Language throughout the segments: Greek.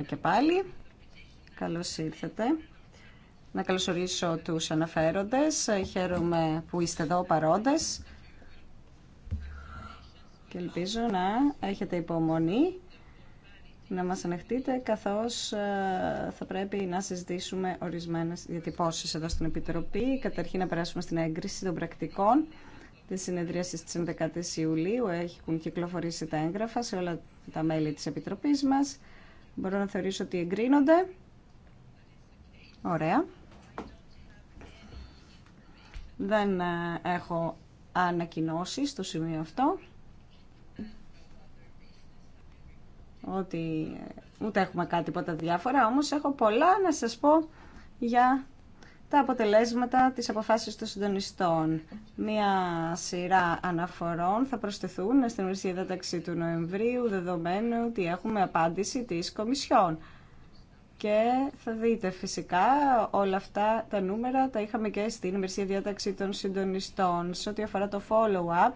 Ε, και πάλι, καλώς ήρθατε. Να καλωσορίσω τους αναφέροντες. Ε, χαίρομαι που είστε εδώ παρόντες. Και ελπίζω να έχετε υπομονή να μας ανεχτείτε, καθώς ε, θα πρέπει να συζητήσουμε ορισμένε διατυπώσεις εδώ στην Επιτροπή. Καταρχήν να περάσουμε στην έγκριση των πρακτικών τη συνεδρίαση τη 11η Ιουλίου. Έχουν κυκλοφορήσει τα έγγραφα σε όλα τα μέλη τη Επιτροπή μα. Μπορώ να θεωρήσω ότι εγκρίνονται. Ωραία. Δεν ε, έχω ανακοινώσει στο σημείο αυτό. Ότι ε, ούτε έχουμε κάτι ποτέ διάφορα, όμως έχω πολλά να σας πω για τα αποτελέσματα της αποφάσεις των συντονιστών. Μία σειρά αναφορών θα προσθεθούν στην ουσία διάταξη του Νοεμβρίου, δεδομένου ότι έχουμε απάντηση της Κομισιόν. Και θα δείτε φυσικά όλα αυτά τα νούμερα τα είχαμε και στην ημερησία διάταξη των συντονιστών. Σε ό,τι αφορά το follow-up,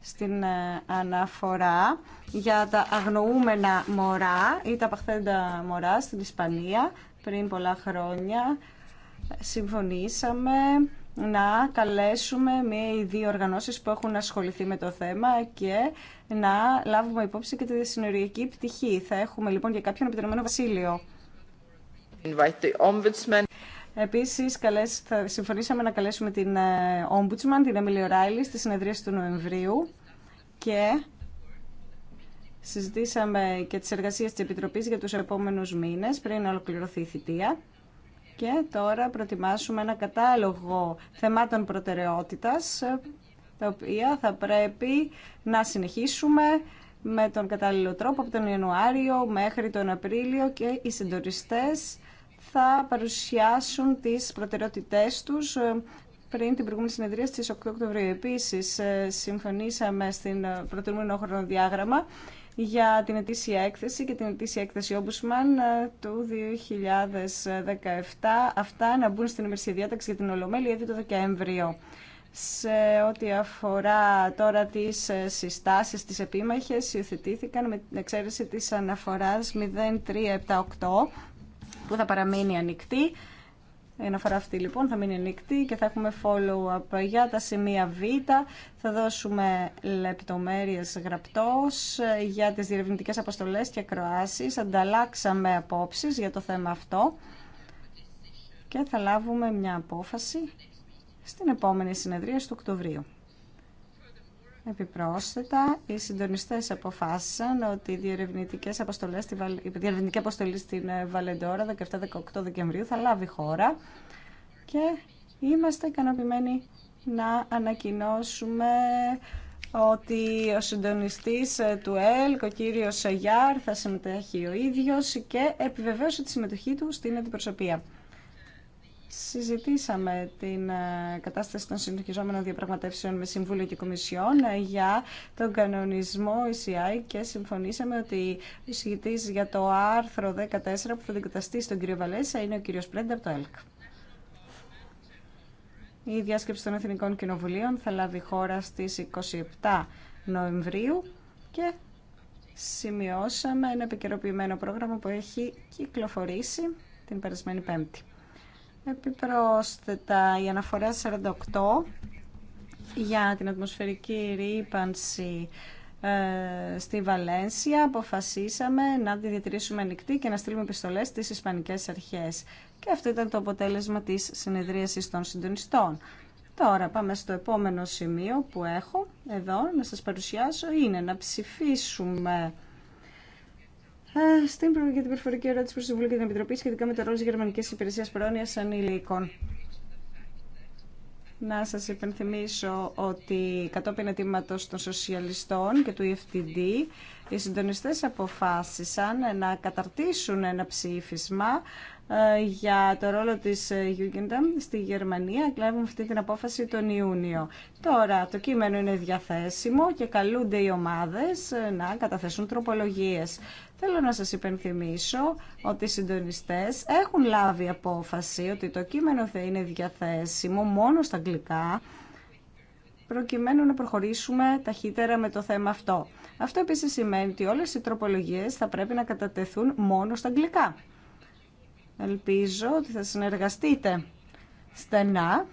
στην ε, αναφορά για τα αγνοούμενα μωρά ή τα παχθέντα μωρά στην Ισπανία πριν πολλά χρόνια συμφωνήσαμε να καλέσουμε μία ή δύο οργανώσεις που έχουν ασχοληθεί με το θέμα και να λάβουμε υπόψη και τη συνοριακή πτυχή. Θα έχουμε λοιπόν και κάποιον επιτρεμένο βασίλειο. Επίσης, συμφωνήσαμε να καλέσουμε την ε, Ombudsman, την Emily O'Reilly, στη συνεδρίαση του Νοεμβρίου και συζητήσαμε και τις εργασίες της Επιτροπής για τους επόμενους μήνες πριν ολοκληρωθεί η θητεία. Και τώρα προετοιμάσουμε ένα κατάλογο θεμάτων προτεραιότητας, ε, τα οποία θα πρέπει να συνεχίσουμε με τον κατάλληλο τρόπο από τον Ιανουάριο μέχρι τον Απρίλιο και οι συντοριστές θα παρουσιάσουν τις προτεραιότητές τους ε, πριν την προηγούμενη συνεδρία στις 8 Οκτωβρίου. Επίσης, ε, συμφωνήσαμε στην προτεραιότητα χρονοδιάγραμμα για την ετήσια έκθεση και την ετήσια έκθεση Ombudsman ε, του 2017. Αυτά να μπουν στην ημερησία διάταξη για την Ολομέλεια ήδη το Δεκέμβριο. Σε ό,τι αφορά τώρα τις ε, συστάσεις, τις επίμαχες, υιοθετήθηκαν με την εξαίρεση της αναφοράς 0378 που θα παραμείνει ανοιχτή. Η αναφορά αυτή λοιπόν θα μείνει ανοιχτή και θα έχουμε follow-up για τα σημεία Β. Θα δώσουμε λεπτομέρειες γραπτός ε, για τις διερευνητικές αποστολές και κροάσεις. Ανταλλάξαμε απόψεις για το θέμα αυτό και θα λάβουμε μια απόφαση στην επόμενη συνεδρία του Οκτωβρίου. Επιπρόσθετα, οι συντονιστέ αποφάσισαν ότι οι η διερευνητική αποστολή στην ε, Βαλεντόρα 17-18 Δεκεμβρίου θα λάβει χώρα και είμαστε ικανοποιημένοι να ανακοινώσουμε ότι ο συντονιστής ε, του ΕΛΚ, ο κύριος Γιάρ, θα συμμετέχει ο ίδιος και επιβεβαίωσε τη συμμετοχή του στην αντιπροσωπεία. Συζητήσαμε την ε, κατάσταση των συνεχιζόμενων διαπραγματεύσεων με Συμβούλιο και Κομισιόν ε, για τον κανονισμό ECI και συμφωνήσαμε ότι ο για το άρθρο 14 που θα δικαταστεί στον κύριο Βαλέσσα είναι ο κύριο Πρέντερ από το ΕΛΚ. Η διάσκεψη των Εθνικών Κοινοβουλίων θα λάβει χώρα στις 27 Νοεμβρίου και σημειώσαμε ένα επικαιροποιημένο πρόγραμμα που έχει κυκλοφορήσει την περασμένη Πέμπτη. Επιπρόσθετα, η αναφορά 48 για την ατμοσφαιρική ρήπανση ε, στη Βαλένσια αποφασίσαμε να τη διατηρήσουμε ανοιχτή και να στείλουμε επιστολές στις Ισπανικές Αρχές. Και αυτό ήταν το αποτέλεσμα της συνεδρίασης των συντονιστών. Τώρα πάμε στο επόμενο σημείο που έχω εδώ να σας παρουσιάσω είναι να ψηφίσουμε ε, στην για την προφορική ερώτηση προ το Συμβούλιο και την Επιτροπή σχετικά με το ρόλο τη Γερμανική Υπηρεσία Πρόνοια Ανηλίκων. Να σας υπενθυμίσω ότι κατόπιν ετοίματος των σοσιαλιστών και του EFTD οι συντονιστές αποφάσισαν να καταρτήσουν ένα ψήφισμα ε, για το ρόλο της Jugendamt στη Γερμανία και λάβουν αυτή την απόφαση τον Ιούνιο. Τώρα το κείμενο είναι διαθέσιμο και καλούνται οι ομάδες ε, να καταθέσουν τροπολογίες. Θέλω να σας υπενθυμίσω ότι οι συντονιστές έχουν λάβει απόφαση ότι το κείμενο θα είναι διαθέσιμο μόνο στα αγγλικά προκειμένου να προχωρήσουμε ταχύτερα με το θέμα αυτό. Αυτό επίσης σημαίνει ότι όλες οι τροπολογίες θα πρέπει να κατατεθούν μόνο στα αγγλικά. Ελπίζω ότι θα συνεργαστείτε στενά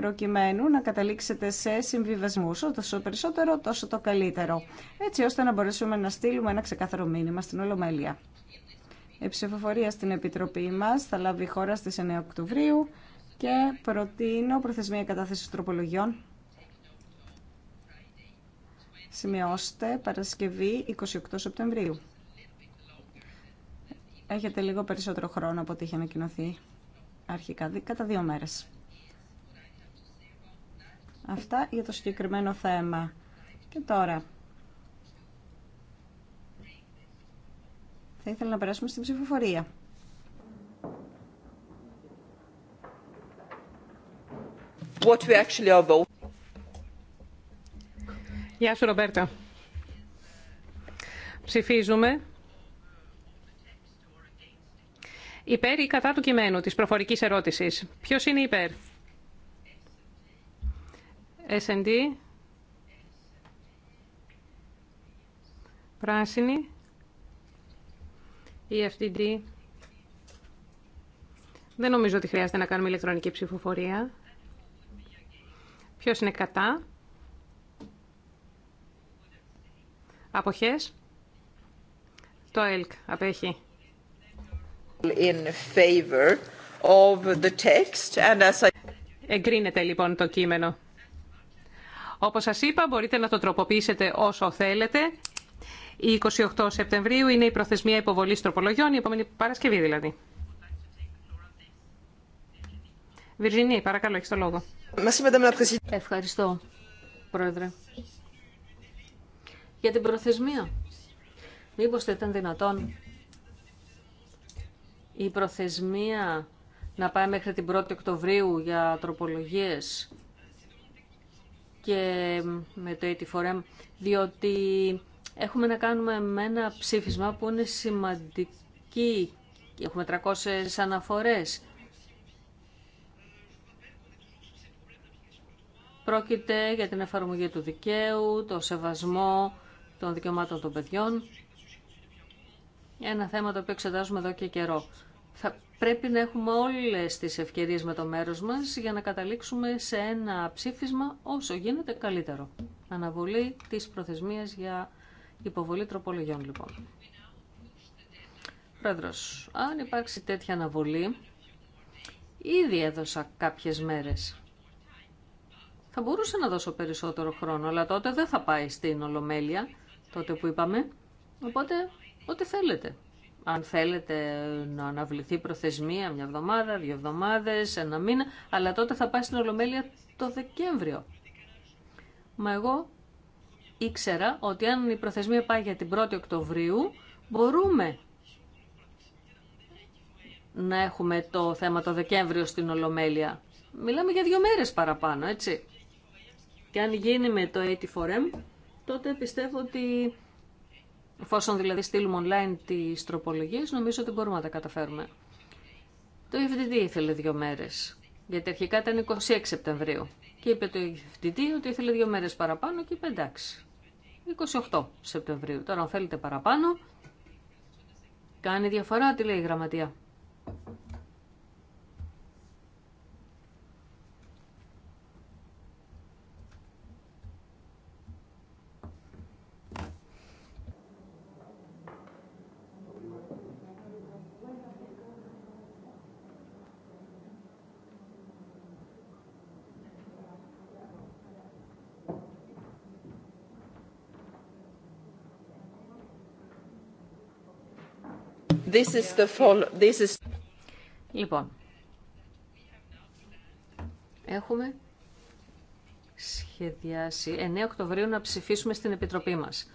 προκειμένου να καταλήξετε σε συμβιβασμού. Όσο περισσότερο, τόσο το καλύτερο. Έτσι ώστε να μπορέσουμε να στείλουμε ένα ξεκάθαρο μήνυμα στην Ολομέλεια. Η ψηφοφορία στην Επιτροπή μας θα λάβει χώρα στις 9 Οκτωβρίου και προτείνω προθεσμία κατάθεση τροπολογιών. Σημειώστε Παρασκευή 28 Σεπτεμβρίου. Έχετε λίγο περισσότερο χρόνο από ό,τι είχε ανακοινωθεί αρχικά, κατά δύο μέρες. Αυτά για το συγκεκριμένο θέμα. Και τώρα. Θα ήθελα να περάσουμε στην ψηφοφορία. What we actually are voting. Γεια σου, Ρομπέρτα. Ψηφίζουμε υπέρ ή κατά του κειμένου της προφορικής ερώτησης. Ποιος είναι υπέρ. S&D, πράσινη, EFTD. Δεν νομίζω ότι χρειάζεται να κάνουμε ηλεκτρονική ψηφοφορία. Ποιος είναι κατά. Αποχές. Το ΕΛΚ απέχει. In favor of the text and as I... Εγκρίνεται λοιπόν το κείμενο. Όπως σας είπα, μπορείτε να το τροποποιήσετε όσο θέλετε. Η 28 Σεπτεμβρίου είναι η προθεσμία υποβολής τροπολογιών, η επόμενη Παρασκευή δηλαδή. Βιρζινή, παρακαλώ, έχεις το λόγο. Ευχαριστώ, Πρόεδρε. Για την προθεσμία. Μήπως θα ήταν δυνατόν η προθεσμία να πάει μέχρι την 1η Οκτωβρίου για τροπολογίες και με το at διοτι έχουμε να κάνουμε με ένα ψήφισμα που είναι σημαντική. Έχουμε 300 αναφορές. Πρόκειται για την εφαρμογή του δικαίου, το σεβασμό των δικαιωμάτων των παιδιών. Ένα θέμα το οποίο εξετάζουμε εδώ και καιρό πρέπει να έχουμε όλες τις ευκαιρίες με το μέρος μας για να καταλήξουμε σε ένα ψήφισμα όσο γίνεται καλύτερο. Αναβολή της προθεσμίας για υποβολή τροπολογιών λοιπόν. Πρόεδρος, αν υπάρξει τέτοια αναβολή, ήδη έδωσα κάποιες μέρες. Θα μπορούσα να δώσω περισσότερο χρόνο, αλλά τότε δεν θα πάει στην Ολομέλεια, τότε που είπαμε. Οπότε, ό,τι θέλετε αν θέλετε να αναβληθεί προθεσμία μια εβδομάδα, δύο εβδομάδες, ένα μήνα, αλλά τότε θα πάει στην Ολομέλεια το Δεκέμβριο. Μα εγώ ήξερα ότι αν η προθεσμία πάει για την 1η Οκτωβρίου, μπορούμε να έχουμε το θέμα το Δεκέμβριο στην Ολομέλεια. Μιλάμε για δύο μέρες παραπάνω, έτσι. Και αν γίνει με το 84M, τότε πιστεύω ότι Εφόσον δηλαδή στείλουμε online τι τροπολογίε, νομίζω ότι μπορούμε να τα καταφέρουμε. Το FDD ήθελε δύο μέρε. γιατί αρχικά ήταν 26 Σεπτεμβρίου. Και είπε το FDD ότι ήθελε δύο μέρε παραπάνω και είπε εντάξει. 28 Σεπτεμβρίου. Τώρα αν θέλετε παραπάνω, κάνει διαφορά, τι λέει η γραμματεία. Λοιπόν, έχουμε σχεδιάσει 9 Οκτωβρίου να ψηφίσουμε στην Επιτροπή μας.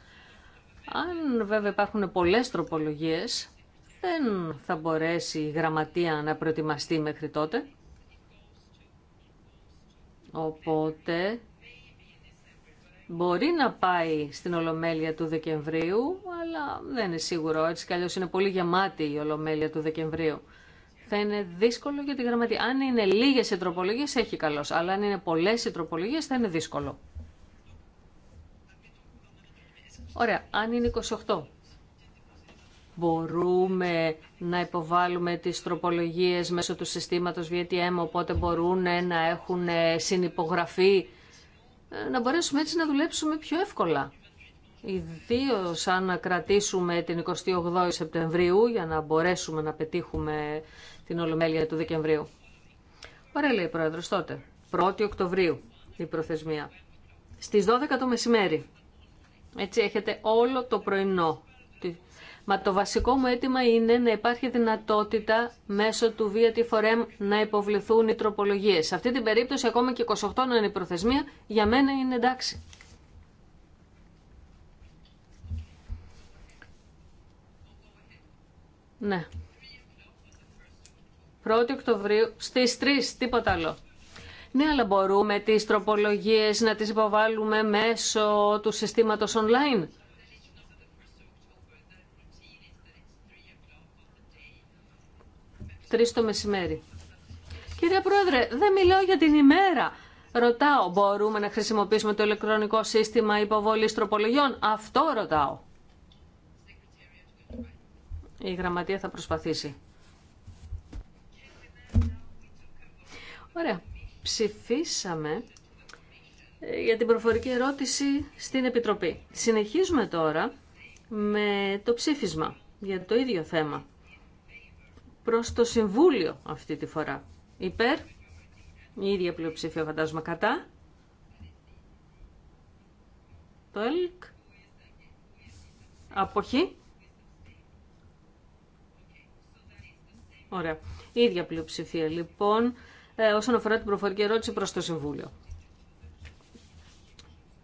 Αν βέβαια υπάρχουν πολλές τροπολογίες, δεν θα μπορέσει η γραμματεία να προετοιμαστεί μέχρι τότε. Οπότε μπορεί να πάει στην Ολομέλεια του Δεκεμβρίου, αλλά δεν είναι σίγουρο. Έτσι κι αλλιώς είναι πολύ γεμάτη η Ολομέλεια του Δεκεμβρίου. Θα είναι δύσκολο για τη γραμματεία. Αν είναι λίγες οι έχει καλώς. Αλλά αν είναι πολλές οι θα είναι δύσκολο. Ωραία, αν είναι 28. Μπορούμε να υποβάλουμε τι τροπολογίες μέσω του συστήματος VTM, οπότε μπορούν να έχουν συνυπογραφεί ε, να μπορέσουμε έτσι να δουλέψουμε πιο εύκολα. Ιδίω αν κρατήσουμε την 28η Σεπτεμβρίου για να μπορέσουμε να πετύχουμε την Ολομέλεια του Δεκεμβρίου. Ωραία λέει η Πρόεδρος τότε. 1η Οκτωβρίου η προθεσμία. Στις 12 το μεσημέρι. Έτσι έχετε όλο το πρωινό Μα το βασικό μου αίτημα είναι να υπάρχει δυνατότητα μέσω του VAT4M να υποβληθούν οι τροπολογίε. Σε αυτή την περίπτωση ακόμα και 28 να είναι η προθεσμία, για μένα είναι εντάξει. Ναι. 1η Οκτωβρίου στις 3, τίποτα άλλο. Ναι, αλλά μπορούμε τις τροπολογίες να τις υποβάλουμε μέσω του συστήματος online. 3 το μεσημέρι. Κυρία Πρόεδρε, δεν μιλάω για την ημέρα. Ρωτάω, μπορούμε να χρησιμοποιήσουμε το ηλεκτρονικό σύστημα υποβολής τροπολογιών. Αυτό ρωτάω. Η γραμματεία θα προσπαθήσει. Ωραία. Ψηφίσαμε ε, για την προφορική ερώτηση στην Επιτροπή. Συνεχίζουμε τώρα με το ψήφισμα για το ίδιο θέμα προς το Συμβούλιο αυτή τη φορά. Υπέρ, η ίδια πλειοψηφία φαντάζομαι κατά. Το ΕΛΚ. Αποχή. Ωραία. Η ίδια πλειοψηφία λοιπόν ε, όσον αφορά την προφορική ερώτηση προς το Συμβούλιο.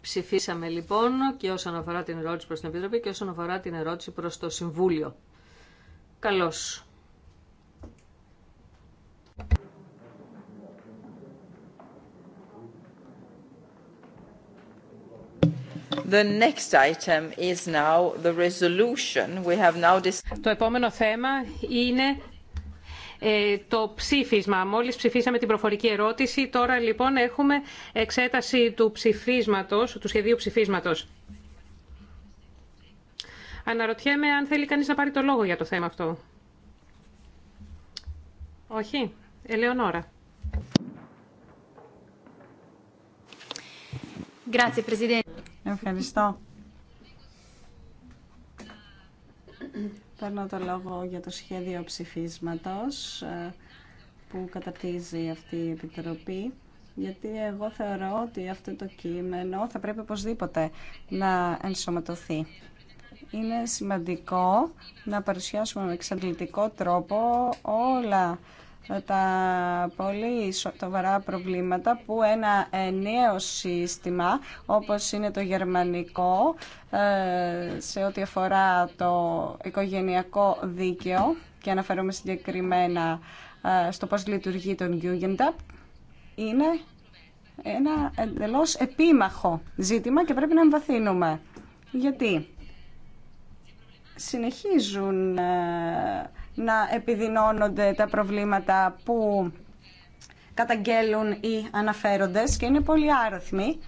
Ψηφίσαμε λοιπόν και όσον αφορά την ερώτηση προς την Επιτροπή και όσον αφορά την ερώτηση προς το Συμβούλιο. Καλώς. Το επόμενο θέμα είναι ε, το ψήφισμα. Μόλις ψηφίσαμε την προφορική ερώτηση, τώρα λοιπόν έχουμε εξέταση του ψηφίσματος, του σχεδίου ψηφίσματος. Αναρωτιέμαι αν θέλει κανείς να πάρει το λόγο για το θέμα αυτό. Όχι. Ελεονόρα. Grazie Presidente. Ευχαριστώ. Παίρνω το λόγο για το σχέδιο ψηφίσματος ε, που καταρτίζει αυτή η Επιτροπή γιατί εγώ θεωρώ ότι αυτό το κείμενο θα πρέπει οπωσδήποτε να ενσωματωθεί. Είναι σημαντικό να παρουσιάσουμε με εξαντλητικό τρόπο όλα τα πολύ σοβαρά προβλήματα που ένα νέο σύστημα όπως είναι το γερμανικό ε, σε ό,τι αφορά το οικογενειακό δίκαιο και αναφέρομαι συγκεκριμένα ε, στο πώς λειτουργεί τον Γιούγεντα είναι ένα εντελώ επίμαχο ζήτημα και πρέπει να εμβαθύνουμε. Γιατί συνεχίζουν ε, να επιδεινώνονται τα προβλήματα που καταγγέλουν οι αναφέροντες και είναι πολύ άριθμοι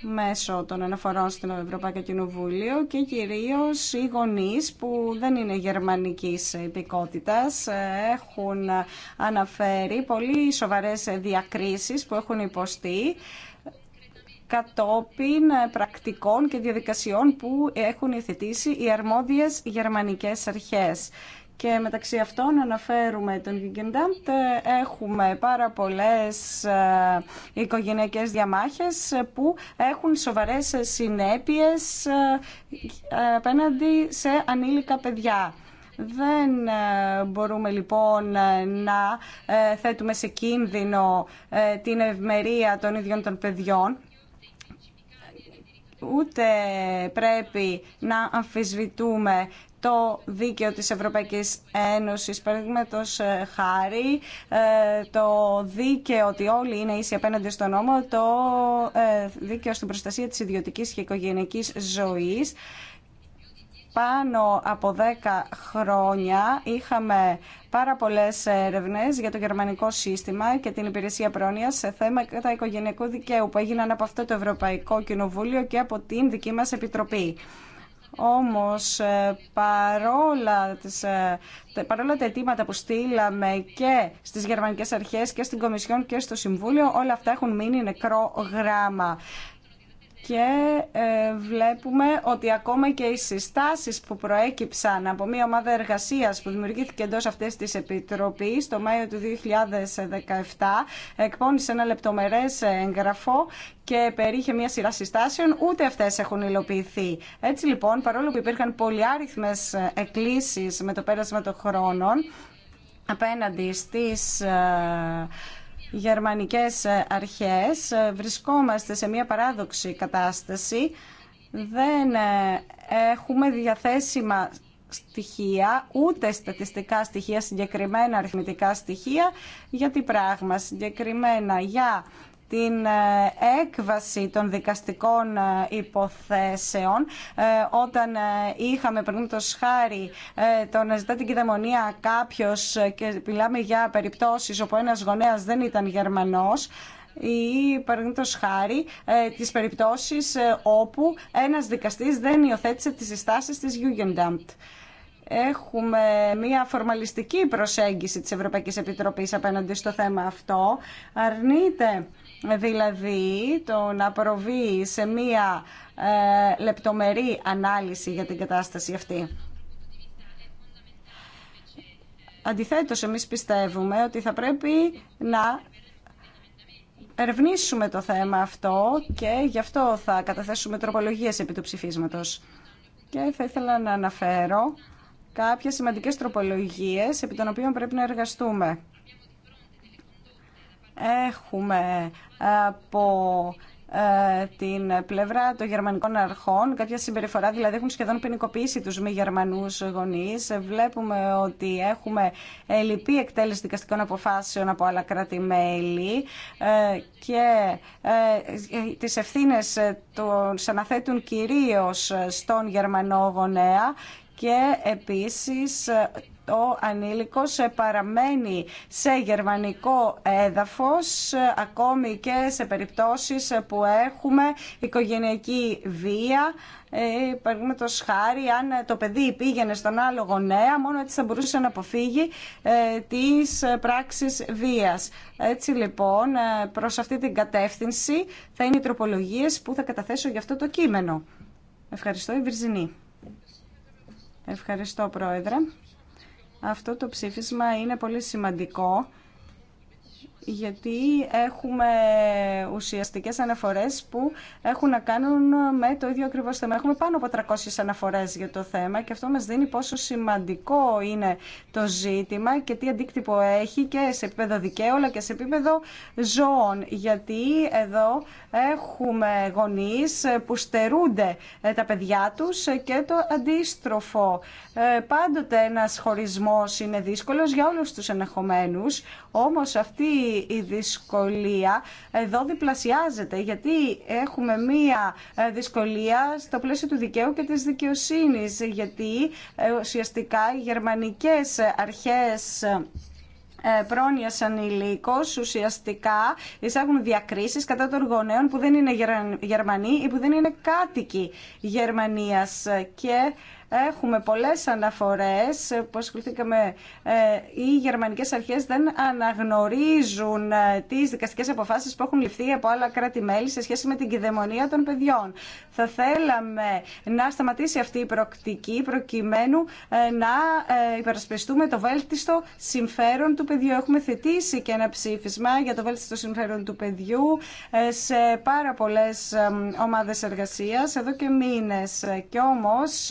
μέσω των αναφορών στην Ευρωπαϊκή Κοινοβούλιο και κυρίως οι γονείς που δεν είναι γερμανικής υπηκότητας ε, έχουν αναφέρει πολύ σοβαρές διακρίσεις που έχουν υποστεί κατόπιν πρακτικών και διαδικασιών που έχουν υιοθετήσει οι αρμόδιες γερμανικές αρχές. Και μεταξύ αυτών αναφέρουμε τον Γιγκεντάντ, έχουμε πάρα πολλές ε, οικογενειακές διαμάχες που έχουν σοβαρές συνέπειες ε, απέναντι σε ανήλικα παιδιά. Δεν ε, μπορούμε λοιπόν να θέτουμε σε κίνδυνο την ευμερία των ίδιων των παιδιών ούτε πρέπει να αμφισβητούμε το δίκαιο της Ευρωπαϊκής Ένωσης. Παραδείγματο ε, χάρη, ε, το δίκαιο ότι όλοι είναι ίσοι απέναντι στον νόμο, το ε, δίκαιο στην προστασία της ιδιωτικής και οικογενειακής ζωής. Πάνω από 10 χρόνια είχαμε πάρα πολλές έρευνες για το γερμανικό σύστημα και την υπηρεσία πρόνοια σε θέματα οικογενειακού δικαίου που έγιναν από αυτό το Ευρωπαϊκό Κοινοβούλιο και από την δική μας Επιτροπή. Όμως ε, παρόλα, τις, ε, παρόλα τα αιτήματα που στείλαμε και στις γερμανικές αρχές και στην Κομισιόν και στο Συμβούλιο όλα αυτά έχουν μείνει νεκρό γράμμα και ε, βλέπουμε ότι ακόμα και οι συστάσεις που προέκυψαν από μια ομάδα εργασίας που δημιουργήθηκε εντός αυτής της Επιτροπής το Μάιο του 2017 εκπώνησε ένα λεπτομερές έγγραφο και περίχε μια σειρά συστάσεων, ούτε αυτές έχουν υλοποιηθεί. Έτσι λοιπόν, παρόλο που υπήρχαν πολυάριθμες εκκλήσεις με το πέρασμα των χρόνων, απέναντι στις ε, γερμανικές ε, αρχές ε, βρισκόμαστε σε μια παράδοξη κατάσταση. Δεν ε, έχουμε διαθέσιμα στοιχεία, ούτε στατιστικά στοιχεία, συγκεκριμένα αριθμητικά στοιχεία για τι πράγμα, συγκεκριμένα για την ε, έκβαση των δικαστικών ε, υποθέσεων ε, όταν είχαμε παραδείγματο χάρη το να ζητά την κυδαιμονία κάποιος και μιλάμε για περιπτώσεις όπου ένας γονέας δεν ήταν Γερμανός ή παραδείγματος χάρη ε, τις περιπτώσεις όπου ένας δικαστής δεν υιοθέτησε τις συστάσεις της Jugendamt. Έχουμε μία φορμαλιστική προσέγγιση της Ευρωπαϊκής Επιτροπής απέναντι στο θέμα αυτό. Αρνείται δηλαδή το να προβεί σε μία ε, λεπτομερή ανάλυση για την κατάσταση αυτή. Αντιθέτως, εμείς πιστεύουμε ότι θα πρέπει να ερευνήσουμε το θέμα αυτό και γι' αυτό θα καταθέσουμε τροπολογίες επί του ψηφίσματος. Και θα ήθελα να αναφέρω κάποιες σημαντικές τροπολογίες επί των οποίων πρέπει να εργαστούμε. Έχουμε ε, από ε, την πλευρά των γερμανικών αρχών, κάποια συμπεριφορά, δηλαδή έχουν σχεδόν ποινικοποιήσει τους μη γερμανούς γονείς. Βλέπουμε ότι έχουμε λυπή εκτέλεση δικαστικών αποφάσεων από άλλα κράτη-μέλη ε, και τις ευθύνες τους αναθέτουν κυρίως στον γερμανό γονέα και επίσης το ανήλικος ε, παραμένει σε γερμανικό έδαφος ε, ακόμη και σε περιπτώσεις ε, που έχουμε οικογενειακή βία ε, το χάρη, αν το παιδί πήγαινε στον άλλο γονέα, μόνο έτσι θα μπορούσε να αποφύγει τις πράξεις βίας. Έτσι λοιπόν, προς αυτή την κατεύθυνση θα είναι οι τροπολογίε που θα καταθέσω για αυτό το κείμενο. Ευχαριστώ, η Βυρζινή. Ευχαριστώ, Πρόεδρε. Αυτό το ψήφισμα είναι πολύ σημαντικό γιατί έχουμε ουσιαστικές αναφορές που έχουν να κάνουν με το ίδιο ακριβώς θέμα. Έχουμε πάνω από 300 αναφορές για το θέμα και αυτό μας δίνει πόσο σημαντικό είναι το ζήτημα και τι αντίκτυπο έχει και σε επίπεδο δικαίου και σε επίπεδο ζώων. Γιατί εδώ έχουμε γονείς που στερούνται ε, τα παιδιά τους και το αντίστροφο. Ε, πάντοτε ένας χωρισμός είναι δύσκολος για όλους τους ενεχομένους, όμως αυτή η δυσκολία εδώ διπλασιάζεται γιατί έχουμε μία ε, δυσκολία στο πλαίσιο του δικαίου και της δικαιοσύνης γιατί ε, ουσιαστικά οι γερμανικές αρχές ε, πρόνοια ανηλίκο ουσιαστικά εισάγουν διακρίσει κατά των γονέων που δεν είναι Γερμανοί ή που δεν είναι κάτοικοι Γερμανία. Και Έχουμε πολλές αναφορές που ασχοληθήκαμε. Ε, οι γερμανικές αρχές δεν αναγνωρίζουν ε, τις δικαστικές αποφάσεις που έχουν ληφθεί από άλλα κράτη-μέλη σε σχέση με την κυδαιμονία των παιδιών. Θα θέλαμε να σταματήσει αυτή η προκτική προκειμένου ε, να υπερασπιστούμε το βέλτιστο συμφέρον του παιδιού. Έχουμε θετήσει και ένα ψήφισμα για το βέλτιστο συμφέρον του παιδιού σε πάρα πολλές ομάδες εργασίας εδώ και μήνες. Κι όμως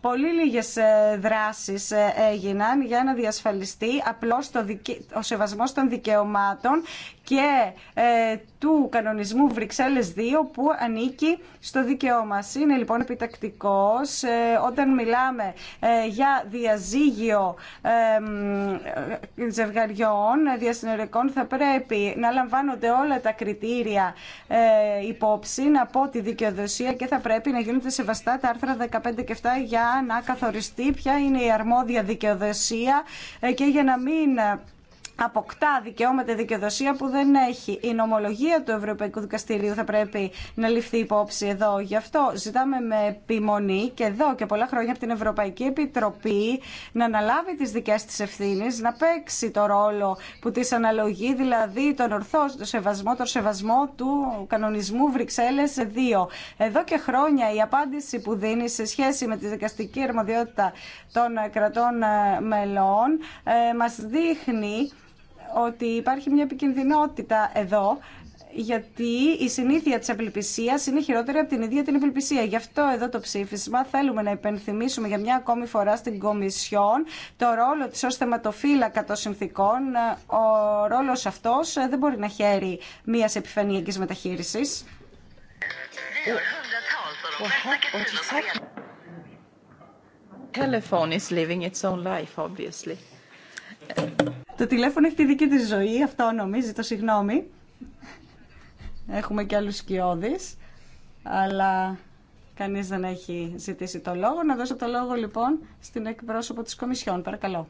Πολύ λίγες ε, δράσεις ε, έγιναν για να διασφαλιστεί απλώς το ο σεβασμός των δικαιωμάτων και ε, του κανονισμού Βρυξέλλες 2 που ανήκει στο δικαιώμα. Είναι λοιπόν επιτακτικός όταν μιλάμε για διαζύγιο ζευγαριών διασυνερικών θα πρέπει να λαμβάνονται όλα τα κριτήρια υπόψη από τη δικαιοδοσία και θα πρέπει να γίνονται σεβαστά τα άρθρα 15 και 7 για να καθοριστεί ποια είναι η αρμόδια δικαιοδοσία ε, και για να μην αποκτά δικαιώματα δικαιοδοσία που δεν έχει. Η νομολογία του Ευρωπαϊκού Δικαστηρίου θα πρέπει να ληφθεί υπόψη εδώ. Γι' αυτό ζητάμε με επιμονή και εδώ και πολλά χρόνια από την Ευρωπαϊκή Επιτροπή να αναλάβει τι δικέ τη ευθύνες, να παίξει το ρόλο που τη αναλογεί, δηλαδή τον ορθό σεβασμό, τον σεβασμό του κανονισμού Βρυξέλλε 2. Εδώ και χρόνια η απάντηση που δίνει σε σχέση με τη δικαστική αρμοδιότητα των κρατών ε, μελών ε, μας δείχνει ότι υπάρχει μια επικινδυνότητα εδώ γιατί η συνήθεια της απελπισίας είναι χειρότερη από την ίδια την απελπισία. Γι' αυτό εδώ το ψήφισμα θέλουμε να υπενθυμίσουμε για μια ακόμη φορά στην Κομισιόν το ρόλο της ως θεματοφύλακα των συνθήκων. Ο ρόλος αυτός δεν μπορεί να χαίρει μιας επιφανειακής μεταχείρισης. Telephone is living its own life, obviously. Το τηλέφωνο έχει τη δική της ζωή, νομίζει, το συγγνώμη. Έχουμε και άλλους σκιώδεις, αλλά κανείς δεν έχει ζητήσει το λόγο. Να δώσω το λόγο λοιπόν στην εκπρόσωπο της Κομισιόν, παρακαλώ.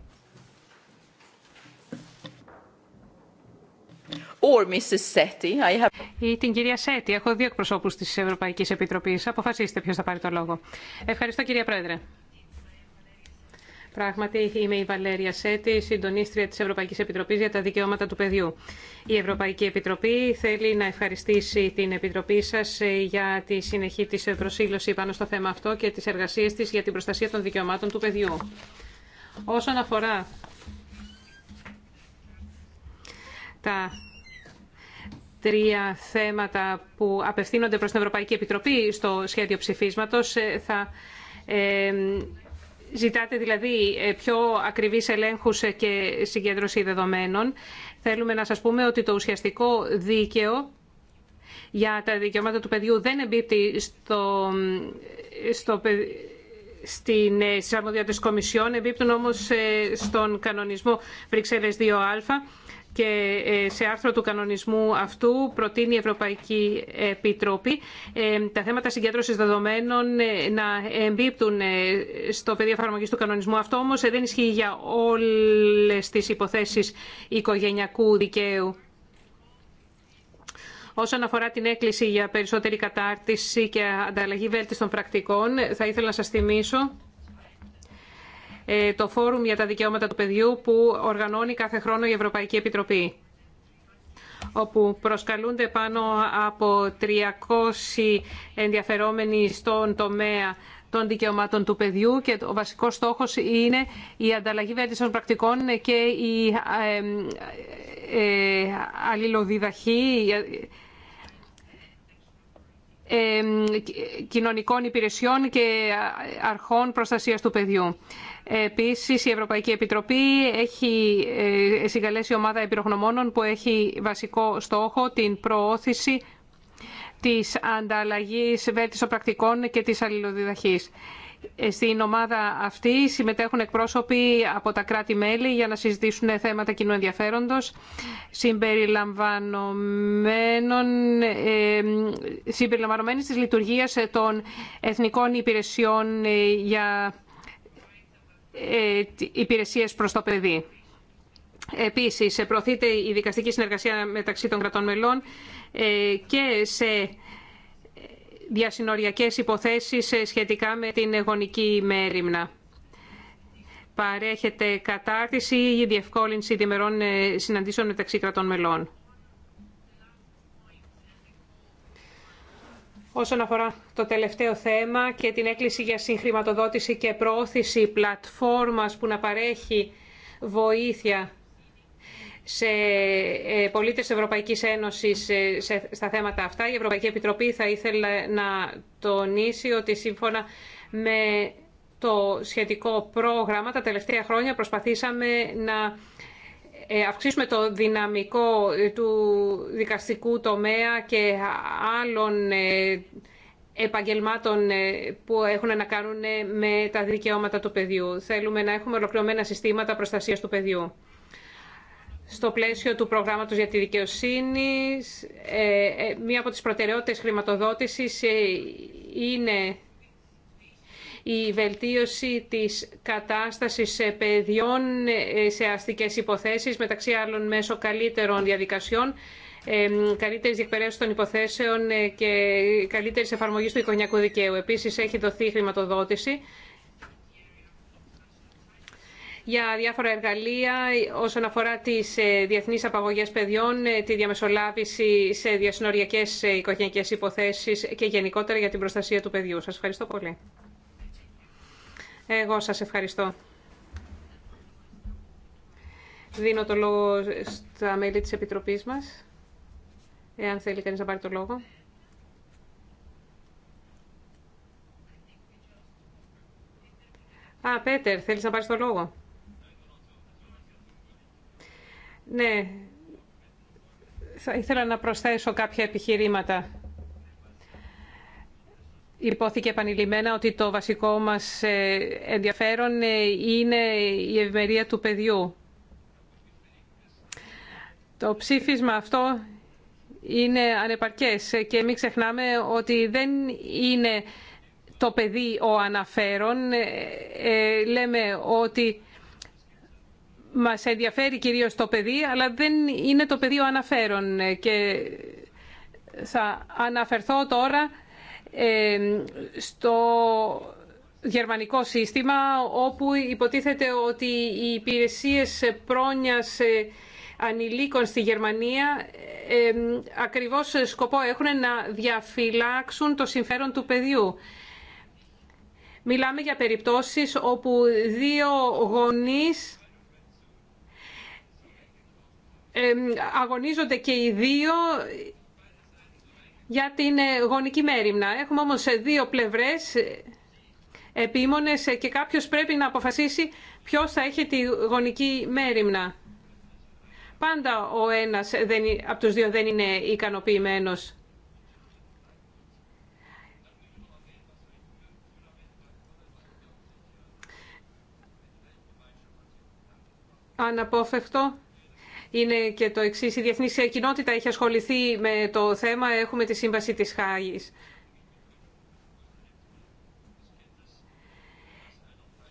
Or Mrs. Setti. I have... Ή την κυρία Σέτη. Έχω δύο εκπροσώπους της Ευρωπαϊκής Επιτροπής. Αποφασίστε ποιος θα πάρει το λόγο. Ευχαριστώ κυρία Πρόεδρε. Πράγματι, είμαι η Βαλέρια Σέτη, συντονίστρια τη Ευρωπαϊκή Επιτροπή για τα Δικαιώματα του Παιδιού. Η Ευρωπαϊκή Επιτροπή θέλει να ευχαριστήσει την Επιτροπή σα ε, για τη συνεχή τη προσήλωση πάνω στο θέμα αυτό και τι εργασίε τη για την προστασία των δικαιωμάτων του παιδιού. Όσον αφορά τα τρία θέματα που απευθύνονται προς την Ευρωπαϊκή Επιτροπή στο σχέδιο ψηφίσματος, ε, θα ε, Ζητάτε δηλαδή ε, πιο ακριβή ελέγχους ε, και συγκέντρωση δεδομένων. Θέλουμε να σας πούμε ότι το ουσιαστικό δίκαιο για τα δικαιώματα του παιδιού δεν εμπίπτει στο, ε, στο, στην, αρμοδιότητα αρμοδιότητες κομισιών, εμπίπτουν όμως στον κανονισμό Βρυξέλλες 2α και ε, σε άρθρο του κανονισμού αυτού προτείνει η Ευρωπαϊκή Επιτροπή ε, τα θέματα συγκέντρωσης δεδομένων ε, να εμπίπτουν στο πεδίο εφαρμογή του κανονισμού. Αυτό όμως δεν ισχύει για όλες τις υποθέσεις οικογενειακού δικαίου. Όσον αφορά την έκκληση για περισσότερη κατάρτιση και ανταλλαγή βέλτιστων πρακτικών, θα ήθελα να σας θυμίσω ε, το Φόρουμ για τα Δικαιώματα του Παιδιού που οργανώνει κάθε χρόνο η Ευρωπαϊκή Επιτροπή όπου προσκαλούνται πάνω από 300 ενδιαφερόμενοι στον τομέα των δικαιωμάτων του παιδιού και ο βασικός στόχος είναι η ανταλλαγή βέλτιστων πρακτικών και η ε, ε, αλληλοδιδαχή κοινωνικών υπηρεσιών και αρχών προστασίας του παιδιού. Επίσης, η Ευρωπαϊκή Επιτροπή έχει ε, συγκαλέσει ομάδα επιρογνωμόνων που έχει βασικό στόχο την προώθηση της ανταλλαγής βέλτιστων πρακτικών και της αλληλοδιδαχής. Ε, στην ομάδα αυτή συμμετέχουν εκπρόσωποι από τα κράτη-μέλη για να συζητήσουν θέματα κοινού ενδιαφέροντος συμπεριλαμβανομένων, τη ε, της λειτουργίας των εθνικών υπηρεσιών για ε, υπηρεσίες προ το παιδί. Επίσης, προωθείται η δικαστική συνεργασία μεταξύ των κρατών μελών ε, και σε διασυνοριακές υποθέσεις ε, σχετικά με την γονική μέρημνα. Παρέχεται κατάρτιση ή διευκόλυνση διμερών συναντήσεων μεταξύ κρατών μελών. Όσον αφορά το τελευταίο θέμα και την έκκληση για συγχρηματοδότηση και προώθηση πλατφόρμας που να παρέχει βοήθεια σε ε, πολίτες Ευρωπαϊκής Ένωσης ε, στα θέματα αυτά. Η Ευρωπαϊκή Επιτροπή θα ήθελε να τονίσει ότι σύμφωνα με το σχετικό πρόγραμμα τα τελευταία χρόνια προσπαθήσαμε να ε, αυξήσουμε το δυναμικό ε, του δικαστικού τομέα και άλλων ε, επαγγελμάτων που έχουν να κάνουν με τα δικαιώματα του παιδιού. Θέλουμε να έχουμε ολοκληρωμένα συστήματα προστασίας του παιδιού. Στο πλαίσιο του προγράμματος για τη δικαιοσύνη, μία από τις προτεραιότητες χρηματοδότησης είναι η βελτίωση της κατάστασης παιδιών ε, σε αστικές υποθέσεις, μεταξύ άλλων μέσω καλύτερων διαδικασιών, ε, καλύτερης διεκπαιρέωσης των υποθέσεων ε, και καλύτερης εφαρμογή του οικογενειακού δικαίου. Επίσης, έχει δοθεί χρηματοδότηση για διάφορα εργαλεία όσον αφορά τις διεθνείς απαγωγές παιδιών, τη διαμεσολάβηση σε διασυνοριακές οικογενειακές υποθέσεις και γενικότερα για την προστασία του παιδιού. Σας ευχαριστώ πολύ. Εγώ σας ευχαριστώ. Δίνω το λόγο στα μέλη της Επιτροπής μας, εάν θέλει κανείς να πάρει το λόγο. Α, Πέτερ, θέλεις να πάρεις το λόγο. Ναι, θα ήθελα να προσθέσω κάποια επιχειρήματα. Υπόθηκε επανειλημμένα ότι το βασικό μας ε, ενδιαφέρον ε, είναι η ευημερία του παιδιού. Το ψήφισμα αυτό είναι ανεπαρκές και μην ξεχνάμε ότι δεν είναι το παιδί ο αναφέρον. Ε, λέμε ότι μας ενδιαφέρει κυρίως το παιδί, αλλά δεν είναι το παιδί ο αναφέρον. Και θα αναφερθώ τώρα στο γερμανικό σύστημα όπου υποτίθεται ότι οι υπηρεσίες πρόνοιας ε, ανηλίκων στη Γερμανία ακριβώς σκοπό έχουν να διαφυλάξουν το συμφέρον του παιδιού. Μιλάμε για περιπτώσεις όπου δύο γονείς αγωνίζονται και οι δύο για την ε, γονική μέρημνα. Έχουμε όμως ε, δύο πλευρές ε, επίμονες και κάποιος πρέπει να αποφασίσει ποιος θα έχει τη γονική μέρημνα. Πάντα ο ένας δεν, από τους δύο δεν είναι ικανοποιημένος. Αναπόφευκτο είναι και το εξή. Η διεθνή κοινότητα έχει ασχοληθεί με το θέμα. Έχουμε τη Σύμβαση της Χάγης.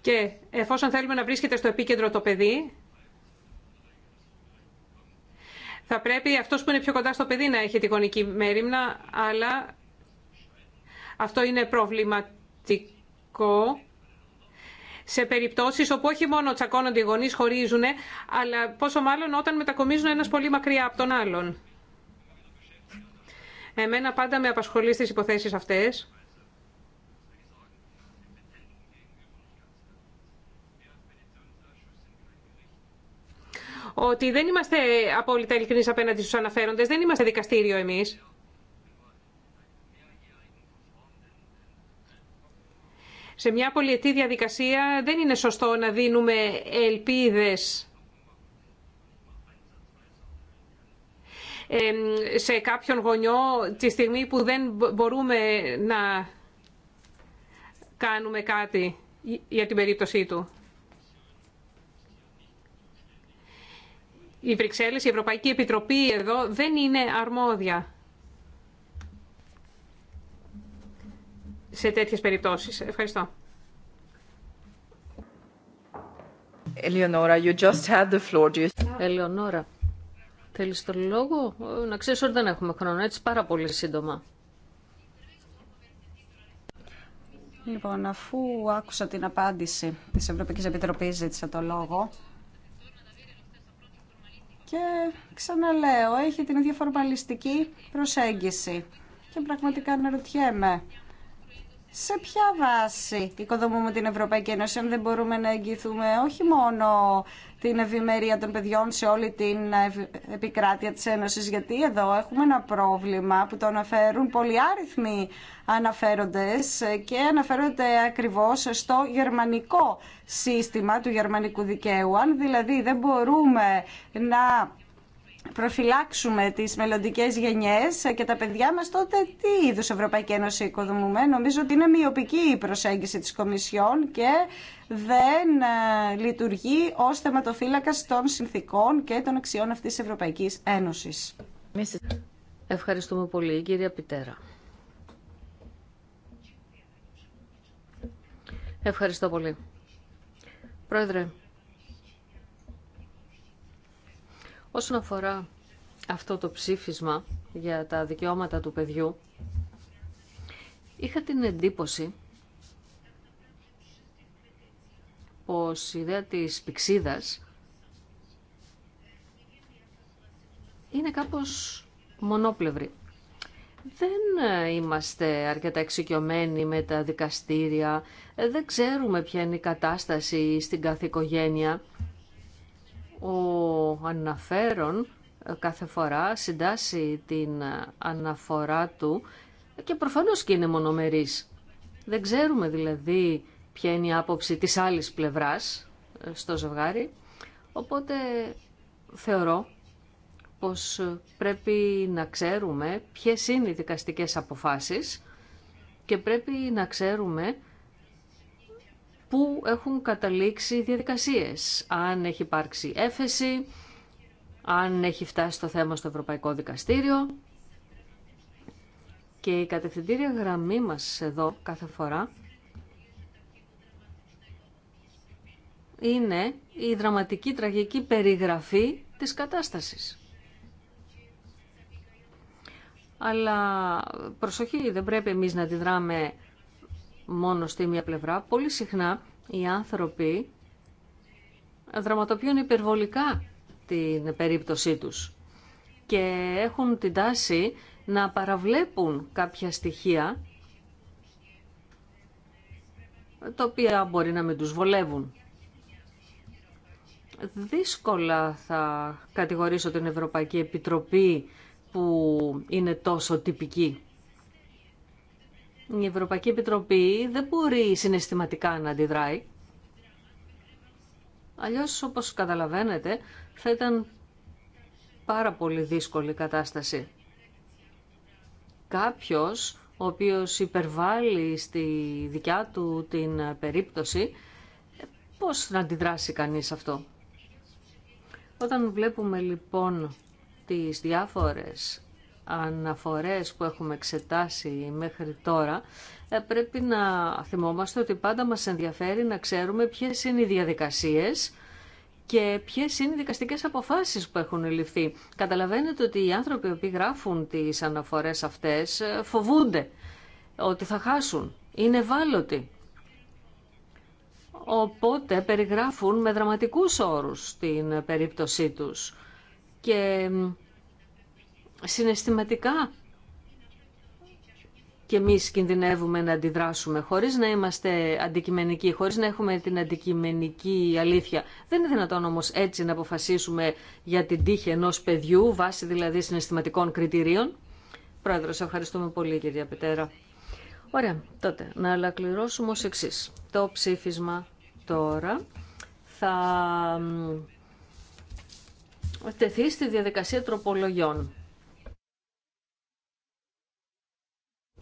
Και εφόσον θέλουμε να βρίσκεται στο επίκεντρο το παιδί, θα πρέπει αυτός που είναι πιο κοντά στο παιδί να έχει τη γονική μέρημνα, αλλά αυτό είναι προβληματικό σε περιπτώσεις όπου όχι μόνο τσακώνονται οι γονεί, χωρίζουν, αλλά πόσο μάλλον όταν μετακομίζουν ένας πολύ μακριά από τον άλλον. Εμένα πάντα με απασχολεί στι υποθέσει αυτές. Ότι δεν είμαστε απόλυτα ειλικρινείς απέναντι στου αναφέροντε, δεν είμαστε δικαστήριο εμείς. Σε μια πολιετή διαδικασία δεν είναι σωστό να δίνουμε ελπίδες σε κάποιον γονιό τη στιγμή που δεν μπορούμε να κάνουμε κάτι για την περίπτωσή του. Η Βρυξέλλες, η Ευρωπαϊκή Επιτροπή εδώ δεν είναι αρμόδια. σε τέτοιες περιπτώσεις. Ευχαριστώ. Ελεονόρα, you just had the Ελιονόρα, θέλεις τον λόγο? Ε, να ξέρεις ότι δεν έχουμε χρόνο, έτσι πάρα πολύ σύντομα. Λοιπόν, αφού άκουσα την απάντηση της Ευρωπαϊκής Επιτροπής, ζήτησα το λόγο. Και ξαναλέω, έχει την ίδια φορμαλιστική προσέγγιση. Και πραγματικά αναρωτιέμαι σε ποια βάση οικοδομούμε την Ευρωπαϊκή Ένωση αν δεν μπορούμε να εγγυηθούμε όχι μόνο την ευημερία των παιδιών σε όλη την επικράτεια της Ένωσης γιατί εδώ έχουμε ένα πρόβλημα που το αναφέρουν πολλοί άριθμοι αναφέροντες και αναφέρονται ακριβώς στο γερμανικό σύστημα του γερμανικού δικαίου αν δηλαδή δεν μπορούμε να προφυλάξουμε τις μελλοντικέ γενιές και τα παιδιά μας, τότε τι είδους Ευρωπαϊκή Ένωση οικοδομούμε. Νομίζω ότι είναι μειοπική η προσέγγιση της Κομισιόν και δεν ε, λειτουργεί ως θεματοφύλακας των συνθήκων και των αξιών αυτής της Ευρωπαϊκής Ένωσης. Ευχαριστούμε πολύ, κυρία Πιτέρα. Ευχαριστώ πολύ. Πρόεδρε, Όσον αφορά αυτό το ψήφισμα για τα δικαιώματα του παιδιού, είχα την εντύπωση πως η ιδέα της πηξίδας είναι κάπως μονόπλευρη. Δεν είμαστε αρκετά εξοικειωμένοι με τα δικαστήρια, δεν ξέρουμε ποια είναι η κατάσταση στην κάθε οικογένεια ο αναφέρον ε, κάθε φορά συντάσσει την ε, αναφορά του και προφανώς και είναι μονομερής. Δεν ξέρουμε δηλαδή ποια είναι η άποψη της άλλης πλευράς ε, στο ζευγάρι, οπότε θεωρώ πως πρέπει να ξέρουμε ποιες είναι οι δικαστικές αποφάσεις και πρέπει να ξέρουμε πού έχουν καταλήξει οι διαδικασίες, αν έχει υπάρξει έφεση, αν έχει φτάσει το θέμα στο Ευρωπαϊκό Δικαστήριο. Και η κατευθυντήρια γραμμή μας εδώ κάθε φορά είναι η δραματική τραγική περιγραφή της κατάστασης. Αλλά προσοχή, δεν πρέπει εμείς να αντιδράμε μόνο στη μία πλευρά. Πολύ συχνά οι άνθρωποι δραματοποιούν υπερβολικά την περίπτωσή τους και έχουν την τάση να παραβλέπουν κάποια στοιχεία τα οποία μπορεί να μην τους βολεύουν. Δύσκολα θα κατηγορήσω την Ευρωπαϊκή Επιτροπή που είναι τόσο τυπική η Ευρωπαϊκή Επιτροπή δεν μπορεί συναισθηματικά να αντιδράει. Αλλιώς, όπως καταλαβαίνετε, θα ήταν πάρα πολύ δύσκολη κατάσταση. Κάποιος ο οποίος υπερβάλλει στη δικιά του την περίπτωση, πώς να αντιδράσει κανείς αυτό. Όταν βλέπουμε λοιπόν τις διάφορες αναφορές που έχουμε εξετάσει μέχρι τώρα, ε, πρέπει να θυμόμαστε ότι πάντα μας ενδιαφέρει να ξέρουμε ποιες είναι οι διαδικασίες και ποιες είναι οι δικαστικές αποφάσεις που έχουν ληφθεί. Καταλαβαίνετε ότι οι άνθρωποι που γράφουν τις αναφορές αυτές ε, φοβούνται ότι θα χάσουν. Είναι ευάλωτοι. Οπότε περιγράφουν με δραματικούς όρους την περίπτωσή τους. Και συναισθηματικά και εμείς κινδυνεύουμε να αντιδράσουμε χωρίς να είμαστε αντικειμενικοί, χωρίς να έχουμε την αντικειμενική αλήθεια. Δεν είναι δυνατόν όμως έτσι να αποφασίσουμε για την τύχη ενός παιδιού, βάσει δηλαδή συναισθηματικών κριτηρίων. Πρόεδρο, σε ευχαριστούμε πολύ κυρία Πετέρα. Ωραία, τότε να ολοκληρώσουμε ως εξή. Το ψήφισμα τώρα θα τεθεί στη διαδικασία τροπολογιών.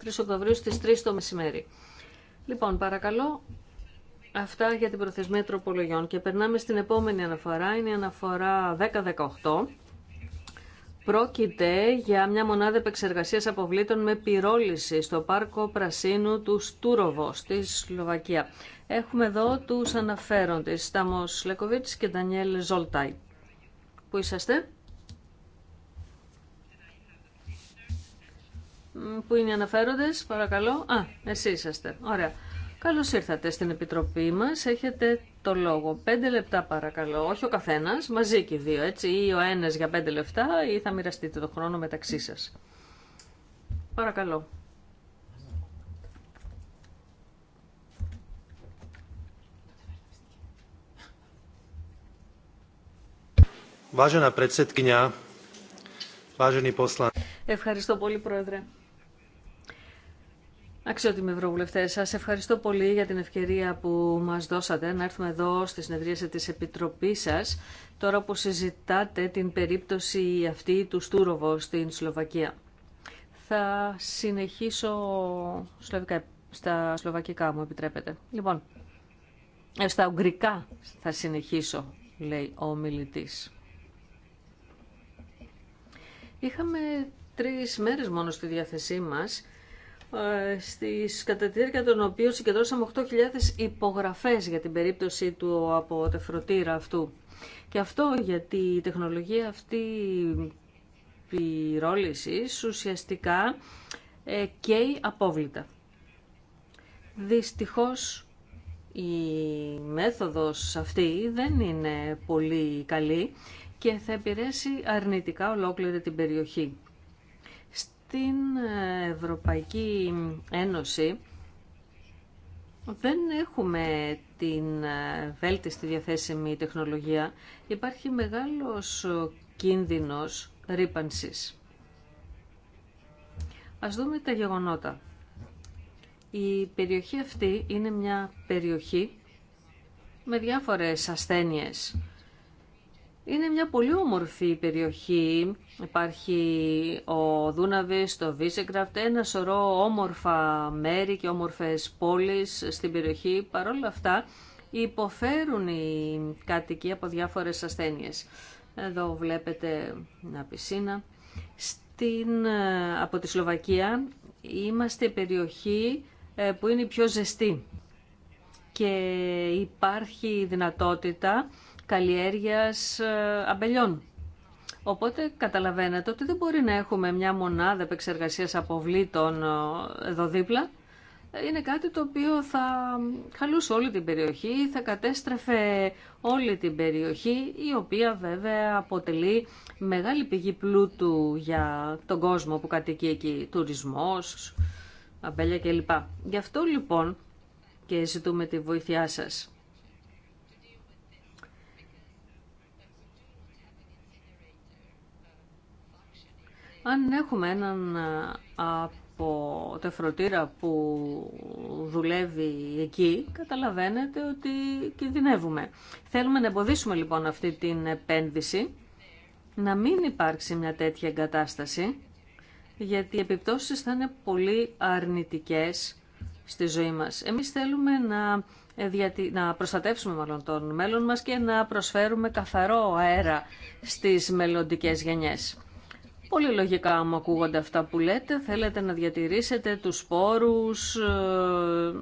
3 Οκτωβρίου στις 3 το μεσημέρι. Λοιπόν, παρακαλώ, αυτά για την προθεσμία τροπολογιών. Και περνάμε στην επόμενη αναφορά, είναι η αναφορά 1018. Πρόκειται για μια μονάδα επεξεργασίας αποβλήτων με πυρόληση στο πάρκο Πρασίνου του Στούροβο στη Σλοβακία. Έχουμε εδώ τους αναφέροντες, Στάμος Λεκοβίτς και Ντανιέλ Ζολτάι. Πού είσαστε? Που είναι οι αναφέροντες, παρακαλώ. Α, εσείς είσαστε. Ωραία. Καλώς ήρθατε στην Επιτροπή μας. Έχετε το λόγο. Πέντε λεπτά παρακαλώ. Όχι ο καθένας, μαζί και οι δύο, έτσι. Ή ο ένας για πέντε λεπτά ή θα μοιραστείτε το χρόνο μεταξύ σας. Παρακαλώ. Ευχαριστώ πολύ, Πρόεδρε. Αξιότιμοι Ευρωβουλευτέ, σα ευχαριστώ πολύ για την ευκαιρία που μα δώσατε να έρθουμε εδώ στη συνεδρίαση τη Επιτροπή σα, τώρα που συζητάτε την περίπτωση αυτή του Στούροβο στην Σλοβακία. Θα συνεχίσω στα σλοβακικά, μου επιτρέπετε. Λοιπόν, ε, στα ουγγρικά θα συνεχίσω, λέει ο μιλητή. Είχαμε τρεις μέρες μόνο στη διάθεσή μας ε, στις, κατά τη διάρκεια των οποίων συγκεντρώσαμε 8.000 υπογραφές για την περίπτωση του αποτεφρωτήρα αυτού. Και αυτό γιατί η τεχνολογία αυτή πυρόλησης ουσιαστικά ε, καίει απόβλητα. Δυστυχώς η μέθοδος αυτή δεν είναι πολύ καλή και θα επηρέσει αρνητικά ολόκληρη την περιοχή στην Ευρωπαϊκή Ένωση δεν έχουμε την βέλτιστη διαθέσιμη τεχνολογία. Υπάρχει μεγάλος κίνδυνος ρήπανσης. Ας δούμε τα γεγονότα. Η περιοχή αυτή είναι μια περιοχή με διάφορες ασθένειες. Είναι μια πολύ όμορφη περιοχή Υπάρχει ο Δούναβης, το Βίσεγκραφτ, ένα σωρό όμορφα μέρη και όμορφες πόλεις στην περιοχή. Παρ' όλα αυτά υποφέρουν οι κάτοικοι από διάφορες ασθένειες. Εδώ βλέπετε μια πισίνα. Στην, ε, από τη Σλοβακία είμαστε περιοχή ε, που είναι η πιο ζεστή και υπάρχει δυνατότητα καλλιέργειας ε, αμπελιών. Οπότε καταλαβαίνετε ότι δεν μπορεί να έχουμε μια μονάδα επεξεργασίας αποβλήτων ε, εδώ δίπλα. Είναι κάτι το οποίο θα χαλούσε όλη την περιοχή, θα κατέστρεφε όλη την περιοχή, η οποία βέβαια αποτελεί μεγάλη πηγή πλούτου για τον κόσμο που κατοικεί εκεί, τουρισμός, αμπέλια κλπ. Γι' αυτό λοιπόν και ζητούμε τη βοήθειά σας. Αν έχουμε έναν από τα που δουλεύει εκεί, καταλαβαίνετε ότι κινδυνεύουμε. Θέλουμε να εμποδίσουμε λοιπόν αυτή την επένδυση, να μην υπάρξει μια τέτοια εγκατάσταση, γιατί οι επιπτώσεις θα είναι πολύ αρνητικές στη ζωή μας. Εμείς θέλουμε να, ε, διατη... να προστατεύσουμε μάλλον τον μέλλον μας και να προσφέρουμε καθαρό αέρα στις μελλοντικές γενιές. Πολύ λογικά μου ακούγονται αυτά που λέτε. Θέλετε να διατηρήσετε τους σπόρους, ε,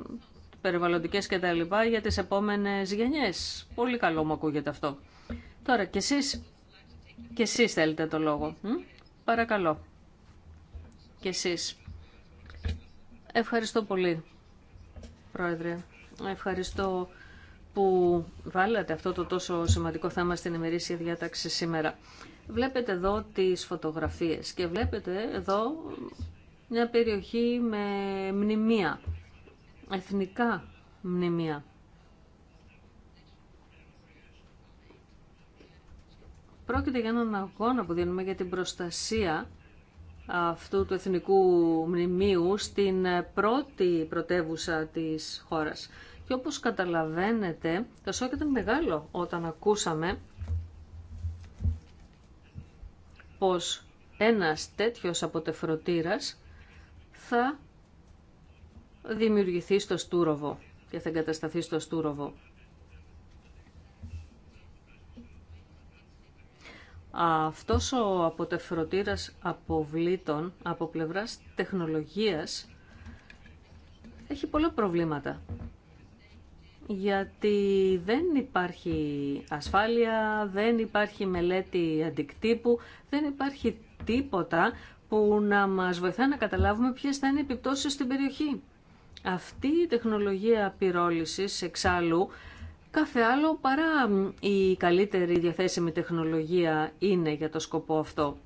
περιβαλλοντικές λοιπά για τις επόμενες γενιές. Πολύ καλό μου ακούγεται αυτό. Τώρα και εσείς, και εσείς θέλετε το λόγο. Παρακαλώ. Και εσείς. Ευχαριστώ πολύ, Πρόεδρε. Ευχαριστώ που βάλατε αυτό το τόσο σημαντικό θέμα στην ημερήσια διάταξη σήμερα. Βλέπετε εδώ τις φωτογραφίες και βλέπετε εδώ μια περιοχή με μνημεία, εθνικά μνημεία. Πρόκειται για έναν αγώνα που δίνουμε για την προστασία αυτού του εθνικού μνημείου στην πρώτη πρωτεύουσα της χώρας. Και όπως καταλαβαίνετε, το σοκ ήταν μεγάλο όταν ακούσαμε πως ένας τέτοιος αποτεφρωτήρας θα δημιουργηθεί στο Στούροβο και θα εγκατασταθεί στο Στούροβο. Αυτός ο αποτεφρωτήρας αποβλήτων από πλευράς τεχνολογίας έχει πολλά προβλήματα γιατί δεν υπάρχει ασφάλεια, δεν υπάρχει μελέτη αντικτύπου, δεν υπάρχει τίποτα που να μας βοηθά να καταλάβουμε ποιες θα είναι οι επιπτώσεις στην περιοχή. Αυτή η τεχνολογία πυρόλησης εξάλλου κάθε άλλο παρά η καλύτερη διαθέσιμη τεχνολογία είναι για το σκοπό αυτό.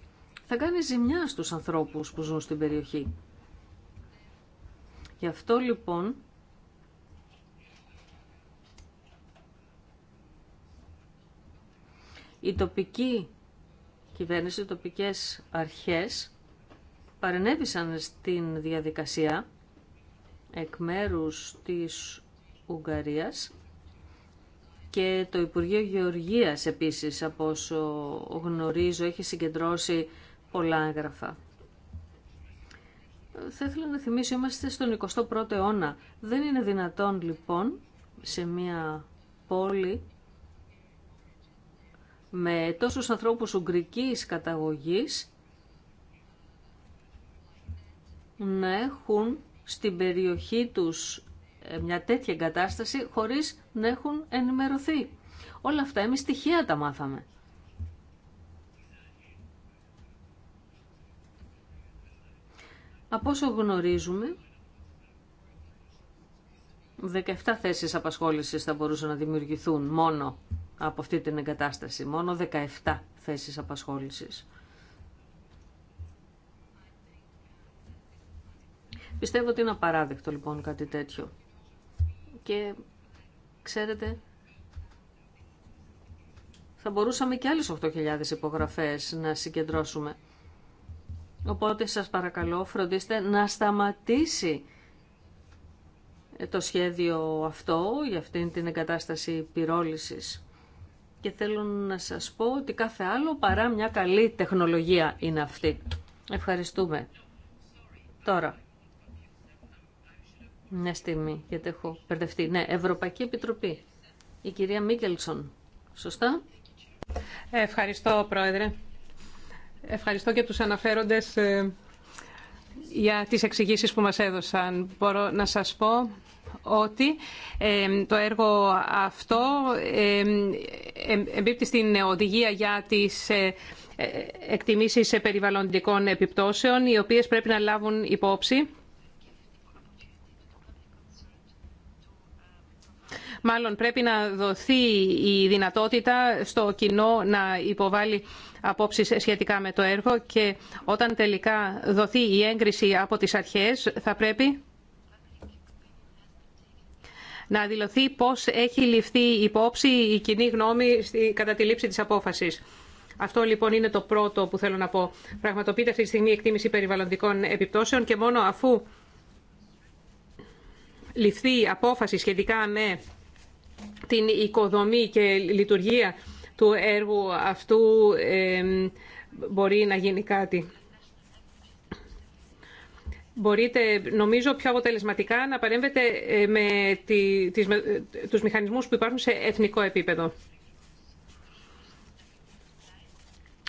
Θα κάνει ζημιά στους ανθρώπους που ζουν στην περιοχή. Γι' αυτό λοιπόν η τοπική κυβέρνηση, οι τοπικές αρχές παρενέβησαν στην διαδικασία εκ μέρους της Ουγγαρίας και το Υπουργείο Γεωργίας επίσης από όσο γνωρίζω έχει συγκεντρώσει πολλά έγγραφα. Θα ήθελα να θυμίσω, είμαστε στον 21ο αιώνα. Δεν είναι δυνατόν λοιπόν σε μια πόλη με τόσους ανθρώπους ουγγρικής καταγωγής να έχουν στην περιοχή τους ε, μια τέτοια εγκατάσταση χωρίς να έχουν ενημερωθεί. Όλα αυτά εμείς στοιχεία τα μάθαμε. Από όσο γνωρίζουμε, 17 θέσεις απασχόλησης θα μπορούσαν να δημιουργηθούν μόνο από αυτή την εγκατάσταση. Μόνο 17 θέσεις απασχόλησης. Πιστεύω ότι είναι απαράδεκτο λοιπόν κάτι τέτοιο. Και ξέρετε, θα μπορούσαμε και άλλες 8.000 υπογραφές να συγκεντρώσουμε. Οπότε σας παρακαλώ φροντίστε να σταματήσει ε, το σχέδιο αυτό για αυτήν την εγκατάσταση πυρόλησης και θέλω να σας πω ότι κάθε άλλο παρά μια καλή τεχνολογία είναι αυτή. Ευχαριστούμε. Τώρα. Μια στιγμή, γιατί έχω μπερδευτεί. Ναι, Ευρωπαϊκή Επιτροπή. Η κυρία Μίκελσον. Σωστά. Ευχαριστώ, Πρόεδρε. Ευχαριστώ και τους αναφέροντες ε, για τις εξηγήσεις που μας έδωσαν. Μπορώ να σας πω ότι το έργο αυτό εμπίπτει στην οδηγία για τις ε, ε, εκτιμήσεις περιβαλλοντικών επιπτώσεων, οι οποίες πρέπει να λάβουν υπόψη Μάλλον πρέπει να δοθεί η δυνατότητα στο κοινό να υποβάλει απόψεις σχετικά με το έργο και όταν τελικά δοθεί η έγκριση από τις αρχές θα πρέπει να δηλωθεί πώς έχει ληφθεί υπόψη η κοινή γνώμη κατά τη λήψη της απόφασης. Αυτό λοιπόν είναι το πρώτο που θέλω να πω. Πραγματοποιείται αυτή τη στιγμή η εκτίμηση περιβαλλοντικών επιπτώσεων και μόνο αφού ληφθεί απόφαση σχετικά με την οικοδομή και λειτουργία του έργου αυτού ε, μπορεί να γίνει κάτι μπορείτε νομίζω πιο αποτελεσματικά να παρέμβετε ε, με τις, τους μηχανισμούς που υπάρχουν σε εθνικό επίπεδο.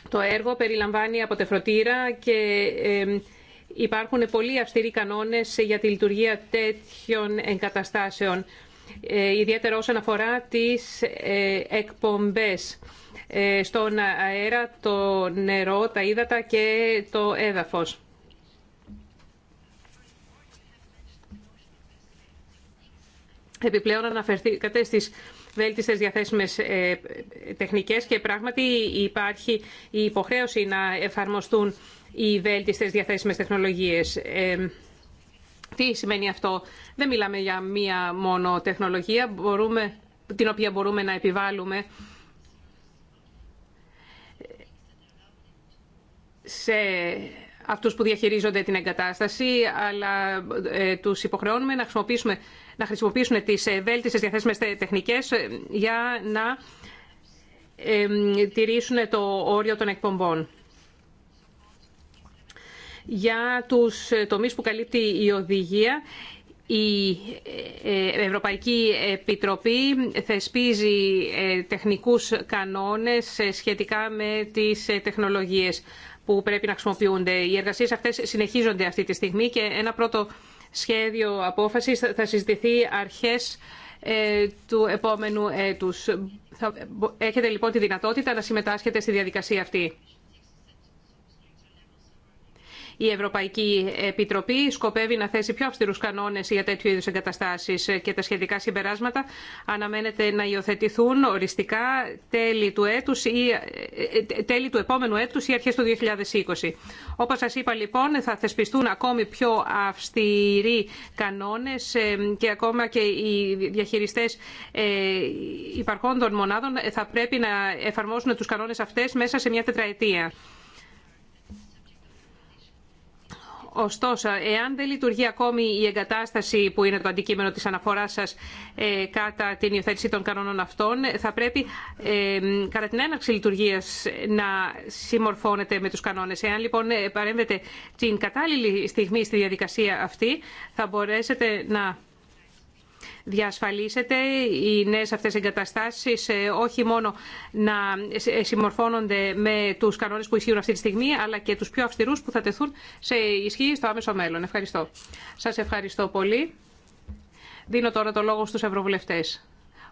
Το έργο περιλαμβάνει αποτεφρωτήρα και ε, υπάρχουν πολύ αυστηροί κανόνες για τη λειτουργία τέτοιων εγκαταστάσεων, ε, ιδιαίτερα όσον αφορά τις ε, εκπομπές ε, στον αέρα, το νερό, τα ύδατα και το έδαφος. Επιπλέον αναφερθήκατε στις βέλτιστες διαθέσιμες ε, τεχνικές και πράγματι υπάρχει η υποχρέωση να εφαρμοστούν οι βέλτιστες διαθέσιμες τεχνολογίες. Ε, τι σημαίνει αυτό. Δεν μιλάμε για μία μόνο τεχνολογία μπορούμε, την οποία μπορούμε να επιβάλλουμε σε αυτούς που διαχειρίζονται την εγκατάσταση αλλά ε, τους υποχρεώνουμε να χρησιμοποιήσουμε να χρησιμοποιήσουν τις ε, βέλτιστες διαθέσιμε τεχνικές ε, για να ε, τηρήσουν το όριο των εκπομπών. Για τους τομείς που καλύπτει η οδηγία, η Ευρωπαϊκή Επιτροπή θεσπίζει τεχνικούς κανόνες σχετικά με τις τεχνολογίες που πρέπει να χρησιμοποιούνται. Οι εργασίες αυτές συνεχίζονται αυτή τη στιγμή και ένα πρώτο σχέδιο απόφασης θα συζητηθεί αρχές ε, του επόμενου έτους. Έχετε λοιπόν τη δυνατότητα να συμμετάσχετε στη διαδικασία αυτή. Η Ευρωπαϊκή Επιτροπή σκοπεύει να θέσει πιο αυστηρούς κανόνες για τέτοιου είδου εγκαταστάσει και τα σχετικά συμπεράσματα αναμένεται να υιοθετηθούν οριστικά τέλη του, έτους ή, ε, τέλη του επόμενου έτους ή αρχέ του 2020. Όπως σα είπα λοιπόν θα θεσπιστούν ακόμη πιο αυστηροί κανόνες ε, και ακόμα και οι διαχειριστές ε, υπαρχόντων μονάδων θα πρέπει να εφαρμόσουν του κανόνε αυτέ μέσα σε μια τετραετία. Ωστόσο, εάν δεν λειτουργεί ακόμη η εγκατάσταση που είναι το αντικείμενο της αναφοράς σας ε, κατά την υιοθέτηση των κανόνων αυτών, θα πρέπει ε, κατά την έναρξη λειτουργίας να συμμορφώνεται με τους κανόνες. Εάν λοιπόν ε, παρέμβετε την κατάλληλη στιγμή στη διαδικασία αυτή, θα μπορέσετε να διασφαλίσετε οι νέες αυτές εγκαταστάσεις ε, όχι μόνο να ε, συμμορφώνονται με τους κανόνες που ισχύουν αυτή τη στιγμή, αλλά και τους πιο αυστηρούς που θα τεθούν σε ισχύ στο άμεσο μέλλον. Ευχαριστώ. Σας ευχαριστώ πολύ. Δίνω τώρα το λόγο στους ευρωβουλευτές.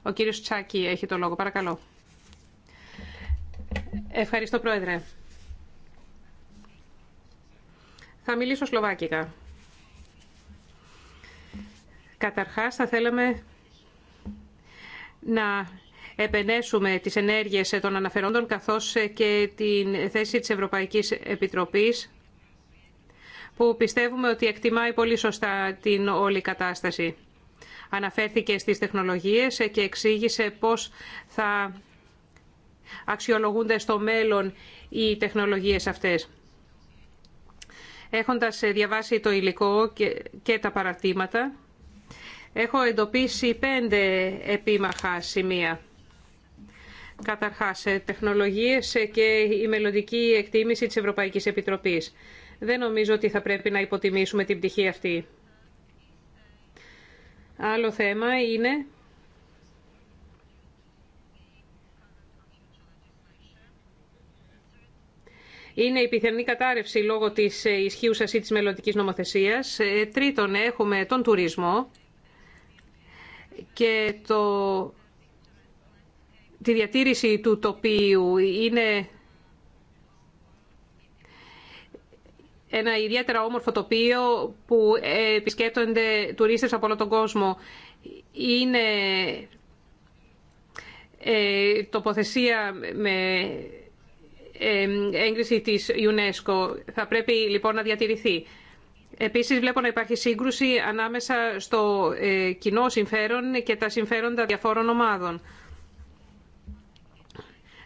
Ο κύριος Τσάκη έχει το λόγο. Παρακαλώ. Ευχαριστώ, Πρόεδρε. Θα μιλήσω σλοβάκικα. Καταρχάς θα θέλαμε να επενέσουμε τις ενέργειες των αναφερόντων καθώς και την θέση της Ευρωπαϊκής Επιτροπής που πιστεύουμε ότι εκτιμάει πολύ σωστά την όλη κατάσταση. Αναφέρθηκε στις τεχνολογίες και εξήγησε πώς θα αξιολογούνται στο μέλλον οι τεχνολογίες αυτές. Έχοντας διαβάσει το υλικό και τα παρατήματα, Έχω εντοπίσει πέντε επίμαχα σημεία. Καταρχάς, ε, τεχνολογίες ε, και η μελλοντική εκτίμηση της Ευρωπαϊκής Επιτροπής. Δεν νομίζω ότι θα πρέπει να υποτιμήσουμε την πτυχή αυτή. Άλλο θέμα είναι είναι η πιθανή κατάρρευση λόγω της ε, ισχύουσας ή της μελλοντικής νομοθεσίας. Τρίτον, έχουμε τον τουρισμό και το, τη διατήρηση του τοπίου είναι ένα ιδιαίτερα όμορφο τοπίο που επισκέπτονται τουρίστες από όλο τον κόσμο. Είναι ε, τοποθεσία με ε, έγκριση της UNESCO. Θα πρέπει λοιπόν να διατηρηθεί. Επίσης βλέπω να υπάρχει σύγκρουση ανάμεσα στο ε, κοινό συμφέρον και τα συμφέροντα διαφόρων ομάδων.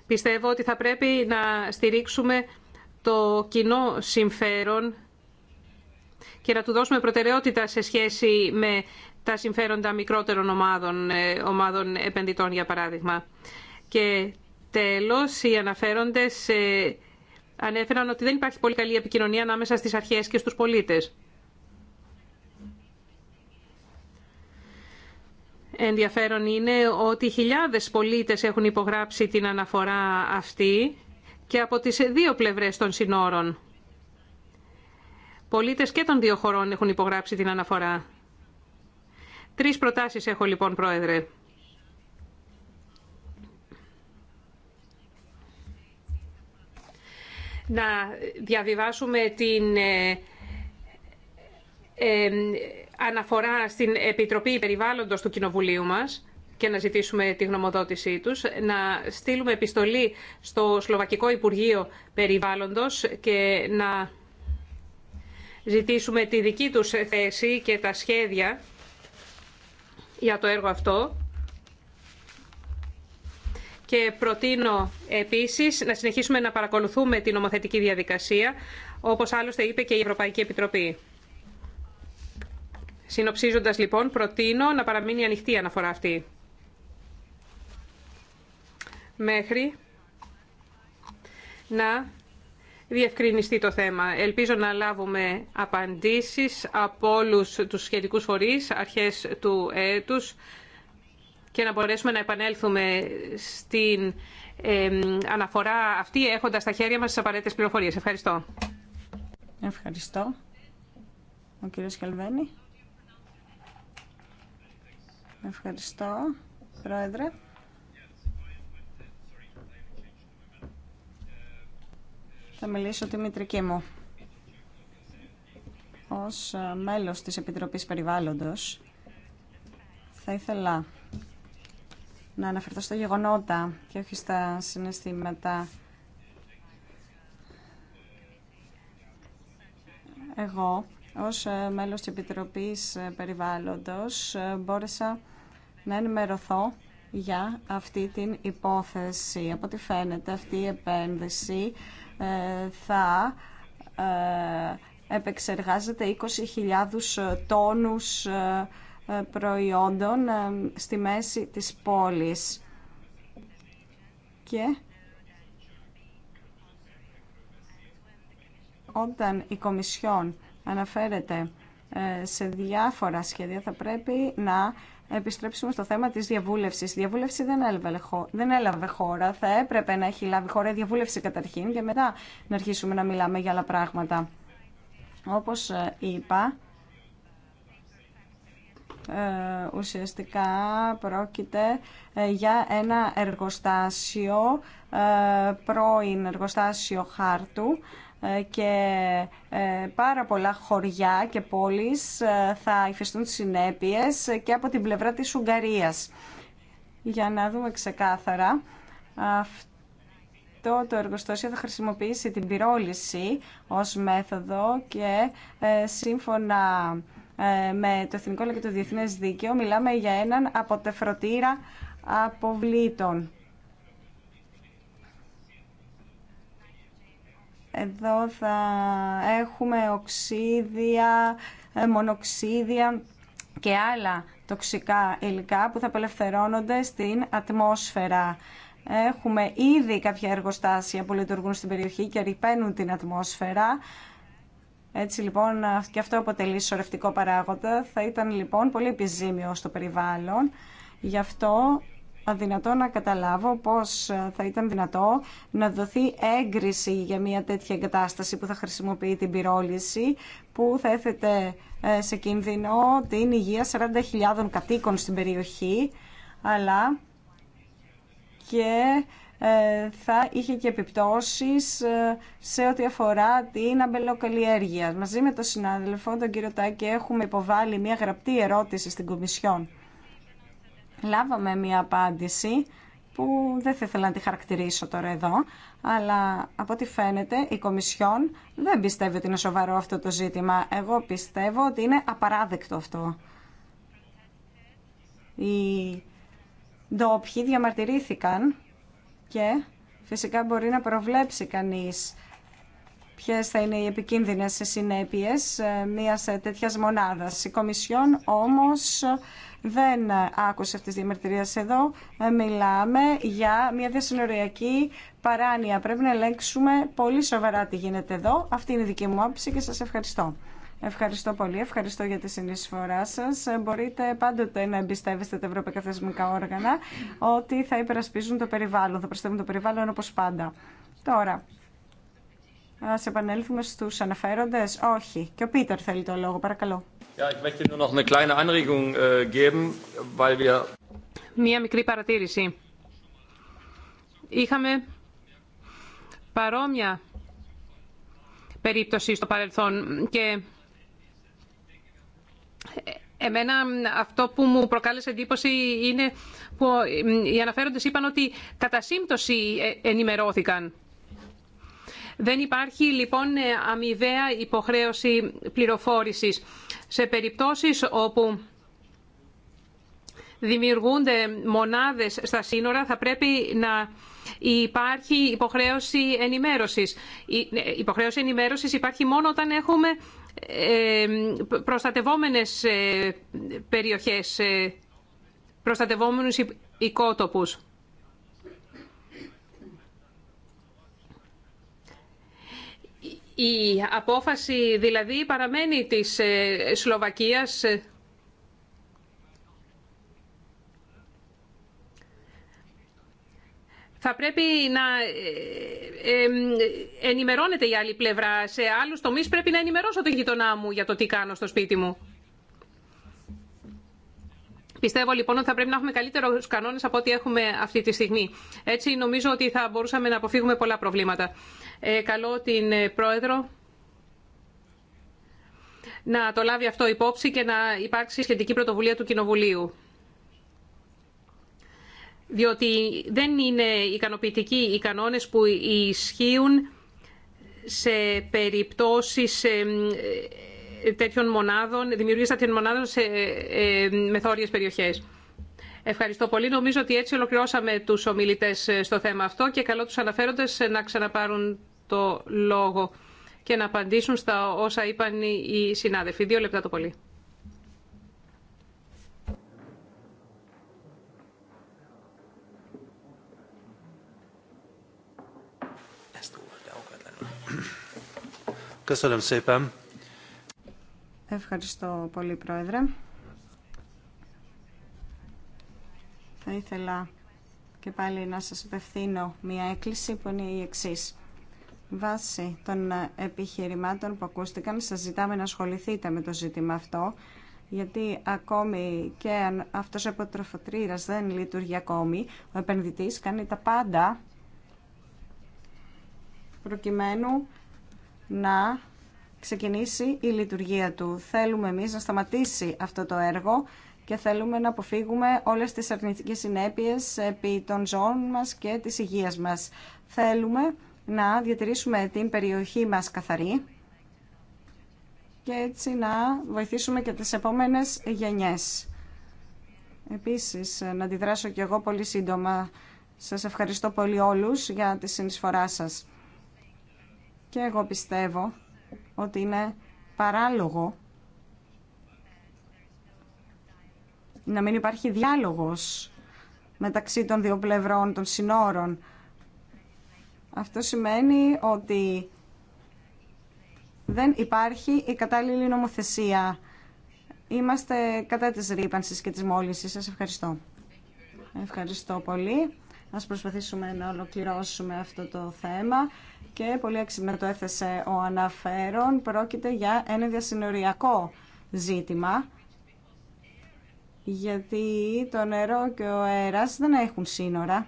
Πιστεύω ότι θα πρέπει να στηρίξουμε το κοινό συμφέρον και να του δώσουμε προτεραιότητα σε σχέση με τα συμφέροντα μικρότερων ομάδων, ε, ομάδων επενδυτών για παράδειγμα. Και τέλος, οι αναφέροντες ε, ανέφεραν ότι δεν υπάρχει πολύ καλή επικοινωνία ανάμεσα στις αρχές και στους πολίτες. ενδιαφέρον είναι ότι χιλιάδες πολίτες έχουν υπογράψει την αναφορά αυτή και από τις δύο πλευρές των συνόρων. Πολίτες και των δύο χωρών έχουν υπογράψει την αναφορά. Τρεις προτάσεις έχω λοιπόν, Πρόεδρε. Να διαβιβάσουμε την ε, ε, αναφορά στην Επιτροπή Περιβάλλοντος του Κοινοβουλίου μας και να ζητήσουμε τη γνωμοδότησή τους, να στείλουμε επιστολή στο Σλοβακικό Υπουργείο Περιβάλλοντος και να ζητήσουμε τη δική τους θέση και τα σχέδια για το έργο αυτό. Και προτείνω επίσης να συνεχίσουμε να παρακολουθούμε την νομοθετική διαδικασία, όπως άλλωστε είπε και η Ευρωπαϊκή Επιτροπή. Συνοψίζοντας λοιπόν, προτείνω να παραμείνει ανοιχτή η αναφορά αυτή. Μέχρι να διευκρινιστεί το θέμα. Ελπίζω να λάβουμε απαντήσεις από όλους τους σχετικούς φορείς αρχές του έτους και να μπορέσουμε να επανέλθουμε στην αναφορά αυτή έχοντας στα χέρια μας τις απαραίτητες πληροφορίες. Ευχαριστώ. Ευχαριστώ. Ο κύριος Χελβένη. Ευχαριστώ, Πρόεδρε. Θα μιλήσω τη μητρική μου. Ως ε, μέλος της Επιτροπής Περιβάλλοντος, θα ήθελα να αναφερθώ στα γεγονότα και όχι στα συναισθήματα. Εγώ, ως ε, μέλος της Επιτροπής Περιβάλλοντος, ε, μπόρεσα να ενημερωθώ για αυτή την υπόθεση. Από ό,τι φαίνεται αυτή η επένδυση ε, θα ε, επεξεργάζεται 20.000 τόνους ε, προϊόντων στη μέση της πόλης. Και όταν η Κομισιόν αναφέρεται σε διάφορα σχέδια θα πρέπει να επιστρέψουμε στο θέμα της διαβούλευσης. Η διαβούλευση δεν έλαβε, δεν έλαβε χώρα. Θα έπρεπε να έχει λάβει χώρα η διαβούλευση καταρχήν και μετά να αρχίσουμε να μιλάμε για άλλα πράγματα. Όπως ε, είπα, ε, ουσιαστικά πρόκειται ε, για ένα εργοστάσιο, πρώην εργοστάσιο χάρτου, ε, και ε, πάρα πολλά χωριά και πόλεις ε, θα υφιστούν τις συνέπειες και από την πλευρά της Ουγγαρίας. Για να δούμε ξεκάθαρα, αυτό το εργοστάσιο θα χρησιμοποιήσει την πυρόληση ως μέθοδο και σύμφωνα με το Εθνικό και το Διεθνές Δίκαιο μιλάμε για έναν αποτεφρωτήρα αποβλήτων. Εδώ θα έχουμε οξύδια, ε, μονοξίδια και άλλα τοξικά υλικά που θα απελευθερώνονται στην ατμόσφαιρα. Έχουμε ήδη κάποια εργοστάσια που λειτουργούν στην περιοχή και ρηπαίνουν την ατμόσφαιρα. Έτσι λοιπόν και αυτό αποτελεί σορευτικό παράγοντα. Θα ήταν λοιπόν πολύ επιζήμιο στο περιβάλλον. Γι' αυτό αδυνατό να καταλάβω πώς ε, θα ήταν δυνατό να δοθεί έγκριση για μια τέτοια εγκατάσταση που θα χρησιμοποιεί την πυρόληση που θα έθετε ε, σε κίνδυνο την υγεία 40.000 κατοίκων στην περιοχή αλλά και ε, θα είχε και επιπτώσεις σε ό,τι αφορά την αμπελοκαλλιέργεια. Μαζί με τον συνάδελφο, τον κύριο Τάκη, έχουμε υποβάλει μια γραπτή ερώτηση στην Κομισιόν λάβαμε μία απάντηση που δεν θα ήθελα να τη χαρακτηρίσω τώρα εδώ, αλλά από ό,τι φαίνεται η Κομισιόν δεν πιστεύει ότι είναι σοβαρό αυτό το ζήτημα. Εγώ πιστεύω ότι είναι απαράδεκτο αυτό. Οι ντόπιοι διαμαρτυρήθηκαν και φυσικά μπορεί να προβλέψει κανείς ποιε θα είναι οι επικίνδυνε συνέπειες ε, μια ε, τέτοιας μονάδας. Η Κομισιόν όμως δεν άκουσε αυτή τη διαμαρτυρίες εδώ. Ε, μιλάμε για μια διασυνοριακή παράνοια. Πρέπει να ελέγξουμε πολύ σοβαρά τι γίνεται εδώ. Αυτή είναι η δική μου άποψη και σας ευχαριστώ. Ευχαριστώ πολύ. Ευχαριστώ για τη συνεισφορά σα. Μπορείτε πάντοτε να εμπιστεύεστε τα ευρωπαϊκά θεσμικά όργανα ότι θα υπερασπίζουν το περιβάλλον, θα προστατεύουν το περιβάλλον όπω πάντα. Τώρα, α επανέλθουμε στου αναφέροντε. Όχι. Και ο Πίτερ θέλει το λόγο, παρακαλώ. Μία μικρή παρατήρηση. Είχαμε παρόμοια περίπτωση στο παρελθόν και εμένα αυτό που μου προκάλεσε εντύπωση είναι που οι αναφέροντες είπαν ότι κατά σύμπτωση ε, ενημερώθηκαν. Δεν υπάρχει λοιπόν ε, αμοιβαία υποχρέωση πληροφόρησης. Σε περιπτώσεις όπου δημιουργούνται μονάδες στα σύνορα θα πρέπει να υπάρχει υποχρέωση ενημέρωσης. Η ε, υποχρέωση ενημέρωσης υπάρχει μόνο όταν έχουμε ε, προστατευόμενες περιοχές, προστατευόμενους οικότοπους. Η απόφαση δηλαδή παραμένει της ε, Σλοβακίας Θα πρέπει να ε, ε, ενημερώνεται η άλλη πλευρά. Σε άλλους τομείς πρέπει να ενημερώσω τον γειτονά μου για το τι κάνω στο σπίτι μου. Πιστεύω λοιπόν ότι θα πρέπει να έχουμε καλύτερου κανόνε από ό,τι έχουμε αυτή τη στιγμή. Έτσι νομίζω ότι θα μπορούσαμε να αποφύγουμε πολλά προβλήματα. Ε, καλώ την ε, Πρόεδρο να το λάβει αυτό υπόψη και να υπάρξει σχετική πρωτοβουλία του Κοινοβουλίου. Διότι δεν είναι ικανοποιητικοί οι κανόνες που ισχύουν σε περιπτώσεις τέτοιων μονάδων, δημιουργήσατε τέτοιων μονάδων σε ε, ε, μεθόριες περιοχές. Ευχαριστώ πολύ. Νομίζω ότι έτσι ολοκληρώσαμε τους ομιλητές ε, στο θέμα αυτό και καλό τους αναφέροντες να ξαναπάρουν το λόγο και να απαντήσουν στα όσα είπαν οι συνάδελφοι. Δύο λεπτά το πολύ. Ευχαριστώ πολύ, Πρόεδρε. Θα ήθελα και πάλι να σας απευθύνω μία έκκληση που είναι η εξής. Βάσει των επιχειρημάτων που ακούστηκαν, σας ζητάμε να ασχοληθείτε με το ζήτημα αυτό, γιατί ακόμη και αν αυτός ο δεν λειτουργεί ακόμη, ο επενδυτής κάνει τα πάντα προκειμένου να ξεκινήσει η λειτουργία του. Θέλουμε εμείς να σταματήσει αυτό το έργο και θέλουμε να αποφύγουμε όλες τις αρνητικές συνέπειες επί των ζώων μας και της υγείας μας. Θέλουμε να διατηρήσουμε την περιοχή μας καθαρή και έτσι να βοηθήσουμε και τις επόμενες γενιές. Επίσης, να αντιδράσω και εγώ πολύ σύντομα. Σας ευχαριστώ πολύ όλους για τη συνεισφορά σας. Και εγώ πιστεύω ότι είναι παράλογο να μην υπάρχει διάλογος μεταξύ των δύο πλευρών των συνόρων. Αυτό σημαίνει ότι δεν υπάρχει η κατάλληλη νομοθεσία. Είμαστε κατά της ρήπανσης και της μόλυνσης. Σας ευχαριστώ. Ευχαριστώ πολύ. Ας προσπαθήσουμε να ολοκληρώσουμε αυτό το θέμα και πολύ έξυπνα το έθεσε ο αναφέρον. Πρόκειται για ένα διασυνοριακό ζήτημα γιατί το νερό και ο αέρας δεν έχουν σύνορα.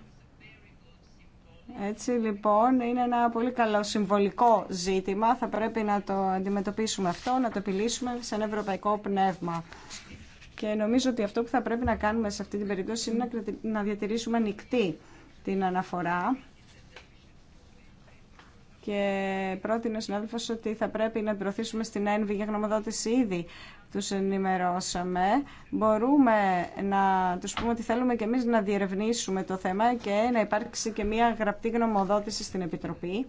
Έτσι λοιπόν είναι ένα πολύ καλό συμβολικό ζήτημα. Θα πρέπει να το αντιμετωπίσουμε αυτό, να το επιλύσουμε σε ένα ευρωπαϊκό πνεύμα. Και νομίζω ότι αυτό που θα πρέπει να κάνουμε σε αυτή την περίπτωση είναι να διατηρήσουμε ανοιχτή την αναφορά και πρότεινε ο συνάδελφο ότι θα πρέπει να προωθήσουμε στην ΕΝΒΗ για γνωμοδότηση ήδη. Του ενημερώσαμε. Μπορούμε να του πούμε ότι θέλουμε και εμεί να διερευνήσουμε το θέμα και να υπάρξει και μία γραπτή γνωμοδότηση στην Επιτροπή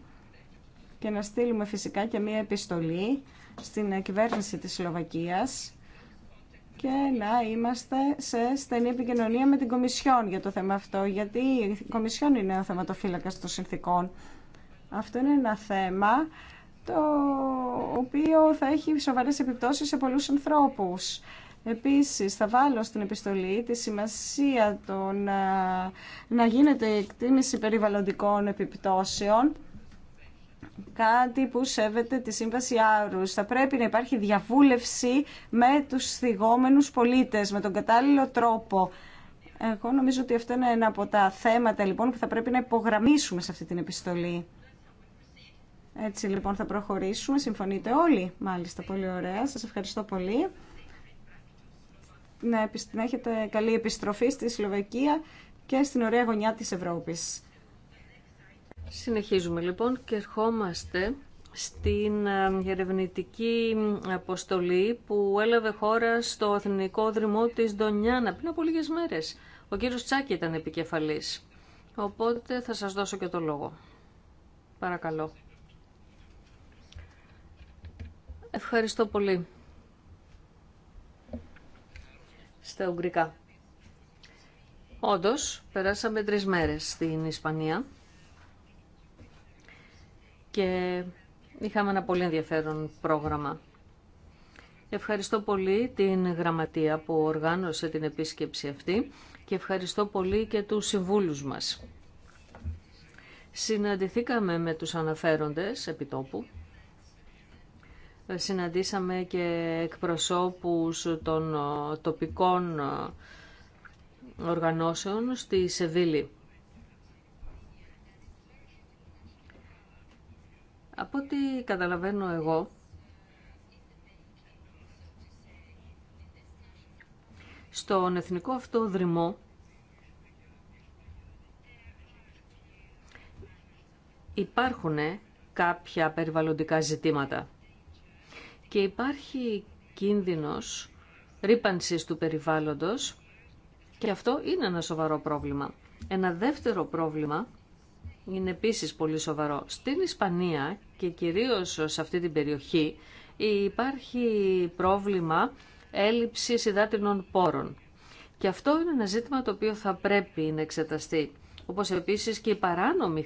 και να στείλουμε φυσικά και μία επιστολή στην κυβέρνηση της Σλοβακίας και να είμαστε σε στενή επικοινωνία με την Κομισιόν για το θέμα αυτό, γιατί η Κομισιόν είναι ο θεματοφύλακα των συνθήκων. Αυτό είναι ένα θέμα το οποίο θα έχει σοβαρές επιπτώσεις σε πολλούς ανθρώπους. Επίσης, θα βάλω στην επιστολή τη σημασία των, ε, να γίνεται η εκτίμηση περιβαλλοντικών επιπτώσεων κάτι που σέβεται τη Σύμβαση Άρους. Θα πρέπει να υπάρχει διαβούλευση με τους θυγόμενους πολίτες, με τον κατάλληλο τρόπο. Εγώ νομίζω ότι αυτό είναι ένα από τα θέματα λοιπόν που θα πρέπει να υπογραμμίσουμε σε αυτή την επιστολή. Έτσι λοιπόν θα προχωρήσουμε. Συμφωνείτε όλοι. Μάλιστα, πολύ ωραία. Σας ευχαριστώ πολύ. Να έχετε καλή επιστροφή στη Σλοβακία και στην ωραία γωνιά της Ευρώπης. Συνεχίζουμε λοιπόν και ερχόμαστε στην ε, ερευνητική αποστολή που έλαβε χώρα στο Αθηνικό Δρυμό της Ντονιάνα πριν από λίγες μέρες. Ο κύριος Τσάκη ήταν επικεφαλής, οπότε θα σας δώσω και το λόγο. Παρακαλώ. Ευχαριστώ πολύ. Στα Ουγγρικά. Όντως, περάσαμε τρεις μέρες στην Ισπανία και είχαμε ένα πολύ ενδιαφέρον πρόγραμμα. Ευχαριστώ πολύ την γραμματεία που οργάνωσε την επίσκεψη αυτή και ευχαριστώ πολύ και τους συμβούλους μας. Συναντηθήκαμε με τους αναφέροντες επιτόπου. Συναντήσαμε και εκπροσώπους των τοπικών οργανώσεων στη Σεβίλη. Από ό,τι καταλαβαίνω εγώ, στον εθνικό αυτό δρυμό υπάρχουν κάποια περιβαλλοντικά ζητήματα και υπάρχει κίνδυνος ρήπανσης του περιβάλλοντος και αυτό είναι ένα σοβαρό πρόβλημα. Ένα δεύτερο πρόβλημα είναι επίσης πολύ σοβαρό. Στην Ισπανία και κυρίως σε αυτή την περιοχή υπάρχει πρόβλημα έλλειψης υδάτινων πόρων. Και αυτό είναι ένα ζήτημα το οποίο θα πρέπει να εξεταστεί, όπως επίσης και η παράνομη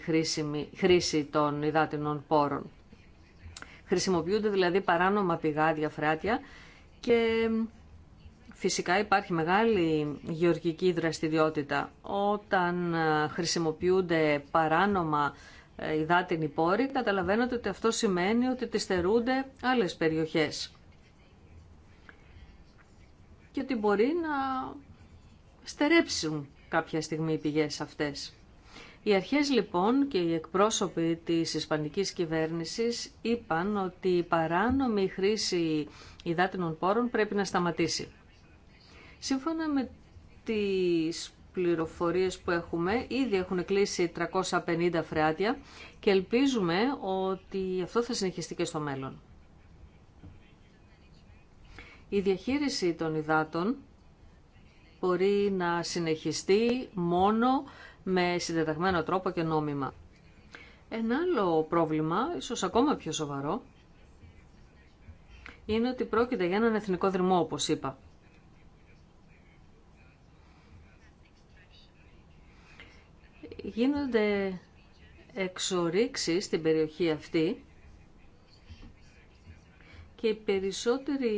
χρήση των υδάτινων πόρων. Χρησιμοποιούνται δηλαδή παράνομα πηγάδια, φράτια και Φυσικά υπάρχει μεγάλη γεωργική δραστηριότητα. Όταν ε, χρησιμοποιούνται παράνομα ε, υδάτινοι πόροι, καταλαβαίνετε ότι αυτό σημαίνει ότι τις θερούνται άλλες περιοχές. Και ότι μπορεί να στερέψουν κάποια στιγμή οι πηγές αυτές. Οι αρχές λοιπόν και οι εκπρόσωποι της Ισπανικής κυβέρνησης είπαν ότι η παράνομη χρήση υδάτινων πόρων πρέπει να σταματήσει. Σύμφωνα με τις πληροφορίες που έχουμε, ήδη έχουν κλείσει 350 φρεάτια και ελπίζουμε ότι αυτό θα συνεχιστεί και στο μέλλον. Η διαχείριση των υδάτων μπορεί να συνεχιστεί μόνο με συντεταγμένο τρόπο και νόμιμα. Ένα άλλο πρόβλημα, ίσως ακόμα πιο σοβαρό, είναι ότι πρόκειται για έναν εθνικό δρυμό, όπως είπα. γίνονται εξορίξεις στην περιοχή αυτή και οι περισσότεροι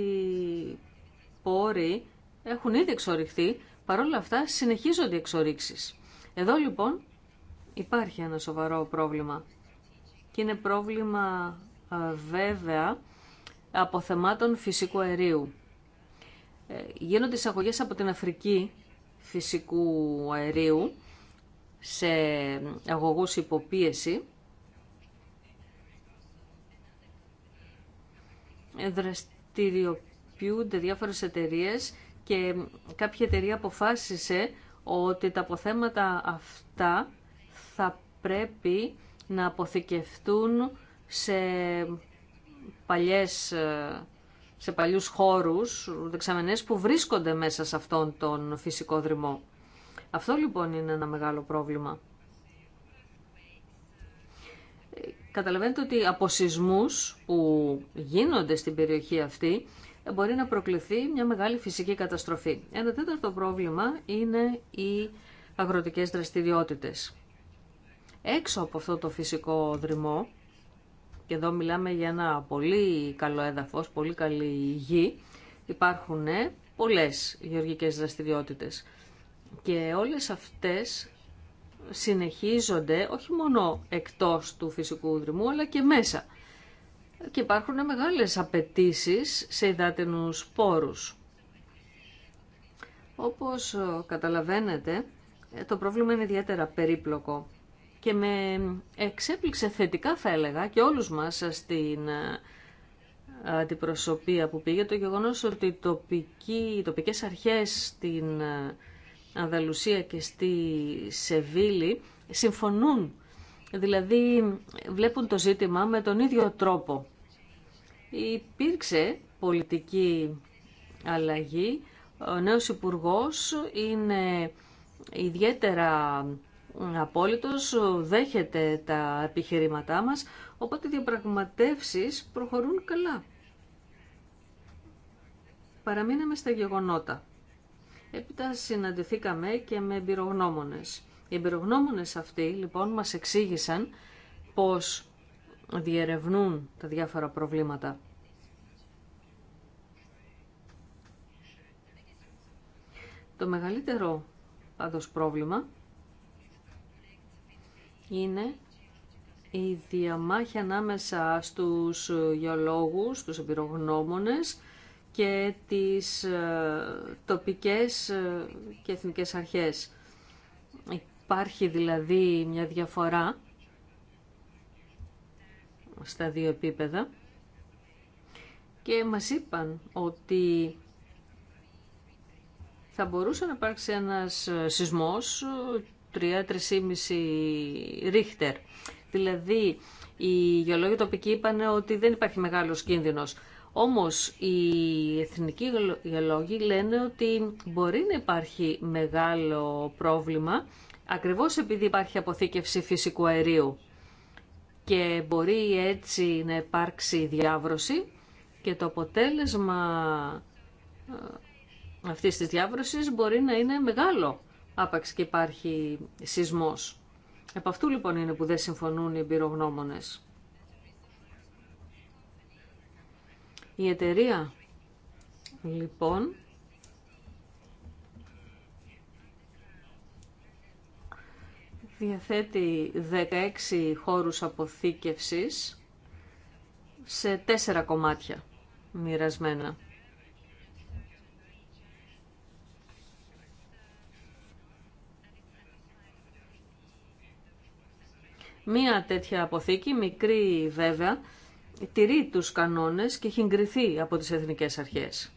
πόροι έχουν ήδη εξοριχθεί, παρόλα αυτά συνεχίζονται οι εξορίξεις. Εδώ λοιπόν υπάρχει ένα σοβαρό πρόβλημα και είναι πρόβλημα ε, βέβαια αποθεμάτων φυσικού αερίου. Ε, γίνονται εισαγωγές από την Αφρική φυσικού αερίου σε αγωγούς υποπίεση δραστηριοποιούνται διάφορες εταιρείες και κάποια εταιρεία αποφάσισε ότι τα αποθέματα αυτά θα πρέπει να αποθηκευτούν σε, παλιές, σε παλιούς χώρους δεξαμενές που βρίσκονται μέσα σε αυτόν τον φυσικό δρυμό. Αυτό λοιπόν είναι ένα μεγάλο πρόβλημα. Καταλαβαίνετε ότι από σεισμού που γίνονται στην περιοχή αυτή μπορεί να προκληθεί μια μεγάλη φυσική καταστροφή. Ένα τέταρτο πρόβλημα είναι οι αγροτικές δραστηριότητες. Έξω από αυτό το φυσικό δρυμό, και εδώ μιλάμε για ένα πολύ καλό έδαφος, πολύ καλή γη, υπάρχουν πολλές γεωργικές δραστηριότητες. Και όλες αυτές συνεχίζονται όχι μόνο εκτός του φυσικού δρυμού αλλά και μέσα. Και υπάρχουν μεγάλες απαιτήσει σε υδάτινους πόρους. Όπως καταλαβαίνετε, το πρόβλημα είναι ιδιαίτερα περίπλοκο και με εξέπληξε θετικά θα έλεγα και όλους μας στην ε, αντιπροσωπεία που πήγε το γεγονός ότι οι οι τοπικές αρχές στην ε, Ανδαλουσία και στη Σεβίλη συμφωνούν. Δηλαδή βλέπουν το ζήτημα με τον ίδιο τρόπο. Υπήρξε πολιτική αλλαγή. Ο νέος υπουργός είναι ιδιαίτερα απόλυτος, δέχεται τα επιχειρήματά μας, οπότε οι διαπραγματεύσεις προχωρούν καλά. Παραμείναμε στα γεγονότα. Έπειτα συναντηθήκαμε και με εμπειρογνώμονες. Οι εμπειρογνώμονες αυτοί λοιπόν μας εξήγησαν πώς διερευνούν τα διάφορα προβλήματα. Το μεγαλύτερο πάντως πρόβλημα είναι η διαμάχη ανάμεσα στους γεωλόγους, τους εμπειρογνώμονες και τις ε, τοπικές ε, και εθνικές αρχές. Υπάρχει δηλαδή μια διαφορά στα δύο επίπεδα και μας είπαν ότι θα μπορούσε να υπάρξει ένας ε, σεισμός 3-3,5 ρίχτερ. Δηλαδή, οι γεωλόγοι τοπικοί είπαν ότι δεν υπάρχει μεγάλος κίνδυνος. Όμως οι εθνικοί γεωλόγοι λένε ότι μπορεί να υπάρχει μεγάλο πρόβλημα ακριβώς επειδή υπάρχει αποθήκευση φυσικού αερίου και μπορεί έτσι να υπάρξει διάβρωση και το αποτέλεσμα ε, αυτής της διάβρωσης μπορεί να είναι μεγάλο άπαξ και υπάρχει σεισμός. Επ' αυτού λοιπόν είναι που δεν συμφωνούν οι εμπειρογνώμονες. Η εταιρεία λοιπόν διαθέτει 16 χώρους αποθήκευσης σε τέσσερα κομμάτια μοιρασμένα. Μία τέτοια αποθήκη, μικρή βέβαια, τηρεί τους κανόνες και έχει εγκριθεί από τις εθνικές αρχές.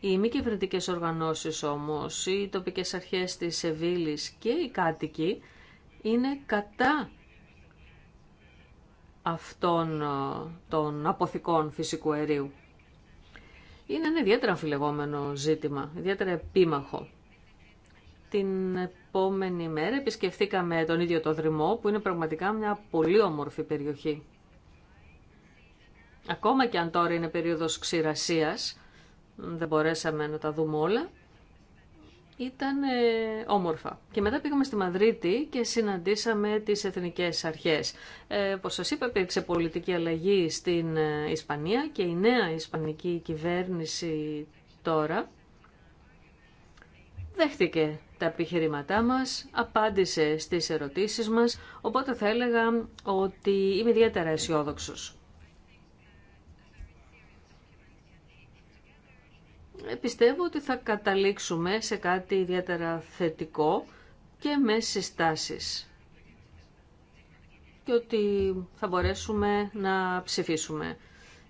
Οι μη κυβερνητικέ οργανώσεις όμως, οι τοπικές αρχές της Σεβίλη και οι κάτοικοι είναι κατά αυτών ε, των αποθηκών φυσικού αερίου. Είναι ένα ιδιαίτερα αμφιλεγόμενο ζήτημα, ιδιαίτερα επίμαχο. Την επόμενη μέρα επισκεφθήκαμε τον ίδιο το Δρυμό, που είναι πραγματικά μια πολύ όμορφη περιοχή. Ακόμα και αν τώρα είναι περίοδος ξηρασίας, δεν μπορέσαμε να τα δούμε όλα, ήταν ε, όμορφα. Και μετά πήγαμε στη Μαδρίτη και συναντήσαμε τις εθνικές αρχές. Ε, όπως σας είπα, υπήρξε πολιτική αλλαγή στην ε, Ισπανία και η νέα ισπανική κυβέρνηση τώρα δέχτηκε τα επιχειρήματά μας, απάντησε στις ερωτήσεις μας, οπότε θα έλεγα ότι είμαι ιδιαίτερα αισιόδοξο. πιστεύω ότι θα καταλήξουμε σε κάτι ιδιαίτερα θετικό και με συστάσεις και ότι θα μπορέσουμε να ψηφίσουμε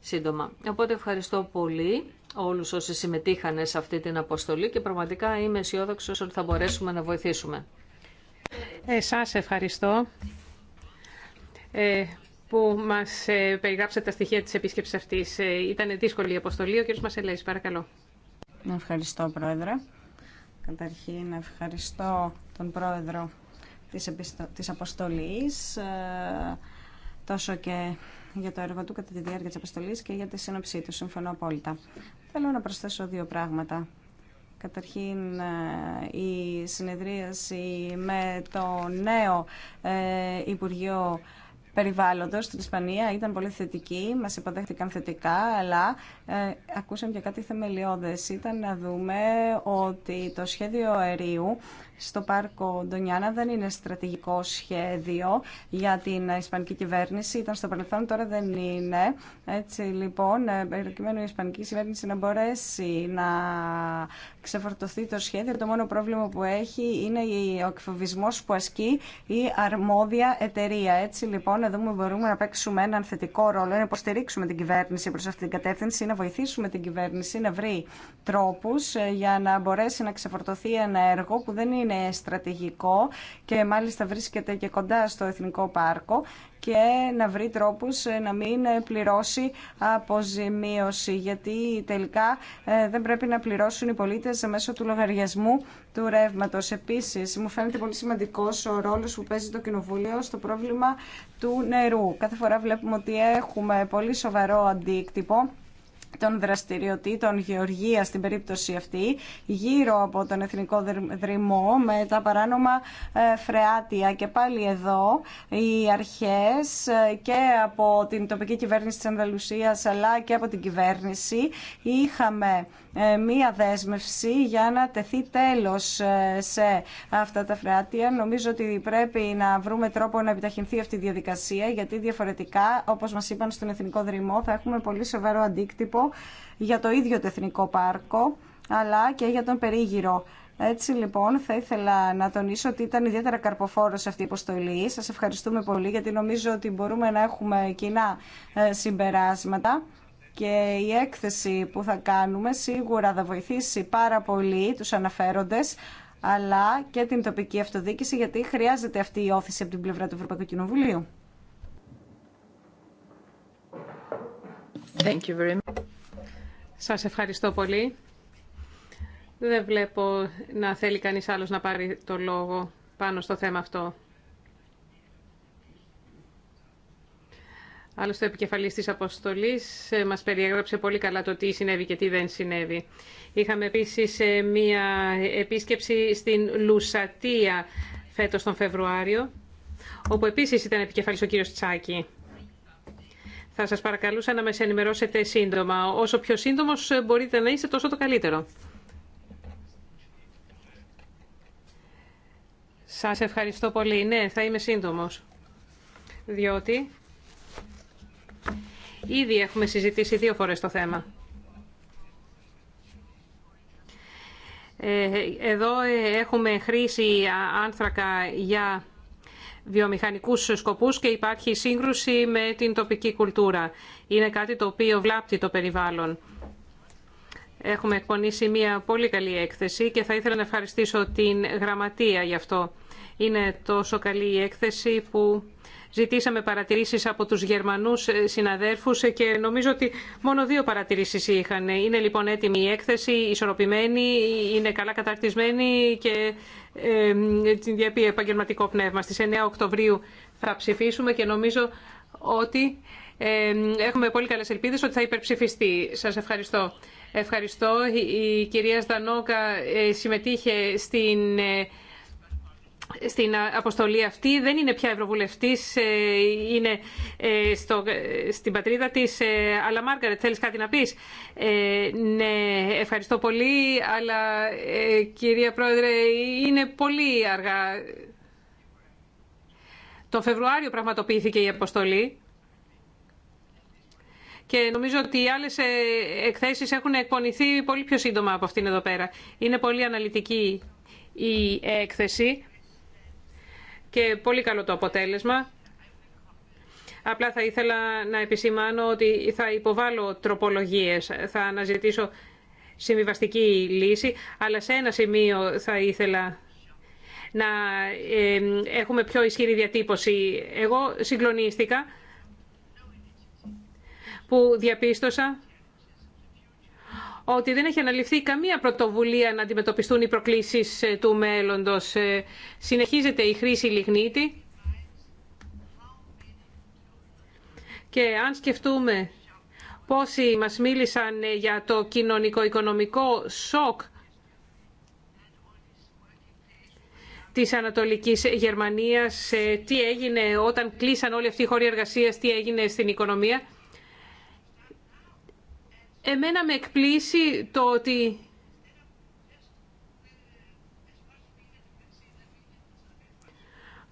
σύντομα. Οπότε ευχαριστώ πολύ όλους όσοι συμμετείχαν σε αυτή την αποστολή και πραγματικά είμαι αισιόδοξο ότι θα μπορέσουμε να βοηθήσουμε. Εσάς ευχαριστώ ε, που μας ε, περιγράψατε τα στοιχεία της επίσκεψης αυτής. Ε, ήταν δύσκολη η αποστολή. Ο κ. Μασελέης, παρακαλώ. Ευχαριστώ, Πρόεδρε. Καταρχήν, ευχαριστώ τον Πρόεδρο της, επιστο... Αποστολής, ε, τόσο και για το έργο του κατά τη διάρκεια της Αποστολής και για τη σύνοψή του. Συμφωνώ απόλυτα. Θέλω να προσθέσω δύο πράγματα. Καταρχήν ε, η συνεδρίαση με το νέο ε, Υπουργείο Περιβάλλοντο στην Ισπανία ήταν πολύ θετική, μας υποδέχτηκαν θετικά, αλλά ε, ακούσαμε και κάτι θεμελιώδες. Ήταν να δούμε ότι το σχέδιο αερίου στο πάρκο Ντονιάνα δεν είναι στρατηγικό σχέδιο για την Ισπανική κυβέρνηση. Ήταν στο παρελθόν, τώρα δεν είναι. Έτσι λοιπόν, ε, προκειμένου η Ισπανική κυβέρνηση να μπορέσει να ξεφορτωθεί το σχέδιο, το μόνο πρόβλημα που έχει είναι ο εκφοβισμό που ασκεί η αρμόδια εταιρεία. Έτσι λοιπόν, εδώ μπορούμε να παίξουμε έναν θετικό ρόλο, να υποστηρίξουμε την κυβέρνηση προ αυτή την κατεύθυνση, να βοηθήσουμε την κυβέρνηση να βρει τρόπου ε, για να μπορέσει να ξεφορτωθεί ένα έργο που δεν είναι είναι στρατηγικό και μάλιστα βρίσκεται και κοντά στο Εθνικό Πάρκο και να βρει τρόπους ε, να μην ε, πληρώσει αποζημίωση γιατί τελικά ε, δεν πρέπει να πληρώσουν οι πολίτες μέσω του λογαριασμού του ρεύματο. Επίση, μου φαίνεται πολύ σημαντικό ο ρόλο που παίζει το Κοινοβούλιο στο πρόβλημα του νερού. Κάθε φορά βλέπουμε ότι έχουμε πολύ σοβαρό αντίκτυπο των δραστηριοτήτων γεωργία στην περίπτωση αυτή γύρω από τον Εθνικό Δρυμό με τα παράνομα ε, φρεάτια. Και πάλι εδώ οι αρχές ε, και από την τοπική κυβέρνηση της Ανδαλουσίας αλλά και από την κυβέρνηση είχαμε ε, μία δέσμευση για να τεθεί τέλος ε, σε αυτά τα φρεάτια. Νομίζω ότι πρέπει να βρούμε τρόπο να επιταχυνθεί αυτή η διαδικασία γιατί διαφορετικά, όπως μας είπαν στον Εθνικό Δρυμό, θα έχουμε πολύ σοβαρό αντίκτυπο για το ίδιο το Εθνικό Πάρκο αλλά και για τον περίγυρο. Έτσι λοιπόν θα ήθελα να τονίσω ότι ήταν ιδιαίτερα καρποφόρος αυτή η υποστολή. Σας ευχαριστούμε πολύ γιατί νομίζω ότι μπορούμε να έχουμε κοινά ε, συμπεράσματα και η έκθεση που θα κάνουμε σίγουρα θα βοηθήσει πάρα πολύ τους αναφέροντες αλλά και την τοπική αυτοδίκηση γιατί χρειάζεται αυτή η όθηση από την πλευρά του Ευρωπαϊκού Κοινοβουλίου. Thank you very much. Σας ευχαριστώ πολύ. Δεν βλέπω να θέλει κανείς άλλος να πάρει το λόγο πάνω στο θέμα αυτό. Άλλωστε, ο επικεφαλή τη αποστολή ε, μα περιέγραψε πολύ καλά το τι συνέβη και τι δεν συνέβη. Είχαμε επίση ε, μία επίσκεψη στην Λουσατία φέτο τον Φεβρουάριο, όπου επίση ήταν επικεφαλή ο κύριο Τσάκη. Θα σας παρακαλούσα να με ενημερώσετε σύντομα. Όσο πιο σύντομος ε, μπορείτε να είστε, τόσο το καλύτερο. Σας ευχαριστώ πολύ. Ναι, θα είμαι σύντομος. Διότι Ήδη έχουμε συζητήσει δύο φορές το θέμα. Ε, εδώ ε, έχουμε χρήση άνθρακα για βιομηχανικούς σκοπούς και υπάρχει σύγκρουση με την τοπική κουλτούρα. Είναι κάτι το οποίο βλάπτει το περιβάλλον. Έχουμε εκπονήσει μια πολύ καλή έκθεση και θα ήθελα να ευχαριστήσω την γραμματεία γι' αυτό. Είναι τόσο καλή η έκθεση που Ζητήσαμε παρατηρήσεις από τους Γερμανούς ε, συναδέρφους ε, και νομίζω ότι μόνο δύο παρατηρήσεις είχαν. Είναι λοιπόν έτοιμη η έκθεση, ισορροπημένη, είναι καλά καταρτισμένη και διαπεί επαγγελματικό πνεύμα. Στι 9 Οκτωβρίου θα ψηφίσουμε και νομίζω ότι έχουμε πολύ καλές ελπίδες ότι θα υπερψηφιστεί. Σας ευχαριστώ. Ευχαριστώ. Η κυρία Στανόκα ε, συμμετείχε στην στην αποστολή αυτή. Δεν είναι πια ευρωβουλευτής, ε, είναι ε, στο, ε, στην πατρίδα της. Αλλά Μάργαρετ, θέλεις κάτι να πεις. Ε, ναι, ευχαριστώ πολύ, αλλά κυρία Πρόεδρε, είναι πολύ αργά. Το Φεβρουάριο πραγματοποιήθηκε η αποστολή. Και νομίζω ότι οι άλλες εκθέσεις έχουν εκπονηθεί πολύ πιο σύντομα από αυτήν εδώ πέρα. Είναι πολύ αναλυτική η έκθεση και πολύ καλό το αποτέλεσμα. Απλά θα ήθελα να επισημάνω ότι θα υποβάλω τροπολογίες, θα αναζητήσω συμβιβαστική λύση, αλλά σε ένα σημείο θα ήθελα να ε, έχουμε πιο ισχυρή διατύπωση. Εγώ συγκλονίστηκα που διαπίστωσα ότι δεν έχει αναλυφθεί καμία πρωτοβουλία να αντιμετωπιστούν οι προκλήσεις ε, του μέλλοντος. Ε, συνεχίζεται η χρήση λιγνίτη. Και αν σκεφτούμε πόσοι μας μίλησαν ε, για το κοινωνικο-οικονομικό σοκ της Ανατολικής Γερμανίας, τι έγινε όταν κλείσαν όλοι αυτοί οι χώροι εργασίας, τι έγινε στην οικονομία. Εμένα με εκπλήσει το ότι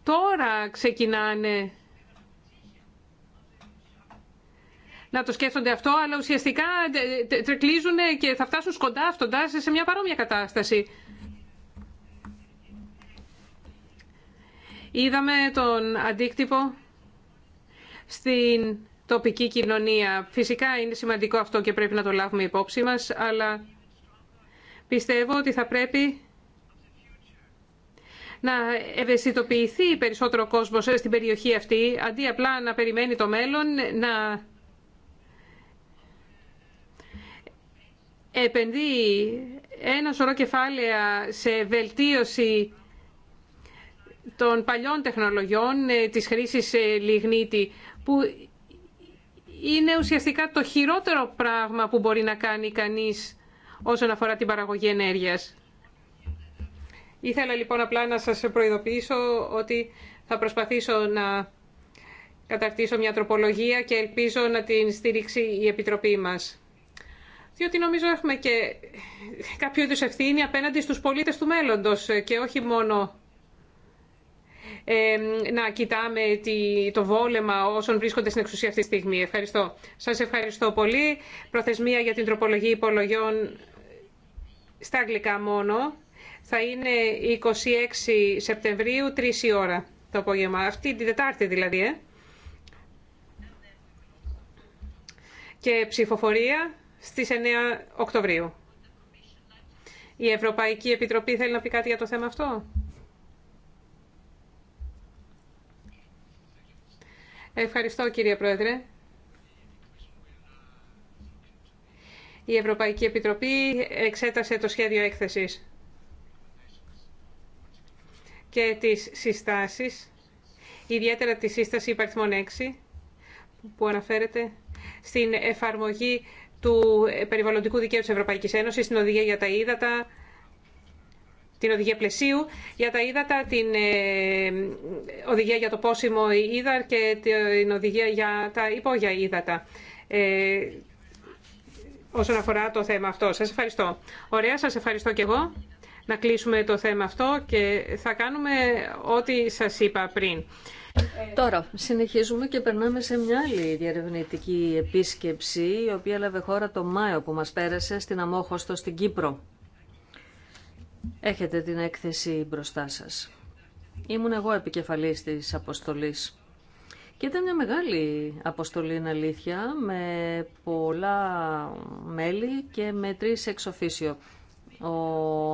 τώρα ξεκινάνε να το σκέφτονται αυτό, αλλά ουσιαστικά τρεκλίζουν και θα φτάσουν σκοντάφτοντα σε μια παρόμοια κατάσταση. Είδαμε τον αντίκτυπο στην τοπική κοινωνία. Φυσικά είναι σημαντικό αυτό και πρέπει να το λάβουμε υπόψη μας, αλλά πιστεύω ότι θα πρέπει να ευαισθητοποιηθεί περισσότερο κόσμο στην περιοχή αυτή, αντί απλά να περιμένει το μέλλον, να επενδύει ένα σωρό κεφάλαια σε βελτίωση των παλιών τεχνολογιών ε, της χρήσης ε, λιγνίτη που είναι ουσιαστικά το χειρότερο πράγμα που μπορεί να κάνει κανείς όσον αφορά την παραγωγή ενέργειας. Ήθελα λοιπόν απλά να σας προειδοποιήσω ότι θα προσπαθήσω να καταρτήσω μια τροπολογία και ελπίζω να την στήριξει η Επιτροπή μας. Διότι νομίζω έχουμε και κάποιο είδους ευθύνη απέναντι στους πολίτες του μέλλοντος και όχι μόνο να κοιτάμε το βόλεμα όσων βρίσκονται στην εξουσία αυτή τη στιγμή. Ευχαριστώ. Σας ευχαριστώ πολύ. Προθεσμία για την τροπολογή υπολογιών στα αγγλικά μόνο θα είναι 26 Σεπτεμβρίου, 3 η ώρα το απόγευμα. Αυτή την Τετάρτη δηλαδή, ε. Και ψηφοφορία στις 9 Οκτωβρίου. Η Ευρωπαϊκή Επιτροπή θέλει να πει κάτι για το θέμα αυτό. Ευχαριστώ κύριε Πρόεδρε. Η Ευρωπαϊκή Επιτροπή εξέτασε το σχέδιο έκθεσης και τις συστάσεις, ιδιαίτερα τη σύσταση υπαριθμών 6, που αναφέρεται στην εφαρμογή του περιβαλλοντικού δικαίου της Ευρωπαϊκής Ένωσης, στην οδηγία για τα ύδατα, την οδηγία πλαισίου για τα ύδατα, την ε, οδηγία για το πόσιμο ύδαρ και την οδηγία για τα υπόγεια ύδατα ε, όσον αφορά το θέμα αυτό. Σας ευχαριστώ. Ωραία, σας ευχαριστώ και εγώ. Να κλείσουμε το θέμα αυτό και θα κάνουμε ό,τι σας είπα πριν. Τώρα, συνεχίζουμε και περνάμε σε μια άλλη διαρευνητική επίσκεψη, η οποία έλαβε χώρα το Μάιο που μας πέρασε στην Αμόχωστο στην Κύπρο. Έχετε την έκθεση μπροστά σας. Ήμουν εγώ επικεφαλής της αποστολής. Και ήταν μια μεγάλη αποστολή, είναι αλήθεια, με πολλά μέλη και με τρεις εξοφίσιο. Ο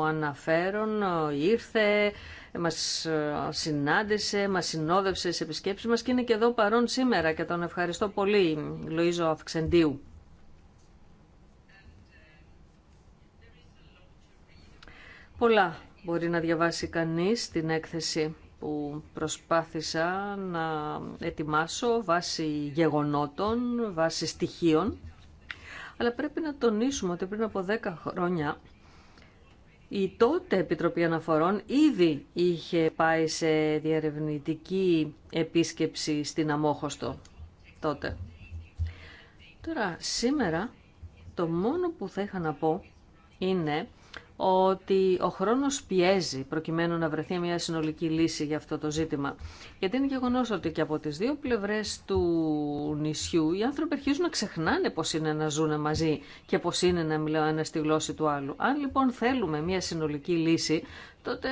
αναφέρον ήρθε, μας συνάντησε, μας συνόδευσε σε επισκέψεις μας και είναι και εδώ παρόν σήμερα και τον ευχαριστώ πολύ, Λουίζο Αυξεντίου. Πολλά μπορεί να διαβάσει κανείς την έκθεση που προσπάθησα να ετοιμάσω βάσει γεγονότων, βάσει στοιχείων. Αλλά πρέπει να τονίσουμε ότι πριν από 10 χρόνια η τότε Επιτροπή Αναφορών ήδη είχε πάει σε διαρευνητική επίσκεψη στην Αμόχωστο τότε. Τώρα, σήμερα, το μόνο που θα είχα να πω είναι ότι ο χρόνος πιέζει προκειμένου να βρεθεί μια συνολική λύση για αυτό το ζήτημα. Γιατί είναι γεγονό ότι και από τις δύο πλευρές του νησιού οι άνθρωποι αρχίζουν να ξεχνάνε πώς είναι να ζουν μαζί και πώς είναι να μιλάνε ένα στη γλώσσα του άλλου. Αν λοιπόν θέλουμε μια συνολική λύση, τότε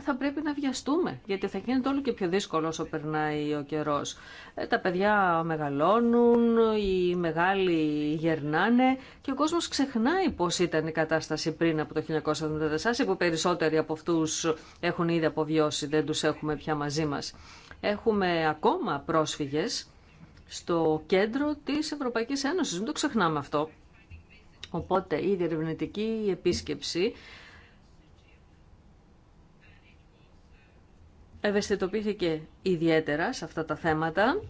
θα πρέπει να βιαστούμε, γιατί θα γίνεται όλο και πιο δύσκολο όσο περνάει ο καιρός. Ε, τα παιδιά μεγαλώνουν, οι μεγάλοι γερνάνε και ο κόσμος ξεχνάει πώς ήταν η κατάσταση πριν από το 1974, που περισσότεροι από αυτούς έχουν ήδη αποβιώσει, δεν τους έχουμε πια μαζί μας. Έχουμε ακόμα πρόσφυγες στο κέντρο της Ευρωπαϊκής Ένωσης, μην το ξεχνάμε αυτό. Οπότε η διερευνητική επίσκεψη ευαισθητοποιήθηκε ιδιαίτερα σε αυτά τα θέματα.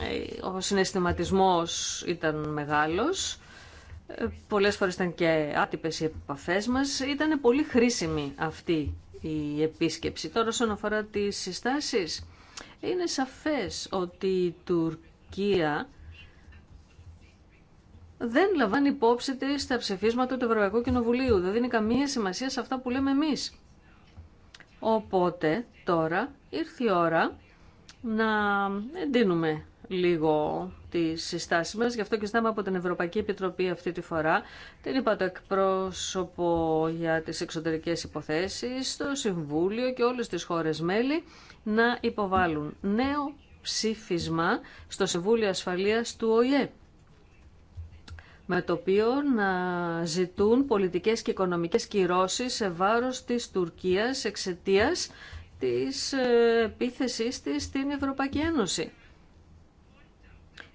Ε, ο συναισθηματισμός ήταν μεγάλος. Ε, πολλές φορές ήταν και άτυπες οι επαφές μας. Ήταν πολύ χρήσιμη αυτή η επίσκεψη. Τώρα όσον αφορά τις συστάσεις, είναι σαφές ότι η Τουρκία δεν λαμβάνει υπόψη της τα ψηφίσματα του Ευρωπαϊκού Κοινοβουλίου. Δεν δίνει καμία σημασία σε αυτά που λέμε εμείς. Οπότε τώρα ήρθε η ώρα να εντείνουμε λίγο τι συστάσει μα. Γι' αυτό και ζητάμε από την Ευρωπαϊκή Επιτροπή αυτή τη φορά. Την είπα το εκπρόσωπο για τι εξωτερικέ υποθέσει, το Συμβούλιο και όλε τι χώρε μέλη να υποβάλουν νέο ψήφισμα στο Συμβούλιο Ασφαλείας του ΟΗΕ με το οποίο να ζητούν πολιτικές και οικονομικές κυρώσεις σε βάρος της Τουρκίας εξαιτίας της ε, επίθεσής της στην Ευρωπαϊκή Ένωση.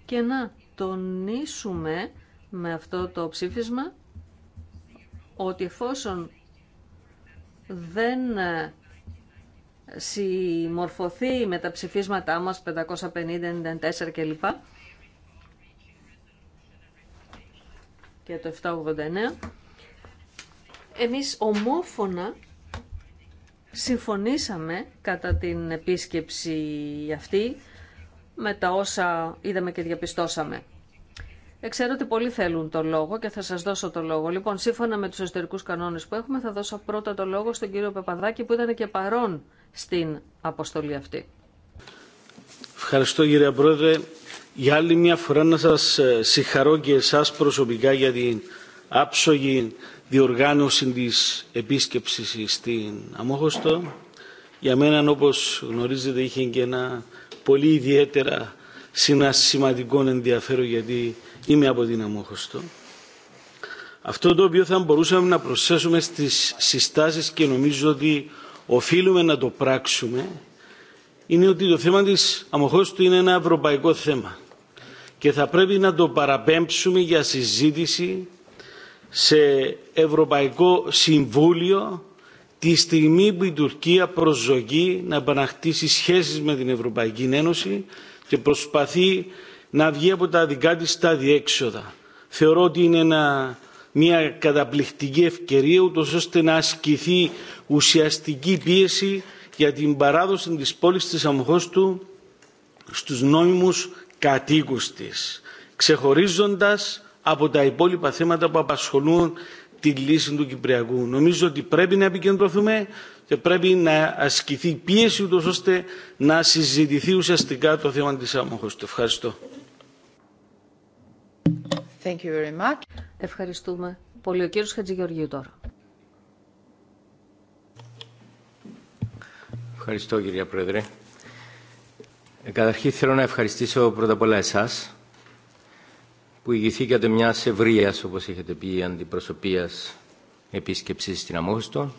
Και να τονίσουμε με αυτό το ψήφισμα ότι εφόσον δεν ε, συμμορφωθεί με τα ψηφίσματά μας 550, 94 κλπ για το 789, εμείς ομόφωνα συμφωνήσαμε κατά την επίσκεψη αυτή με τα όσα είδαμε και διαπιστώσαμε. Ξέρω ότι πολλοί θέλουν το λόγο και θα σας δώσω το λόγο. Λοιπόν, σύμφωνα με τους εσωτερικούς κανόνες που έχουμε, θα δώσω πρώτα το λόγο στον κύριο Πεπαδράκη, που ήταν και παρόν στην αποστολή αυτή. Ευχαριστώ κύριε Πρόεδρε. Για άλλη μια φορά να σας ε, συγχαρώ και εσάς προσωπικά για την άψογη διοργάνωση της επίσκεψης στην Αμόχωστο. Για μένα, όπως γνωρίζετε, είχε και ένα πολύ ιδιαίτερα συνασηματικό ενδιαφέρον γιατί είμαι από την Αμόχωστο. Αυτό το οποίο θα μπορούσαμε να προσθέσουμε στις συστάσεις και νομίζω ότι οφείλουμε να το πράξουμε είναι ότι το θέμα της αμοχώς του είναι ένα ευρωπαϊκό θέμα και θα πρέπει να το παραπέμψουμε για συζήτηση σε Ευρωπαϊκό Συμβούλιο τη στιγμή που η Τουρκία προσδοκεί να επαναχτίσει σχέσεις με την Ευρωπαϊκή Ένωση και προσπαθεί να βγει από τα δικά της τα διέξοδα. Θεωρώ ότι είναι μια καταπληκτική ευκαιρία ούτως ώστε να ασκηθεί ουσιαστική πίεση για την παράδοση της πόλης της Αμχώστου στους νόμιμους κατοίκους της, ξεχωρίζοντας από τα υπόλοιπα θέματα που απασχολούν τη λύση του Κυπριακού. Νομίζω ότι πρέπει να επικεντρωθούμε και πρέπει να ασκηθεί πίεση ούτως ώστε να συζητηθεί ουσιαστικά το θέμα της Αμχώστου. Ευχαριστώ. Thank you very much. Ευχαριστούμε πολύ. Ο κύριος Χατζηγεωργίου τώρα. Ευχαριστώ κυρία Πρόεδρε. Καταρχήν θέλω να ευχαριστήσω πρώτα απ' όλα εσάς που ηγηθήκατε μια ευρεία, όπως έχετε πει, αντιπροσωπείας επίσκεψης στην Αμόχωστο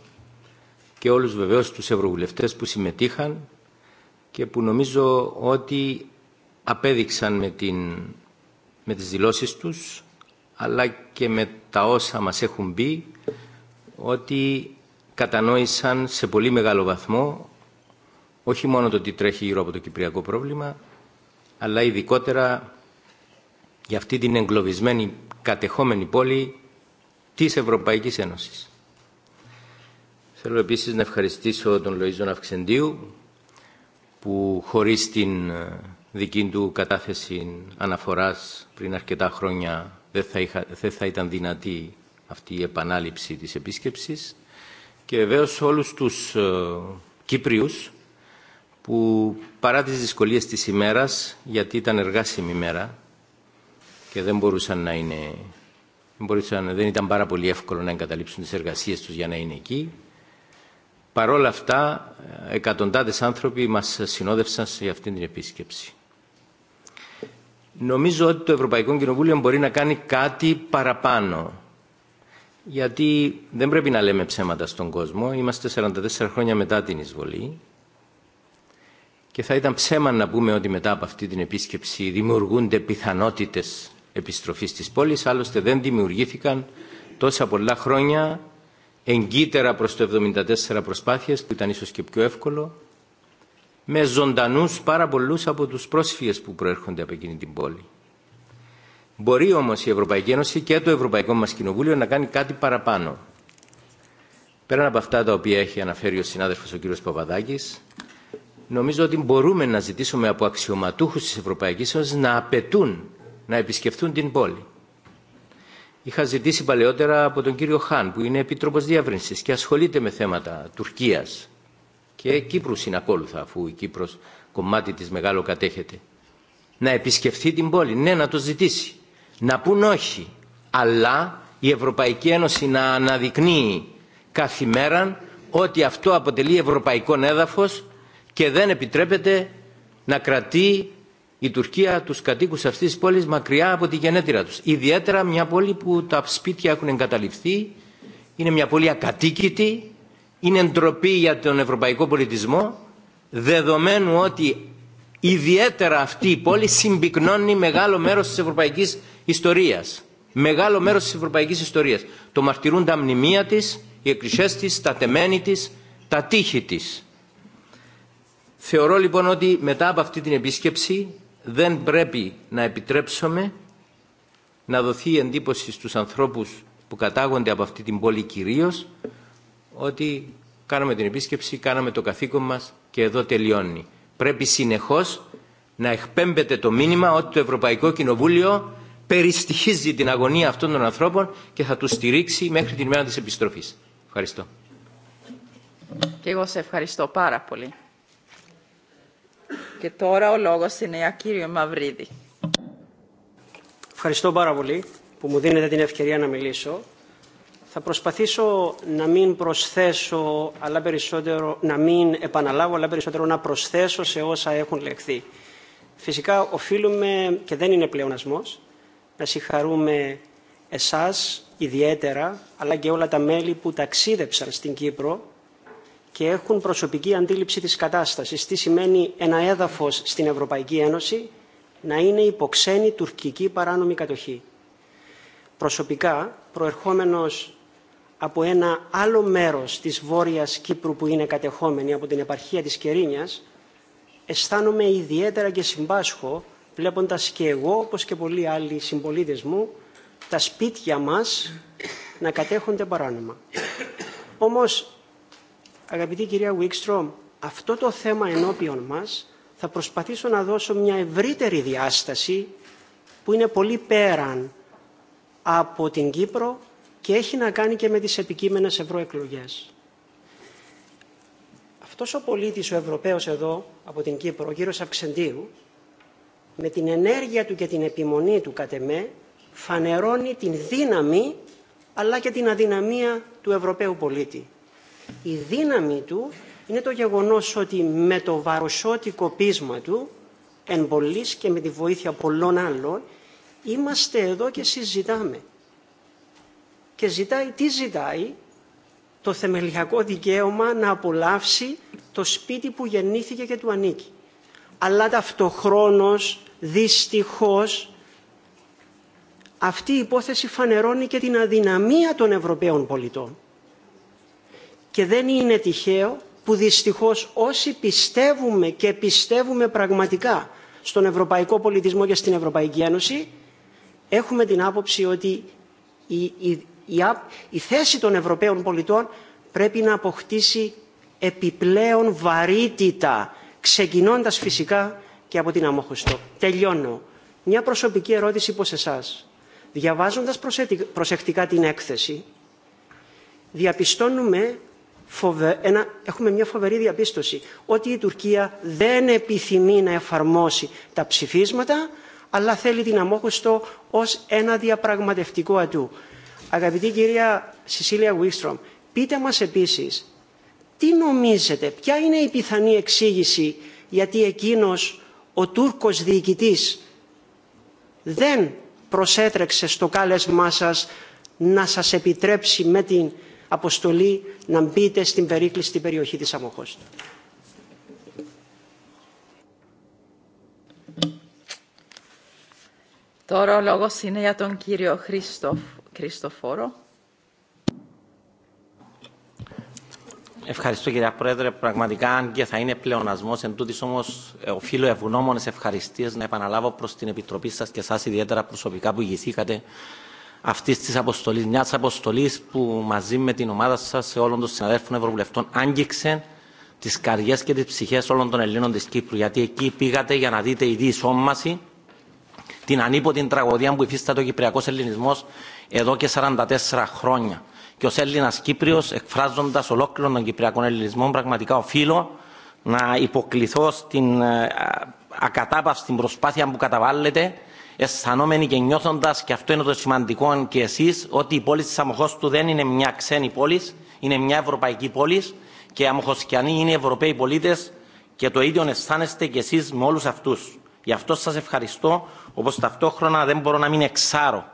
και όλους βεβαίως τους ευρωβουλευτές που συμμετείχαν και που νομίζω ότι απέδειξαν με, την, με τις δηλώσεις τους αλλά και με τα όσα μας έχουν πει ότι κατανόησαν σε πολύ μεγάλο βαθμό όχι μόνο το τι τρέχει γύρω από το κυπριακό πρόβλημα, αλλά ειδικότερα για αυτή την εγκλωβισμένη κατεχόμενη πόλη της Ευρωπαϊκής Ένωσης. Θέλω επίσης να ευχαριστήσω τον Λοίζον Αυξεντίου που χωρίς την ε, δική του κατάθεση αναφοράς πριν αρκετά χρόνια δεν θα, ήταν δυνατή αυτή η επανάληψη της επίσκεψης και βεβαίω όλους τους ε, Κύπριους που παρά τις δυσκολίες της ημέρας, γιατί ήταν εργάσιμη ημέρα και δεν μπορούσαν να είναι... Δεν, μπορούσαν, δεν ήταν πάρα πολύ εύκολο να εγκαταλείψουν τις εργασίες τους για να είναι εκεί. Παρόλα αυτά, εκατοντάδες άνθρωποι μας συνόδευσαν σε αυτή την επίσκεψη. Νομίζω ότι το Ευρωπαϊκό Κοινοβούλιο μπορεί να κάνει κάτι παραπάνω. Γιατί δεν πρέπει να λέμε ψέματα στον κόσμο. Είμαστε 44 χρόνια μετά την εισβολή και θα ήταν ψέμα να πούμε ότι μετά από αυτή την επίσκεψη δημιουργούνται πιθανότητε επιστροφής τη πόλη, άλλωστε δεν δημιουργήθηκαν τόσα πολλά χρόνια εγκύτερα προς το 74 προσπάθειες που ήταν ίσως και πιο εύκολο με ζωντανού πάρα πολλού από τους πρόσφυγες που προέρχονται από εκείνη την πόλη. Μπορεί όμω η Ευρωπαϊκή Ένωση και το Ευρωπαϊκό Μα Κοινοβούλιο να κάνει κάτι παραπάνω. Πέραν από αυτά τα οποία έχει αναφέρει ο συνάδελφο ο κ. Παπαδάκη, νομίζω ότι μπορούμε να ζητήσουμε από αξιωματούχους της Ευρωπαϊκής Ένωσης να απαιτούν να επισκεφθούν την πόλη. Είχα ζητήσει παλαιότερα από τον κύριο Χάν, που είναι επίτροπος Διαβρύνσης και ασχολείται με θέματα Τουρκίας και Κύπρου συνακόλουθα, αφού η Κύπρος κομμάτι της μεγάλο κατέχεται, να επισκεφθεί την πόλη, ναι, να το ζητήσει. Να πούν όχι, αλλά η Ευρωπαϊκή Ένωση να αναδεικνύει κάθε ότι αυτό αποτελεί ευρωπαϊκό έδαφος και δεν επιτρέπεται να κρατεί η Τουρκία του κατοίκου αυτή τη πόλη μακριά από τη γενέτειρα τους. Ιδιαίτερα μια πόλη που τα σπίτια έχουν εγκαταληφθεί, είναι μια πόλη ακατοίκητη, είναι ντροπή για τον ευρωπαϊκό πολιτισμό, δεδομένου ότι ιδιαίτερα αυτή η πόλη συμπυκνώνει μεγάλο μέρο τη ευρωπαϊκή ιστορία. Μεγάλο μέρος τη ευρωπαϊκή ιστορίας. Το μαρτυρούν τα μνημεία της, οι εκκλησίε τη, τα τεμένη τη, τα τείχη τη. Θεωρώ λοιπόν ότι μετά από αυτή την επίσκεψη δεν πρέπει να επιτρέψουμε να δοθεί εντύπωση στους ανθρώπους που κατάγονται από αυτή την πόλη κυρίω ότι κάναμε την επίσκεψη, κάναμε το καθήκον μας και εδώ τελειώνει. Πρέπει συνεχώς να εκπέμπεται το μήνυμα ότι το Ευρωπαϊκό Κοινοβούλιο περιστοιχίζει την αγωνία αυτών των ανθρώπων και θα τους στηρίξει μέχρι την ημέρα της επιστροφής. Ευχαριστώ. Και εγώ σε ευχαριστώ πάρα πολύ. Και τώρα ο λόγος είναι κύριο Μαυρίδη. Ευχαριστώ πάρα πολύ που μου δίνετε την ευκαιρία να μιλήσω. Θα προσπαθήσω να μην προσθέσω, αλλά περισσότερο, να μην επαναλάβω, αλλά περισσότερο να προσθέσω σε όσα έχουν λεχθεί. Φυσικά οφείλουμε, και δεν είναι πλεονασμός, να συγχαρούμε εσάς ιδιαίτερα, αλλά και όλα τα μέλη που ταξίδεψαν στην Κύπρο και έχουν προσωπική αντίληψη της κατάστασης. Τι σημαίνει ένα έδαφος στην Ευρωπαϊκή Ένωση να είναι υποξένη τουρκική παράνομη κατοχή. Προσωπικά, προερχόμενος από ένα άλλο μέρος της Βόρειας Κύπρου που είναι κατεχόμενη από την επαρχία της Κερίνιας, αισθάνομαι ιδιαίτερα και συμπάσχω βλέποντας και εγώ, όπως και πολλοί άλλοι συμπολίτε μου, τα σπίτια μας να κατέχονται παράνομα. Όμως Αγαπητή κυρία Βίξτρομ, αυτό το θέμα ενώπιον μας θα προσπαθήσω να δώσω μια ευρύτερη διάσταση που είναι πολύ πέραν από την Κύπρο και έχει να κάνει και με τις επικείμενες ευρωεκλογές. Αυτός ο πολίτης, ο Ευρωπαίος εδώ από την Κύπρο, ο κύριος Αυξεντίου, με την ενέργεια του και την επιμονή του κατ' εμέ, φανερώνει την δύναμη αλλά και την αδυναμία του Ευρωπαίου πολίτη. Η δύναμη του είναι το γεγονός ότι με το βαροσότικο πείσμα του, εν και με τη βοήθεια πολλών άλλων, είμαστε εδώ και συζητάμε. Και ζητάει, τι ζητάει, το θεμελιακό δικαίωμα να απολαύσει το σπίτι που γεννήθηκε και του ανήκει. Αλλά ταυτοχρόνως, δυστυχώς, αυτή η υπόθεση φανερώνει και την αδυναμία των Ευρωπαίων πολιτών και δεν είναι τυχαίο που δυστυχώς όσοι πιστεύουμε και πιστεύουμε πραγματικά στον ευρωπαϊκό πολιτισμό και στην Ευρωπαϊκή Ένωση έχουμε την άποψη ότι η, θέση των Ευρωπαίων πολιτών πρέπει να αποκτήσει επιπλέον βαρύτητα ξεκινώντας φυσικά και από την αμόχωστο. Τελειώνω. Μια προσωπική ερώτηση προς εσάς. Διαβάζοντας προσεκτικά την έκθεση διαπιστώνουμε έχουμε μια φοβερή διαπίστωση ότι η Τουρκία δεν επιθυμεί να εφαρμόσει τα ψηφίσματα αλλά θέλει την αμόχωστο ως ένα διαπραγματευτικό ατού. Αγαπητή κυρία Σισίλια Γουίστρομ, πείτε μας επίσης τι νομίζετε, ποια είναι η πιθανή εξήγηση γιατί εκείνος ο Τούρκος διοικητής δεν προσέτρεξε στο κάλεσμά σας να σας επιτρέψει με την αποστολή να μπείτε στην περίκλειστη περιοχή της Αμοχώστου. Τώρα ο λόγος είναι για τον κύριο Χριστοφ... Χριστοφόρο. Ευχαριστώ κύριε Πρόεδρε. Πραγματικά, αν και θα είναι πλεονασμό, εν τούτη όμω ε, οφείλω ευγνώμονε ευχαριστίε να επαναλάβω προ την Επιτροπή σα και εσά ιδιαίτερα προσωπικά που ηγηθήκατε αυτή τη αποστολή, μια αποστολή που μαζί με την ομάδα σα, σε όλων των συναδέλφων Ευρωβουλευτών, άγγιξε τι καρδιέ και τι ψυχέ όλων των Ελλήνων τη Κύπρου. Γιατί εκεί πήγατε για να δείτε η διεισόμαση, την ανίποτη τραγωδία που υφίσταται ο Κυπριακό Ελληνισμό εδώ και 44 χρόνια. Και ω Έλληνα Κύπριο, εκφράζοντα ολόκληρον τον Κυπριακό Ελληνισμό, πραγματικά οφείλω να υποκληθώ στην ε, ακατάπαυστη προσπάθεια που καταβάλλεται αισθανόμενοι και νιώθοντα, και αυτό είναι το σημαντικό και εσεί, ότι η πόλη τη Αμοχώστου δεν είναι μια ξένη πόλη, είναι μια ευρωπαϊκή πόλη και οι Αμοχωσκιανοί είναι Ευρωπαίοι πολίτε και το ίδιο αισθάνεστε και εσεί με όλου αυτού. Γι' αυτό σα ευχαριστώ, όπω ταυτόχρονα δεν μπορώ να μην εξάρω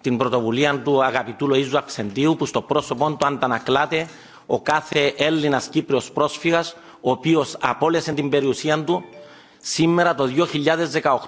την πρωτοβουλία του αγαπητού Λοίζου Αξεντίου, που στο πρόσωπό του αντανακλάται ο κάθε Έλληνα Κύπριο πρόσφυγα, ο οποίο απόλυσε την περιουσία του σήμερα το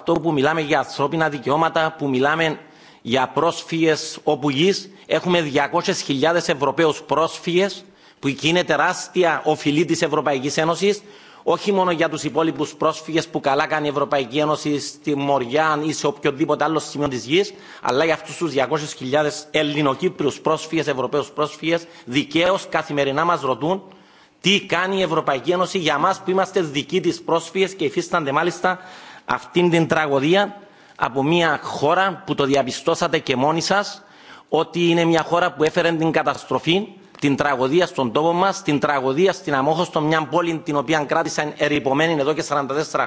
2018 που μιλάμε για ανθρώπινα δικαιώματα, που μιλάμε για πρόσφυγες όπου γης, έχουμε 200.000 Ευρωπαίους πρόσφυγες που εκεί είναι τεράστια οφειλή της Ευρωπαϊκής Ένωσης όχι μόνο για τους υπόλοιπους πρόσφυγες που καλά κάνει η Ευρωπαϊκή Ένωση στη Μοριά ή σε οποιοδήποτε άλλο σημείο της γης, αλλά για αυτούς τους 200.000 Ελληνοκύπριους πρόσφυγες, Ευρωπαίους πρόσφυγες, δικαίως καθημερινά μας ρωτούν τι κάνει η Ευρωπαϊκή Ένωση για μας που είμαστε δικοί της πρόσφυγες και υφίστανται μάλιστα αυτήν την τραγωδία από μια χώρα που το διαπιστώσατε και μόνοι σας ότι είναι μια χώρα που έφερε την καταστροφή, την τραγωδία στον τόπο μας, την τραγωδία στην Αμόχωστο, μια πόλη την οποία κράτησαν ερυπωμένη εδώ και 44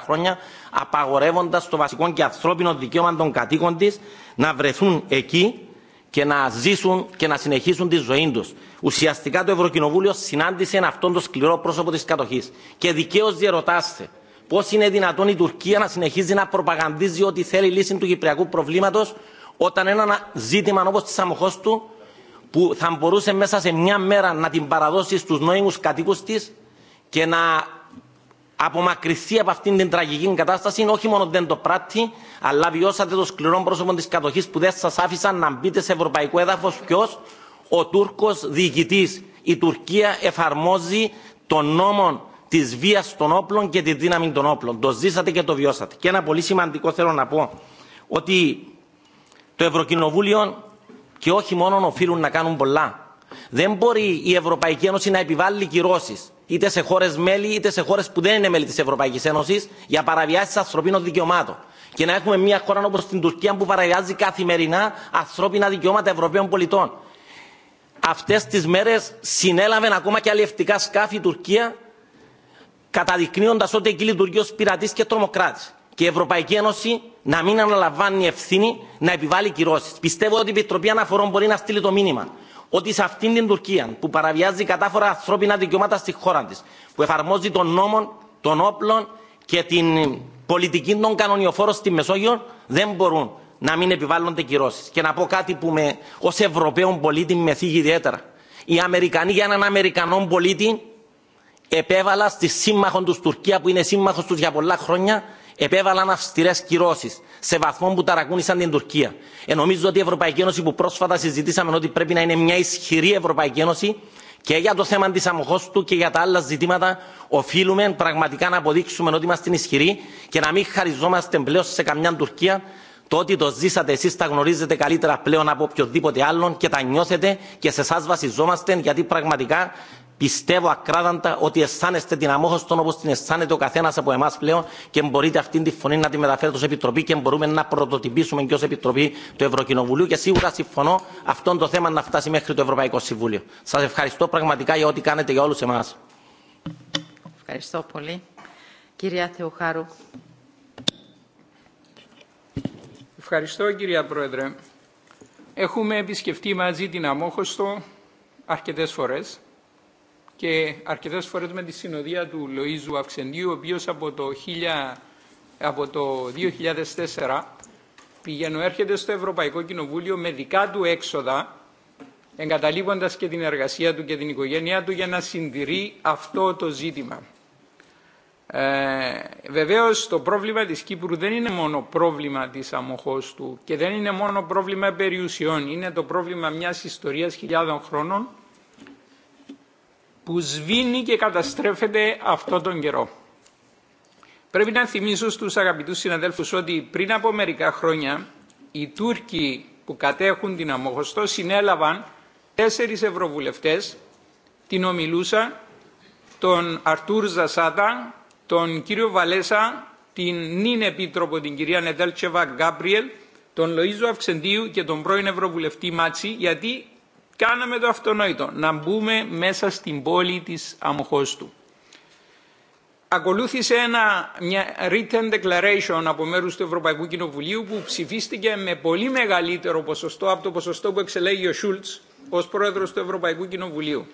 χρόνια, απαγορεύοντας το βασικό και ανθρώπινο δικαίωμα των κατοίκων της να βρεθούν εκεί και να ζήσουν και να συνεχίσουν τη ζωή του. Ουσιαστικά το Ευρωκοινοβούλιο συνάντησε αυτόν τον σκληρό πρόσωπο τη κατοχή. Και δικαίω διαρωτάστε πώ είναι δυνατόν η Τουρκία να συνεχίζει να προπαγανδίζει ότι θέλει λύση του κυπριακού προβλήματο, όταν ένα ζήτημα όπω τη αμοχώ του, που θα μπορούσε μέσα σε μια μέρα να την παραδώσει στου νόημου κατοίκου τη και να απομακρυνθεί από αυτήν την τραγική κατάσταση, όχι μόνο δεν το πράττει, αλλά βιώσατε το σκληρό πρόσωπο τη κατοχή που δεν σα άφησαν να μπείτε σε ευρωπαϊκό έδαφο. Ποιο, ο Τούρκο διοικητή. Η Τουρκία εφαρμόζει τον νόμο τη βία των όπλων και τη δύναμη των όπλων. Το ζήσατε και το βιώσατε. Και ένα πολύ σημαντικό θέλω να πω ότι το Ευρωκοινοβούλιο και όχι μόνο οφείλουν να κάνουν πολλά. Δεν μπορεί η Ευρωπαϊκή Ένωση να επιβάλλει κυρώσει είτε σε χώρε μέλη είτε σε χώρε που δεν είναι μέλη τη Ευρωπαϊκή Ένωση για παραβιάσει ανθρωπίνων δικαιωμάτων. Και να έχουμε μια χώρα όπω την Τουρκία που παραβιάζει καθημερινά ανθρώπινα δικαιώματα Ευρωπαίων πολιτών. Αυτέ τι μέρε συνέλαβε ακόμα και αλλιευτικά σκάφη η Τουρκία καταδεικνύοντα ότι εκεί λειτουργεί ω πειρατή και τρομοκράτη. Και η Ευρωπαϊκή Ένωση να μην αναλαμβάνει ευθύνη να επιβάλλει κυρώσει. Πιστεύω ότι η Επιτροπή Αναφορών μπορεί να στείλει το μήνυμα ότι σε αυτήν την Τουρκία που παραβιάζει κατάφορα ανθρώπινα δικαιώματα στη χώρα τη, που εφαρμόζει τον νόμο των όπλων και την πολιτική των κανονιοφόρων στη Μεσόγειο, δεν μπορούν να μην επιβάλλονται κυρώσει. Και να πω κάτι που ω Ευρωπαίων πολίτη με θίγει ιδιαίτερα. Οι Αμερικανοί για έναν Αμερικανό πολίτη επέβαλα στη σύμμαχο του Τουρκία που είναι σύμμαχο του για πολλά χρόνια επέβαλαν αυστηρέ κυρώσει σε βαθμό που ταρακούνησαν την Τουρκία. Ε, νομίζω ότι η Ευρωπαϊκή Ένωση που πρόσφατα συζητήσαμε ότι πρέπει να είναι μια ισχυρή Ευρωπαϊκή Ένωση και για το θέμα τη του και για τα άλλα ζητήματα οφείλουμε πραγματικά να αποδείξουμε ότι είμαστε ισχυροί και να μην χαριζόμαστε πλέον σε καμιά Τουρκία το ότι το ζήσατε εσεί τα γνωρίζετε καλύτερα πλέον από οποιοδήποτε άλλον και τα νιώθετε και σε εσά βασιζόμαστε γιατί πραγματικά Πιστεύω ακράδαντα ότι αισθάνεστε την αμόχωστον όπω την αισθάνεται ο καθένα από εμά πλέον και μπορείτε αυτή τη φωνή να τη μεταφέρετε ω Επιτροπή και μπορούμε να πρωτοτυπήσουμε και ω Επιτροπή του Ευρωκοινοβουλίου και σίγουρα συμφωνώ αυτό το θέμα να φτάσει μέχρι το Ευρωπαϊκό Συμβούλιο. Σα ευχαριστώ πραγματικά για ό,τι κάνετε για όλου εμά. Ευχαριστώ πολύ. Κυρία Θεοχάρου. Ευχαριστώ κυρία Πρόεδρε. Έχουμε επισκεφτεί μαζί την Αμόχωστο αρκετές φορές και αρκετές φορές με τη συνοδεία του Λοΐζου Αυξεντίου, ο οποίο από το, από το 2004 πηγαίνω έρχεται στο Ευρωπαϊκό Κοινοβούλιο με δικά του έξοδα, εγκαταλείποντας και την εργασία του και την οικογένειά του για να συντηρεί αυτό το ζήτημα. Ε, βεβαίως το πρόβλημα της Κύπρου δεν είναι μόνο πρόβλημα της αμοχώς του και δεν είναι μόνο πρόβλημα περιουσιών, είναι το πρόβλημα μιας ιστορίας χιλιάδων χρόνων που σβήνει και καταστρέφεται αυτό τον καιρό. Πρέπει να θυμίσω στους αγαπητούς συναδέλφους ότι πριν από μερικά χρόνια οι Τούρκοι που κατέχουν την Αμοχωστό συνέλαβαν τέσσερις ευρωβουλευτές, την Ομιλούσα, τον Αρτούρ Ζασάτα, τον κύριο Βαλέσα, την νυν επίτροπο την κυρία Νεδέλτσεβα Γκάμπριελ, τον Λοΐζο Αυξεντίου και τον πρώην Ευρωβουλευτή Μάτσι, γιατί Κάναμε το αυτονόητο, να μπούμε μέσα στην πόλη της Αμοχώστου. Ακολούθησε ένα, μια written declaration από μέρους του Ευρωπαϊκού Κοινοβουλίου που ψηφίστηκε με πολύ μεγαλύτερο ποσοστό από το ποσοστό που εξελέγει ο Σούλτς ως πρόεδρος του Ευρωπαϊκού Κοινοβουλίου.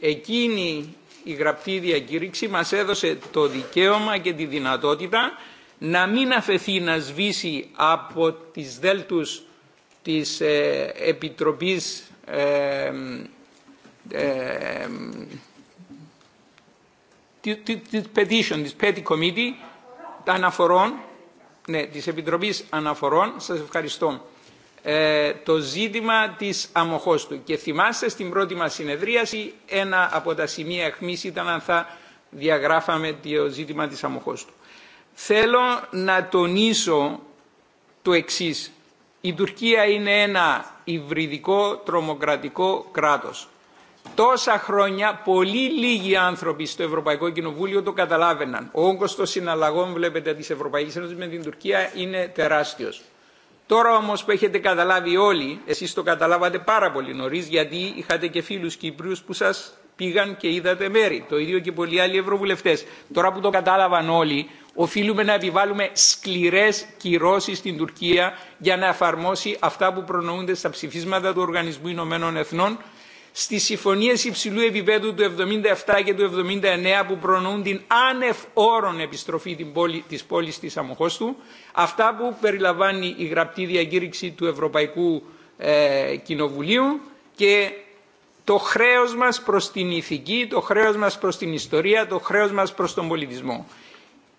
Εκείνη η γραπτή διακήρυξη μας έδωσε το δικαίωμα και τη δυνατότητα να μην αφαιθεί να σβήσει από τις δέλτους της ε, Επιτροπής της petition, της petty committee, τα αναφορών, ναι, της Επιτροπής Αναφορών, σας ευχαριστώ, ε, το ζήτημα της αμοχώς του. Και θυμάστε στην πρώτη μας συνεδρίαση, ένα από τα σημεία αιχμής ήταν αν θα διαγράφαμε το ζήτημα της αμοχώς του. Θέλω να τονίσω το εξής η Τουρκία είναι ένα υβριδικό τρομοκρατικό κράτος. Τόσα χρόνια πολύ λίγοι άνθρωποι στο Ευρωπαϊκό Κοινοβούλιο το καταλάβαιναν. Ο όγκος των συναλλαγών, βλέπετε, της Ευρωπαϊκής Ένωσης με την Τουρκία είναι τεράστιος. Τώρα όμως που έχετε καταλάβει όλοι, εσείς το καταλάβατε πάρα πολύ νωρί, γιατί είχατε και φίλους Κύπριους που σας πήγαν και είδατε μέρη. Το ίδιο και πολλοί άλλοι ευρωβουλευτές. Τώρα που το κατάλαβαν όλοι, οφείλουμε να επιβάλλουμε σκληρές κυρώσεις στην Τουρκία για να εφαρμόσει αυτά που προνοούνται στα ψηφίσματα του Οργανισμού Ηνωμένων Εθνών, στις συμφωνίες υψηλού επίπεδου του 1977 και του 1979 που προνοούν την άνευ όρων επιστροφή της πόλη, της πόλης της Αμοχώστου, αυτά που περιλαμβάνει η γραπτή διακήρυξη του Ευρωπαϊκού ε, Κοινοβουλίου και το χρέος μας προς την ηθική, το χρέος μας προς την ιστορία, το χρέος μας προς τον πολιτισμό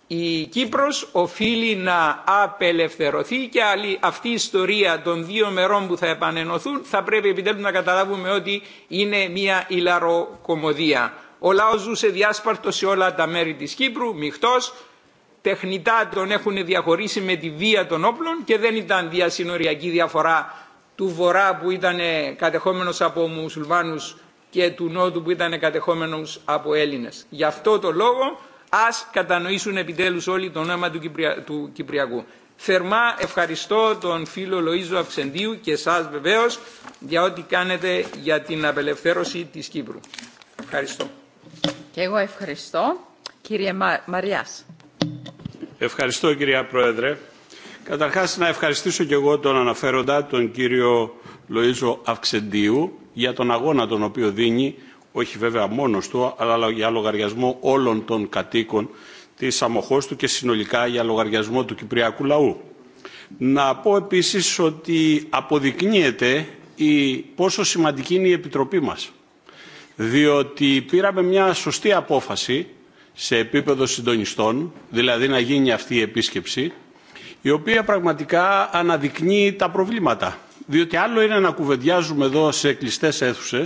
η Κύπρος οφείλει να απελευθερωθεί και αυτή η ιστορία των δύο μερών που θα επανενωθούν θα πρέπει επιτέλους να καταλάβουμε ότι είναι μια ηλαροκομωδία. Ο λαός ζούσε διάσπαρτο σε όλα τα μέρη της Κύπρου, μειχτός, τεχνητά τον έχουν διαχωρίσει με τη βία των όπλων και δεν ήταν διασυνοριακή διαφορά του βορρά που ήταν κατεχόμενος από μουσουλμάνους και του νότου που ήταν κατεχόμενος από Έλληνες. Γι' αυτό το λόγο Ας κατανοήσουν επιτέλους όλοι το όνομα του, Κυπρια... του Κυπριακού. Θερμά ευχαριστώ τον φίλο Λοΐζο Αυξεντίου και σας βεβαίως για ό,τι κάνετε για την απελευθέρωση της Κύπρου. Ευχαριστώ. Και εγώ ευχαριστώ. Κύριε Μα... Μαριάς. Ευχαριστώ κυρία Πρόεδρε. Καταρχάς να ευχαριστήσω και εγώ τον αναφέροντα, τον κύριο Λοΐζο Αυξεντίου, για τον αγώνα τον οποίο δίνει όχι βέβαια μόνο του, αλλά για λογαριασμό όλων των κατοίκων της αμοχώστου του και συνολικά για λογαριασμό του Κυπριακού λαού. Να πω επίσης ότι αποδεικνύεται η, πόσο σημαντική είναι η Επιτροπή μας. Διότι πήραμε μια σωστή απόφαση σε επίπεδο συντονιστών, δηλαδή να γίνει αυτή η επίσκεψη, η οποία πραγματικά αναδεικνύει τα προβλήματα διότι άλλο είναι να κουβεντιάζουμε εδώ σε κλειστέ αίθουσε,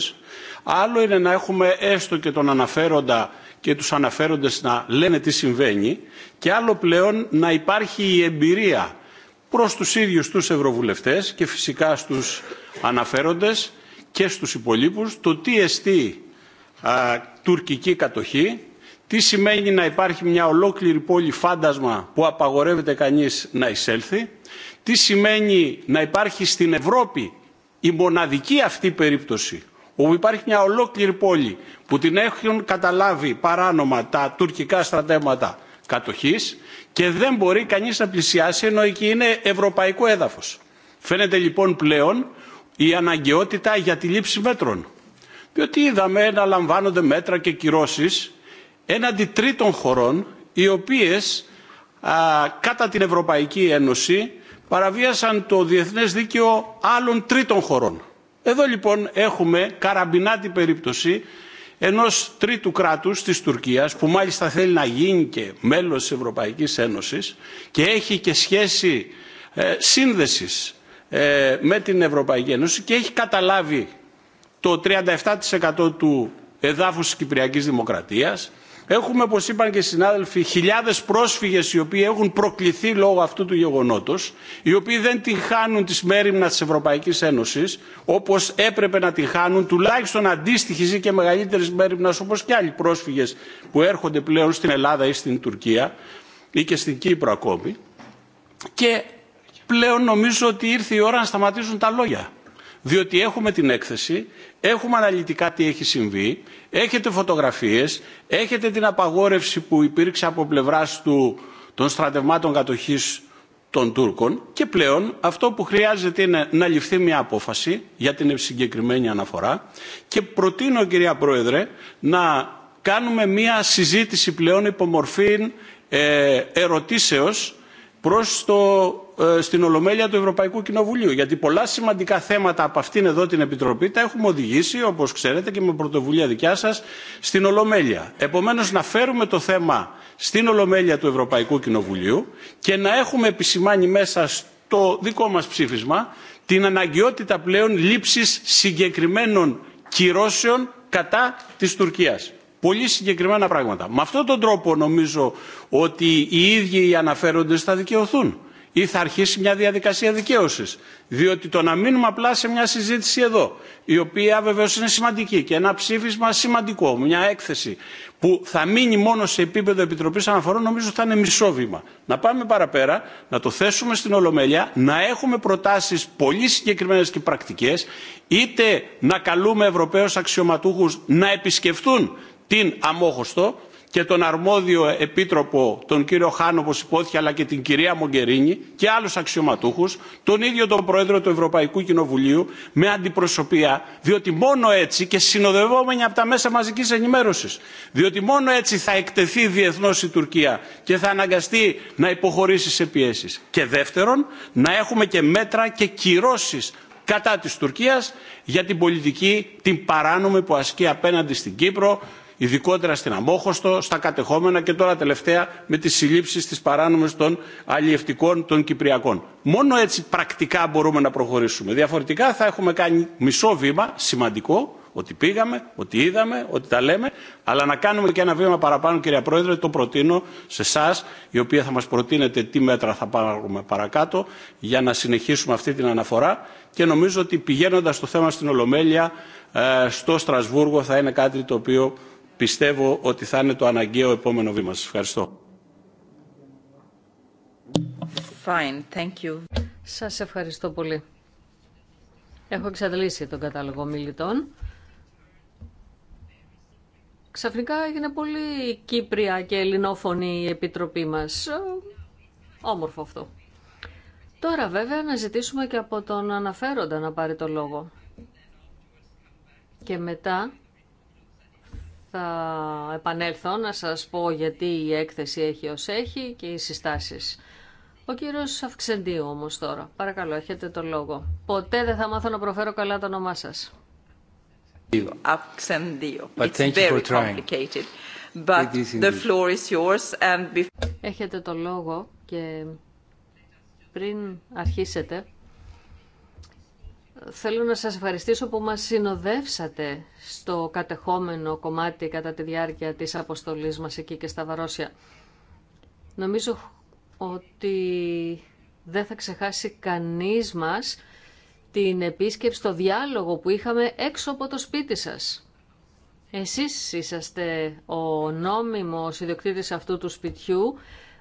άλλο είναι να έχουμε έστω και τον αναφέροντα και τους αναφέροντες να λένε τι συμβαίνει και άλλο πλέον να υπάρχει η εμπειρία προς τους ίδιους τους ευρωβουλευτές και φυσικά στους αναφέροντες και στους υπολείπους το τι εστί τουρκική κατοχή, τι σημαίνει να υπάρχει μια ολόκληρη πόλη φάντασμα που απαγορεύεται κανείς να εισέλθει, τι σημαίνει να υπάρχει στην Ευρώπη η μοναδική αυτή περίπτωση όπου υπάρχει μια ολόκληρη πόλη που την έχουν καταλάβει παράνομα τα τουρκικά στρατεύματα κατοχής και δεν μπορεί κανείς να πλησιάσει ενώ εκεί είναι ευρωπαϊκό έδαφος. Φαίνεται λοιπόν πλέον η αναγκαιότητα για τη λήψη μέτρων. Διότι είδαμε να λαμβάνονται μέτρα και κυρώσεις έναντι τρίτων χωρών οι οποίες κατά την Ευρωπαϊκή Ένωση παραβίασαν το διεθνές δίκαιο άλλων τρίτων χωρών. Εδώ λοιπόν έχουμε καραμπινά την περίπτωση ενός τρίτου κράτους της Τουρκίας που μάλιστα θέλει να γίνει και μέλος της Ευρωπαϊκής Ένωσης και έχει και σχέση ε, σύνδεσης ε, με την Ευρωπαϊκή Ένωση και έχει καταλάβει το 37% του εδάφους της Κυπριακής Δημοκρατίας Έχουμε, όπω είπαν και οι συνάδελφοι, χιλιάδες πρόσφυγες οι οποίοι έχουν προκληθεί λόγω αυτού του γεγονότος, οι οποίοι δεν την χάνουν τη μέρημνα της Ευρωπαϊκής Ένωσης, όπως έπρεπε να την χάνουν, τουλάχιστον αντίστοιχη ή και μεγαλύτερη μέρημνα όπως και άλλοι πρόσφυγες που έρχονται πλέον στην Ελλάδα ή στην Τουρκία ή και στην Κύπρο ακόμη. Και πλέον νομίζω ότι ήρθε η ώρα να σταματήσουν τα λόγια διότι έχουμε την έκθεση, έχουμε αναλυτικά τι έχει συμβεί, έχετε φωτογραφίες, έχετε την απαγόρευση που υπήρξε από πλευράς των στρατευμάτων κατοχής των Τούρκων και πλέον αυτό που χρειάζεται είναι να ληφθεί μια απόφαση για την συγκεκριμένη αναφορά και προτείνω κυρία Πρόεδρε να κάνουμε μια συζήτηση πλέον υπομορφή ε, ερωτήσεως προς το ε, στην Ολομέλεια του Ευρωπαϊκού Κοινοβουλίου. Γιατί πολλά σημαντικά θέματα από αυτήν εδώ την Επιτροπή τα έχουμε οδηγήσει, όπως ξέρετε και με πρωτοβουλία δικιά σας, στην Ολομέλεια. Επομένως να φέρουμε το θέμα στην Ολομέλεια του Ευρωπαϊκού Κοινοβουλίου και να έχουμε επισημάνει μέσα στο δικό μας ψήφισμα την αναγκαιότητα πλέον λήψης συγκεκριμένων κυρώσεων κατά της Τουρκίας. Πολύ συγκεκριμένα πράγματα. Με αυτόν τον τρόπο νομίζω ότι οι ίδιοι οι αναφέροντες θα δικαιωθούν ή θα αρχίσει μια διαδικασία δικαίωση. Διότι το να μείνουμε απλά σε μια συζήτηση εδώ, η οποία βεβαίω είναι σημαντική και ένα ψήφισμα σημαντικό, μια έκθεση που θα μείνει μόνο σε επίπεδο Επιτροπή Αναφορών, νομίζω θα είναι μισό βήμα. Να πάμε παραπέρα, να το θέσουμε στην Ολομέλεια, να έχουμε προτάσει πολύ συγκεκριμένε και πρακτικέ, είτε να καλούμε Ευρωπαίου αξιωματούχου να επισκεφτούν την αμόχωστο και τον αρμόδιο επίτροπο τον κύριο Χάν όπως υπόθηκε αλλά και την κυρία Μογκερίνη και άλλους αξιωματούχους τον ίδιο τον πρόεδρο του Ευρωπαϊκού Κοινοβουλίου με αντιπροσωπεία διότι μόνο έτσι και συνοδευόμενοι από τα μέσα μαζικής ενημέρωσης διότι μόνο έτσι θα εκτεθεί διεθνώς η Τουρκία και θα αναγκαστεί να υποχωρήσει σε πιέσεις και δεύτερον να έχουμε και μέτρα και κυρώσεις κατά της Τουρκίας για την πολιτική την παράνομη που ασκεί απέναντι στην Κύπρο ειδικότερα στην Αμόχωστο, στα κατεχόμενα και τώρα τελευταία με τις συλλήψεις τις παράνομες των αλλιευτικών των Κυπριακών. Μόνο έτσι πρακτικά μπορούμε να προχωρήσουμε. Διαφορετικά θα έχουμε κάνει μισό βήμα, σημαντικό, ότι πήγαμε, ότι είδαμε, ότι τα λέμε, αλλά να κάνουμε και ένα βήμα παραπάνω, κυρία Πρόεδρε, το προτείνω σε εσά, η οποία θα μας προτείνετε τι μέτρα θα πάρουμε παρακάτω για να συνεχίσουμε αυτή την αναφορά και νομίζω ότι πηγαίνοντα το θέμα στην Ολομέλεια, ε, στο Στρασβούργο, θα είναι κάτι το οποίο πιστεύω ότι θα είναι το αναγκαίο επόμενο βήμα. Σας ευχαριστώ. Fine, thank you. Σας ευχαριστώ πολύ. Έχω εξαντλήσει τον κατάλογο μιλητών. Ξαφνικά έγινε πολύ Κύπρια και ελληνόφωνη η επιτροπή μας. Όμορφο αυτό. Τώρα βέβαια να ζητήσουμε και από τον αναφέροντα να πάρει το λόγο. Και μετά θα επανέλθω να σας πω γιατί η έκθεση έχει ως έχει και οι συστάσεις. Ο κύριος Αυξεντίου όμως τώρα. Παρακαλώ, έχετε το λόγο. Ποτέ δεν θα μάθω να προφέρω καλά το όνομά σας. the is yours and... Έχετε το λόγο και πριν αρχίσετε Θέλω να σας ευχαριστήσω που μας συνοδεύσατε στο κατεχόμενο κομμάτι κατά τη διάρκεια της αποστολής μας εκεί και στα Βαρόσια. Νομίζω ότι δεν θα ξεχάσει κανείς μας την επίσκεψη, το διάλογο που είχαμε έξω από το σπίτι σας. Εσείς είσαστε ο νόμιμος ιδιοκτήτης αυτού του σπιτιού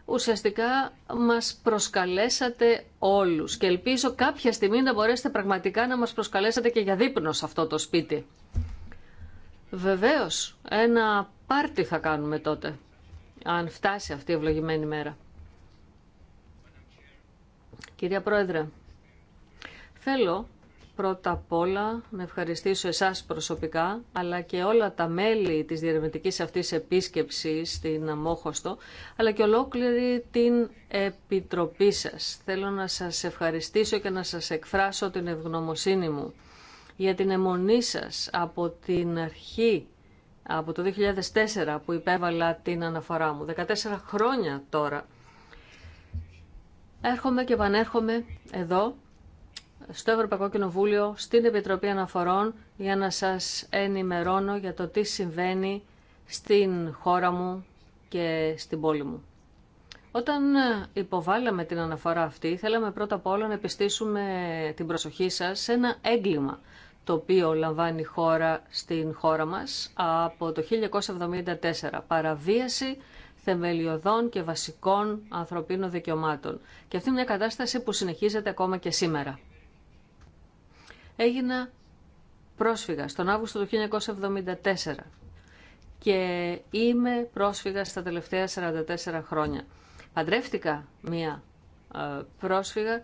ουσιαστικά μας προσκαλέσατε όλους και ελπίζω κάποια στιγμή να μπορέσετε πραγματικά να μας προσκαλέσατε και για δείπνο σε αυτό το σπίτι. Βεβαίως, ένα πάρτι θα κάνουμε τότε, αν φτάσει αυτή η ευλογημένη μέρα. Κυρία Πρόεδρε, θέλω πρώτα απ' όλα να ευχαριστήσω εσάς προσωπικά, αλλά και όλα τα μέλη της διερευνητικής αυτής επίσκεψης στην Αμόχωστο, αλλά και ολόκληρη την Επιτροπή σας. Θέλω να σας ευχαριστήσω και να σας εκφράσω την ευγνωμοσύνη μου για την αιμονή σας από την αρχή, από το 2004 που υπέβαλα την αναφορά μου, 14 χρόνια τώρα. Έρχομαι και επανέρχομαι εδώ στο Ευρωπαϊκό Κοινοβούλιο, στην Επιτροπή Αναφορών, για να σας ενημερώνω για το τι συμβαίνει στην χώρα μου και στην πόλη μου. Όταν υποβάλαμε την αναφορά αυτή, θέλαμε πρώτα απ' όλα να επιστήσουμε την προσοχή σας σε ένα έγκλημα το οποίο λαμβάνει η χώρα στην χώρα μας από το 1974, παραβίαση θεμελιωδών και βασικών ανθρωπίνων δικαιωμάτων. Και αυτή είναι μια κατάσταση που συνεχίζεται ακόμα και σήμερα. Έγινα πρόσφυγα στον Αύγουστο του 1974 και είμαι πρόσφυγα στα τελευταία 44 χρόνια. Παντρεύτηκα μία ε, πρόσφυγα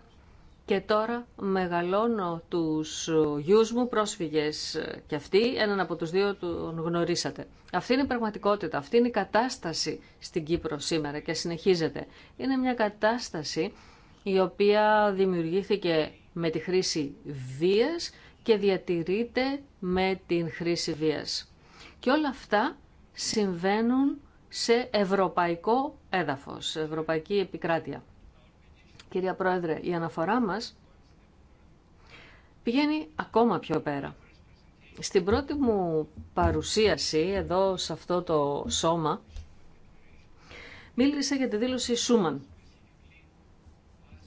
και τώρα μεγαλώνω τους ε, γιους μου πρόσφυγες ε, και αυτοί, έναν από τους δύο τον γνωρίσατε. Αυτή είναι η πραγματικότητα, αυτή είναι η κατάσταση στην Κύπρο σήμερα και συνεχίζεται. Είναι μια κατάσταση η οποία δημιουργήθηκε με τη χρήση βίας και διατηρείται με την χρήση βίας. Και όλα αυτά συμβαίνουν σε ευρωπαϊκό έδαφος, σε ευρωπαϊκή επικράτεια. Κυρία Πρόεδρε, η αναφορά μας πηγαίνει ακόμα πιο πέρα. Στην πρώτη μου παρουσίαση εδώ σε αυτό το σώμα μίλησα για τη δήλωση Σούμαν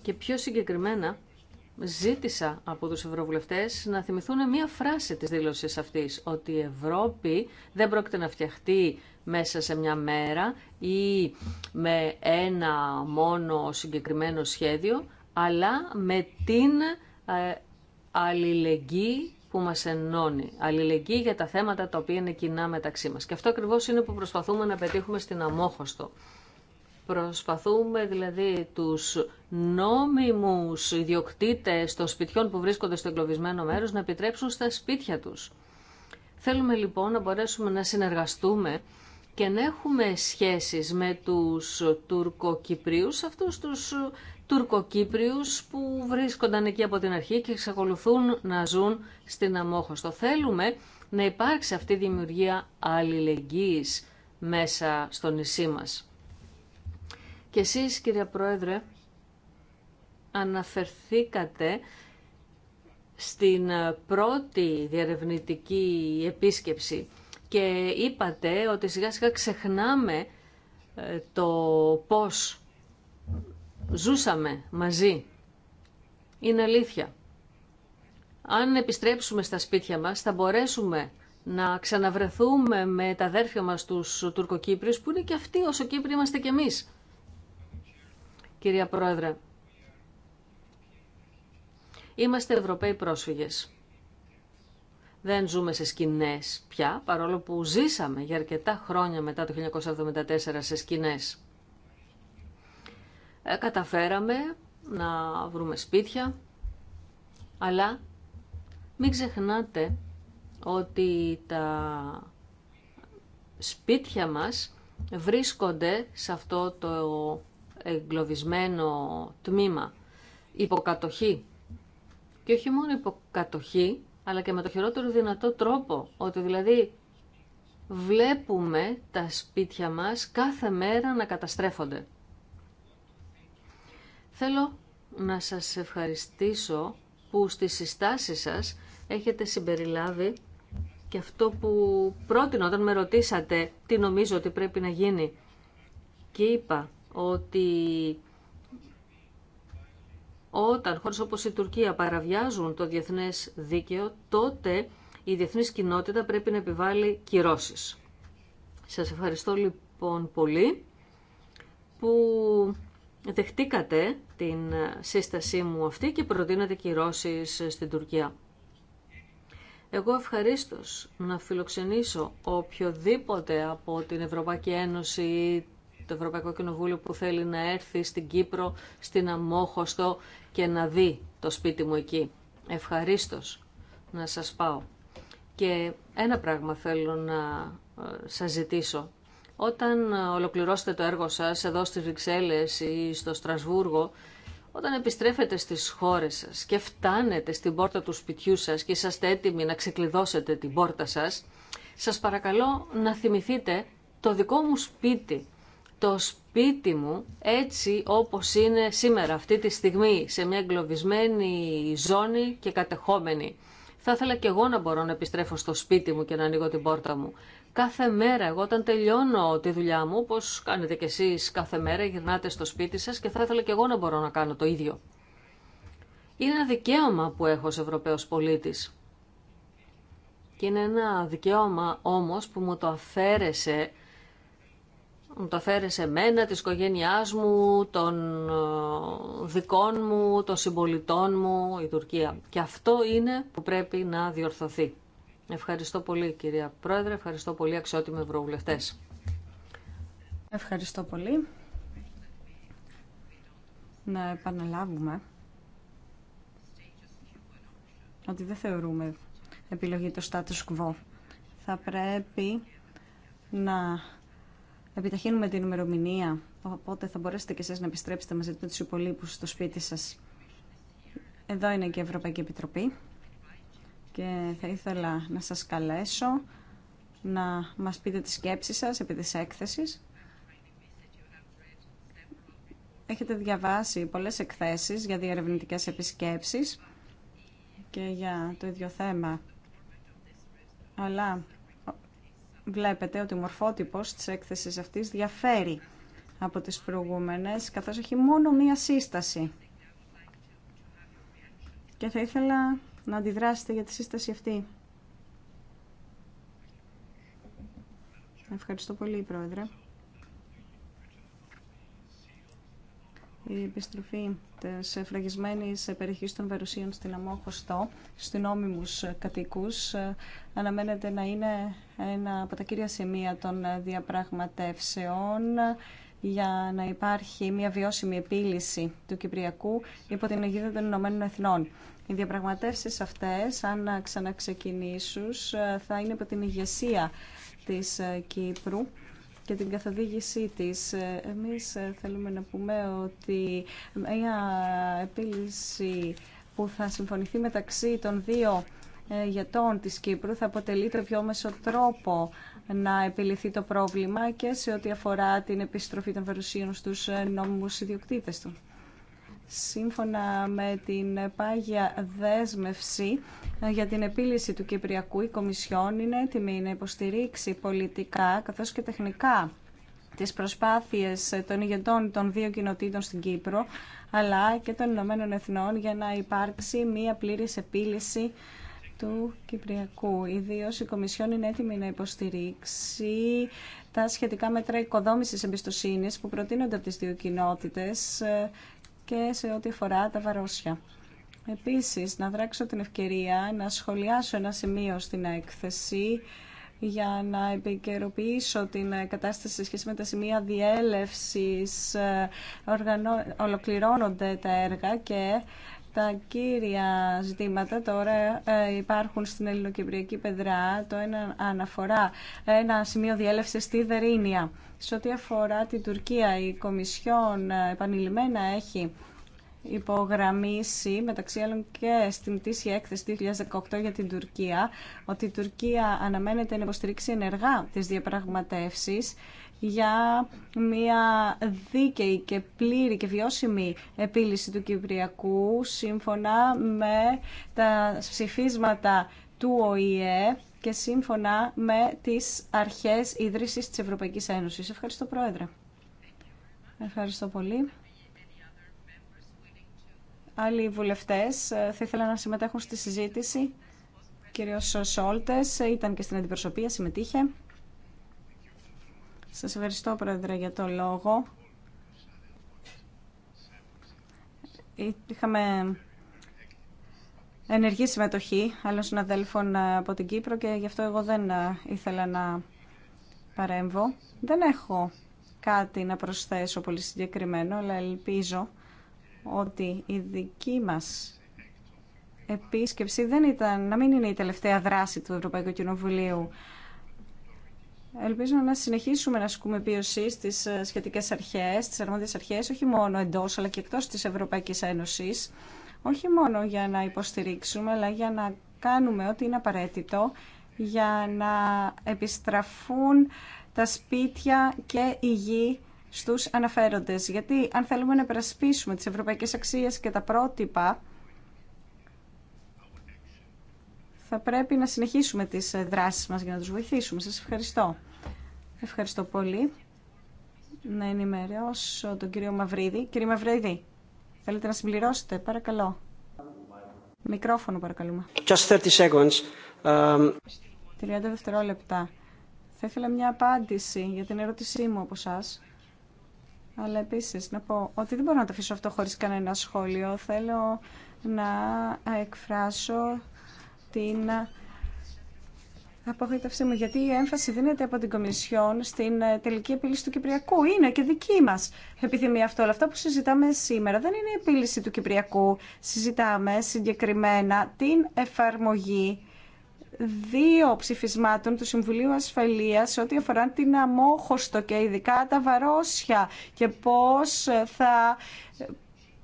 και πιο συγκεκριμένα ζήτησα από τους ευρωβουλευτές να θυμηθούν μία φράση της δήλωσης αυτής, ότι η Ευρώπη δεν πρόκειται να φτιαχτεί μέσα σε μια μέρα ή με ένα μόνο συγκεκριμένο σχέδιο, αλλά με την ε, αλληλεγγύη που μας ενώνει. Αλληλεγγύη για τα θέματα τα οποία είναι κοινά μεταξύ μας. Και αυτό ακριβώς είναι που προσπαθούμε να πετύχουμε στην Αμόχωστο. Προσπαθούμε δηλαδή τους νόμιμους ιδιοκτήτες των σπιτιών που βρίσκονται στο εγκλωβισμένο μέρος να επιτρέψουν στα σπίτια τους. Θέλουμε λοιπόν να μπορέσουμε να συνεργαστούμε και να έχουμε σχέσεις με τους Τουρκοκυπρίους, αυτούς τους Τουρκοκύπριους που βρίσκονταν εκεί από την αρχή και εξακολουθούν να ζουν στην Αμόχωστο. Θέλουμε να υπάρξει αυτή η δημιουργία αλληλεγγύης μέσα στο νησί μας. Και εσείς κύριε Πρόεδρε αναφερθήκατε στην ε, πρώτη διαρευνητική επίσκεψη και είπατε ότι σιγά σιγά ξεχνάμε ε, το πώς ζούσαμε μαζί. Είναι αλήθεια. Αν επιστρέψουμε στα σπίτια μας θα μπορέσουμε να ξαναβρεθούμε με τα αδέρφια μας τους Τουρκοκύπριους που είναι και αυτοί όσο Κύπροι είμαστε και εμείς κυρία Πρόεδρε. Είμαστε Ευρωπαίοι πρόσφυγες. Δεν ζούμε σε σκηνές πια, παρόλο που ζήσαμε για αρκετά χρόνια μετά το 1974 σε σκηνές. Ε, καταφέραμε να βρούμε σπίτια, αλλά μην ξεχνάτε ότι τα σπίτια μας βρίσκονται σε αυτό το εγκλωβισμένο τμήμα, υποκατοχή. Και όχι μόνο υποκατοχή, αλλά και με το χειρότερο δυνατό τρόπο, ότι δηλαδή βλέπουμε τα σπίτια μας κάθε μέρα να καταστρέφονται. Θέλω να σας ευχαριστήσω που στις συστάσεις σας έχετε συμπεριλάβει και αυτό που πρότεινα όταν με ρωτήσατε τι νομίζω ότι πρέπει να γίνει. Και είπα ότι όταν χώρες όπως η Τουρκία παραβιάζουν το διεθνές δίκαιο, τότε η διεθνής κοινότητα πρέπει να επιβάλλει κυρώσεις. Σας ευχαριστώ λοιπόν πολύ που δεχτήκατε την σύστασή μου αυτή και προτείνατε κυρώσεις στην Τουρκία. Εγώ ευχαρίστως να φιλοξενήσω οποιοδήποτε από την Ευρωπαϊκή Ένωση, το Ευρωπαϊκό Κοινοβούλιο που θέλει να έρθει στην Κύπρο, στην Αμόχωστο και να δει το σπίτι μου εκεί. Ευχαρίστως να σας πάω. Και ένα πράγμα θέλω να ε, σας ζητήσω. Όταν ε, ολοκληρώσετε το έργο σας εδώ στις Βρυξέλλες ή στο Στρασβούργο, όταν επιστρέφετε στις χώρες σας και φτάνετε στην πόρτα του σπιτιού σας και είσαστε έτοιμοι να ξεκλειδώσετε την πόρτα σας, σας παρακαλώ να θυμηθείτε το δικό μου σπίτι το σπίτι μου έτσι όπως είναι σήμερα αυτή τη στιγμή σε μια εγκλωβισμένη ζώνη και κατεχόμενη. Θα ήθελα και εγώ να μπορώ να επιστρέφω στο σπίτι μου και να ανοίγω την πόρτα μου. Κάθε μέρα, εγώ όταν τελειώνω τη δουλειά μου, όπως κάνετε κι εσείς κάθε μέρα, γυρνάτε στο σπίτι σας και θα ήθελα και εγώ να μπορώ να κάνω το ίδιο. Είναι ένα δικαίωμα που έχω ως Ευρωπαίος πολίτης. Και είναι ένα δικαίωμα όμως που μου το αφαίρεσε μου το φέρει σε μένα, της οικογένεια μου, των ε, δικών μου, των συμπολιτών μου, η Τουρκία. Και αυτό είναι που πρέπει να διορθωθεί. Ευχαριστώ πολύ κυρία Πρόεδρε, ευχαριστώ πολύ αξιότιμοι ευρωβουλευτές. Ευχαριστώ πολύ. Να επαναλάβουμε ότι δεν θεωρούμε επιλογή το status quo. Θα πρέπει να επιταχύνουμε την ημερομηνία, οπότε θα μπορέσετε και εσείς να επιστρέψετε μαζί με τους υπολείπους στο σπίτι σας. Εδώ είναι και η Ευρωπαϊκή Επιτροπή και θα ήθελα να σας καλέσω να μας πείτε τις σκέψεις σας επί της έκθεσης. Έχετε διαβάσει πολλές εκθέσεις για διαρευνητικές επισκέψεις και για το ίδιο θέμα. Αλλά βλέπετε ότι ο μορφότυπος της έκθεσης αυτής διαφέρει από τις προηγούμενες, καθώς έχει μόνο μία σύσταση. Και θα ήθελα να αντιδράσετε για τη σύσταση αυτή. Ευχαριστώ πολύ, Πρόεδρε. η επιστροφή της φραγισμένη περιοχή των Βερουσίων στην Αμόχωστό στου νόμιμου κατοίκους αναμένεται να είναι ένα από τα κύρια σημεία των διαπραγματεύσεων για να υπάρχει μια βιώσιμη επίλυση του Κυπριακού υπό την αιγύδα των Ηνωμένων Εθνών. Οι διαπραγματεύσεις αυτές, αν ξαναξεκινήσουν, θα είναι υπό την ηγεσία της Κύπρου και την καθοδήγησή της. Ε, εμείς ε, θέλουμε να πούμε ότι μια επίλυση που θα συμφωνηθεί μεταξύ των δύο ε, γιατών της Κύπρου θα αποτελεί το πιο μέσο τρόπο να επιληθεί το πρόβλημα και σε ό,τι αφορά την επιστροφή των βερουσίων στους νόμιμους ιδιοκτήτες του. Σύμφωνα με την πάγια δέσμευση ε, για την επίλυση του Κυπριακού, η Κομισιόν είναι έτοιμη να υποστηρίξει πολιτικά καθώς και τεχνικά τις προσπάθειες των ηγετών των δύο κοινοτήτων στην Κύπρο, αλλά και των Ηνωμένων Εθνών για να υπάρξει μία πλήρης επίλυση του Κυπριακού. Ιδίω η Κομισιόν είναι έτοιμη να υποστηρίξει τα σχετικά μέτρα οικοδόμησης εμπιστοσύνης που προτείνονται από τις δύο κοινότητες ε, και σε ό,τι αφορά τα βαρόσια. Επίσης, να δράξω την ευκαιρία να σχολιάσω ένα σημείο στην έκθεση για να επικαιροποιήσω την κατάσταση σε σχέση με τα σημεία διέλευσης. Ε, ολοκληρώνονται τα έργα και τα κύρια ζητήματα τώρα ε, υπάρχουν στην ελληνοκυπριακή πεδρά. Το ένα αναφορά ένα σημείο διέλευση στη Δερίνια. Σε ό,τι αφορά την Τουρκία, η Κομισιόν ε, επανειλημμένα έχει υπογραμμίσει μεταξύ άλλων και στην η έκθεση 2018 για την Τουρκία ότι η Τουρκία αναμένεται να υποστηρίξει ενεργά τις διαπραγματεύσεις για μια δίκαιη και πλήρη και βιώσιμη επίλυση του Κυπριακού σύμφωνα με τα ψηφίσματα του ΟΗΕ και σύμφωνα με τις αρχές ίδρυσης της Ευρωπαϊκής Ένωσης. Ευχαριστώ Πρόεδρε. Ευχαριστώ πολύ. Άλλοι βουλευτές ε, θα ήθελαν να συμμετέχουν στη συζήτηση. Κύριος Σόλτες ε, ήταν και στην αντιπροσωπεία, συμμετείχε. Σας ευχαριστώ, Πρόεδρε, για το λόγο. Είχαμε ενεργή συμμετοχή άλλων συναδέλφων ε, από την Κύπρο και γι' αυτό εγώ δεν ε, ήθελα να παρέμβω. Δεν έχω κάτι να προσθέσω πολύ συγκεκριμένο, αλλά ελπίζω ότι η δική μας επίσκεψη δεν ήταν, να μην είναι η τελευταία δράση του Ευρωπαϊκού Κοινοβουλίου Ελπίζω να συνεχίσουμε να ασκούμε πίεση στι ε, σχετικέ αρχέ, στι αρμόδιε αρχέ, όχι μόνο εντό αλλά και εκτό τη Ευρωπαϊκή Ένωση. Όχι μόνο για να υποστηρίξουμε, αλλά για να κάνουμε ό,τι είναι απαραίτητο για να επιστραφούν τα σπίτια και η γη στους αναφέροντες. Γιατί αν θέλουμε να περασπίσουμε τις ευρωπαϊκές αξίες και τα πρότυπα, θα πρέπει να συνεχίσουμε τις ε, δράσεις μας για να τους βοηθήσουμε. Σας ευχαριστώ. Ευχαριστώ πολύ. Να ενημερώσω τον κύριο Μαυρίδη. Κύριε Μαυρίδη, θέλετε να συμπληρώσετε, παρακαλώ. Μικρόφωνο, παρακαλούμε. Just 30 seconds. Um... δευτερόλεπτα. Θα ήθελα μια απάντηση για την ερώτησή μου από εσά. Αλλά επίση να πω ότι δεν μπορώ να το αφήσω αυτό χωρίς κανένα σχόλιο. Θέλω να εκφράσω την απογοήτευσή μου, γιατί η έμφαση δίνεται από την Κομισιόν στην ε, τελική επίλυση του Κυπριακού. Είναι και δική μα επιθυμία αυτό. Αλλά αυτά που συζητάμε σήμερα δεν είναι η επίλυση του Κυπριακού. Συζητάμε συγκεκριμένα την εφαρμογή δύο ψηφισμάτων του Συμβουλίου Ασφαλείας ό,τι αφορά την αμόχωστο και ειδικά τα βαρόσια και πώς θα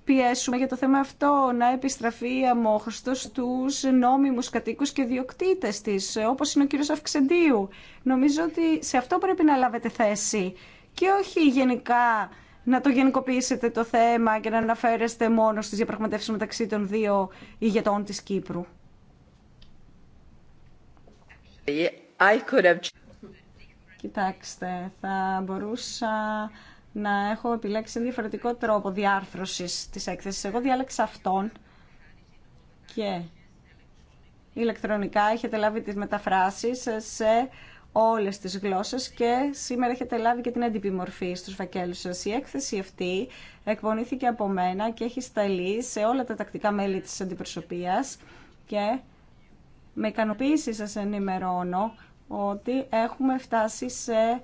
πιέσουμε για το θέμα αυτό να επιστραφεί η αμόχωστο στους νόμιμους κατοίκους και διοκτήτε τη, όπως είναι ο κύριο Αυξεντίου. Νομίζω ότι σε αυτό πρέπει να λάβετε θέση και όχι γενικά να το γενικοποιήσετε το θέμα και να αναφέρεστε μόνο στις διαπραγματεύσεις μεταξύ των δύο ηγετών της Κύπρου. I could have... Κοιτάξτε, θα μπορούσα να έχω επιλέξει ένα διαφορετικό τρόπο διάρθρωσης της έκθεσης. Εγώ διάλεξα αυτόν και ηλεκτρονικά έχετε λάβει τις μεταφράσεις σε όλες τις γλώσσες και σήμερα έχετε λάβει και την έντυπη μορφή στους φακέλους σας. Η έκθεση αυτή εκπονήθηκε από μένα και έχει σταλεί σε όλα τα τακτικά μέλη της αντιπροσωπείας και με ικανοποίηση σας ενημερώνω ότι έχουμε φτάσει σε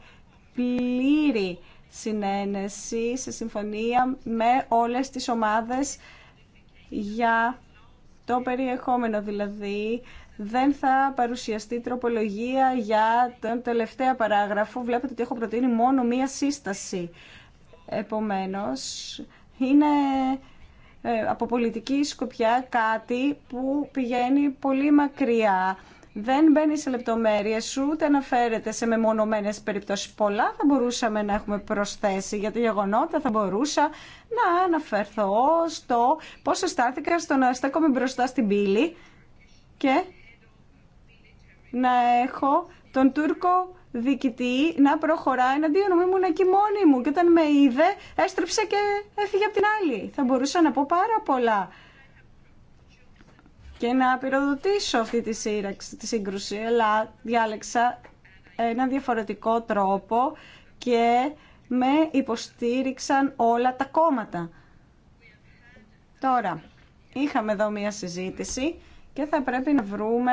πλήρη συνένεση, σε συμφωνία με όλες τις ομάδες για το περιεχόμενο δηλαδή δεν θα παρουσιαστεί τροπολογία για τον τελευταίο παράγραφο. Βλέπετε ότι έχω προτείνει μόνο μία σύσταση. Επομένως, είναι ε, από πολιτική σκοπιά κάτι που πηγαίνει πολύ μακριά δεν μπαίνει σε λεπτομέρειες ούτε αναφέρεται σε μεμονωμένες περιπτώσεις. Πολλά θα μπορούσαμε να έχουμε προσθέσει για το γεγονότα, θα μπορούσα να αναφερθώ στο πώ στάθηκα στο να στέκομαι μπροστά στην πύλη και να έχω τον Τούρκο διοικητή να προχωράει εναντίον μου. Ήμουν εκεί μόνη μου και όταν με είδε έστρεψε και έφυγε από την άλλη. Θα μπορούσα να πω πάρα πολλά και να πυροδοτήσω αυτή τη, σύραξη, τη σύγκρουση, αλλά διάλεξα ένα διαφορετικό τρόπο και με υποστήριξαν όλα τα κόμματα. Τώρα, είχαμε εδώ μία συζήτηση και θα πρέπει να βρούμε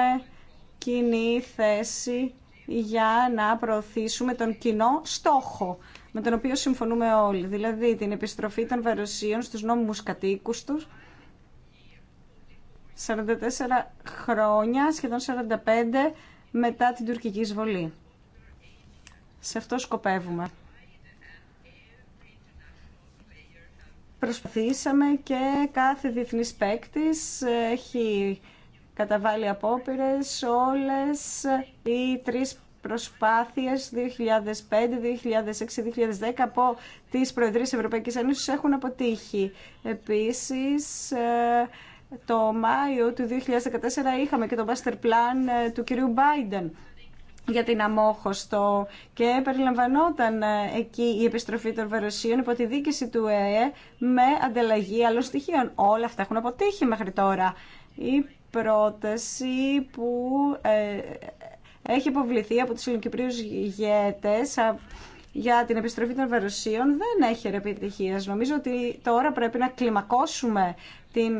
κοινή θέση για να προωθήσουμε τον κοινό στόχο με τον οποίο συμφωνούμε όλοι, δηλαδή την επιστροφή των βεροσίων στους νόμιμους κατοίκους τους 44 χρόνια, σχεδόν 45 μετά την τουρκική εισβολή. Σε αυτό σκοπεύουμε. Προσπαθήσαμε και κάθε διεθνής παίκτη. Ε, έχει καταβάλει απόπειρες όλες οι τρεις προσπάθειες 2005, 2006, 2010 από τις Προεδρίες Ευρωπαϊκής Ένωσης έχουν αποτύχει. Επίσης, ε, το Μάιο του 2014 είχαμε και το master plan ε, του κυρίου Μπάιντεν για την αμόχωστο και περιλαμβανόταν ε, εκεί η επιστροφή των βεροσίων υπό τη δίκηση του ΕΕ με ανταλλαγή άλλων στοιχείων. Όλα αυτά έχουν αποτύχει μέχρι τώρα. Η πρόταση που ε, έχει υποβληθεί από τους ελληνικυπρίους ηγέτες για την επιστροφή των βεροσίων δεν έχει επιτυχίας. Νομίζω ότι τώρα πρέπει να κλιμακώσουμε την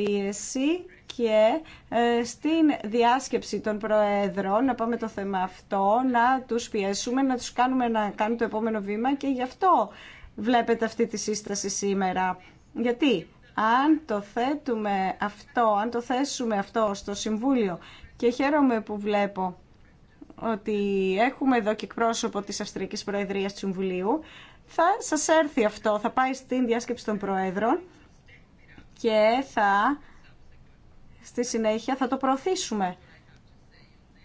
πίεση και ε, στην διάσκεψη των Προέδρων να πάμε το θέμα αυτό, να τους πιέσουμε, να τους κάνουμε να κάνουν το επόμενο βήμα και γι' αυτό βλέπετε αυτή τη σύσταση σήμερα. Γιατί αν το θέτουμε αυτό, αν το θέσουμε αυτό στο Συμβούλιο και χαίρομαι που βλέπω ότι έχουμε εδώ και εκπρόσωπο της Αυστρικής Προεδρίας του Συμβουλίου, θα σας έρθει αυτό, θα πάει στην διάσκεψη των Προέδρων και θα στη συνέχεια θα το προωθήσουμε.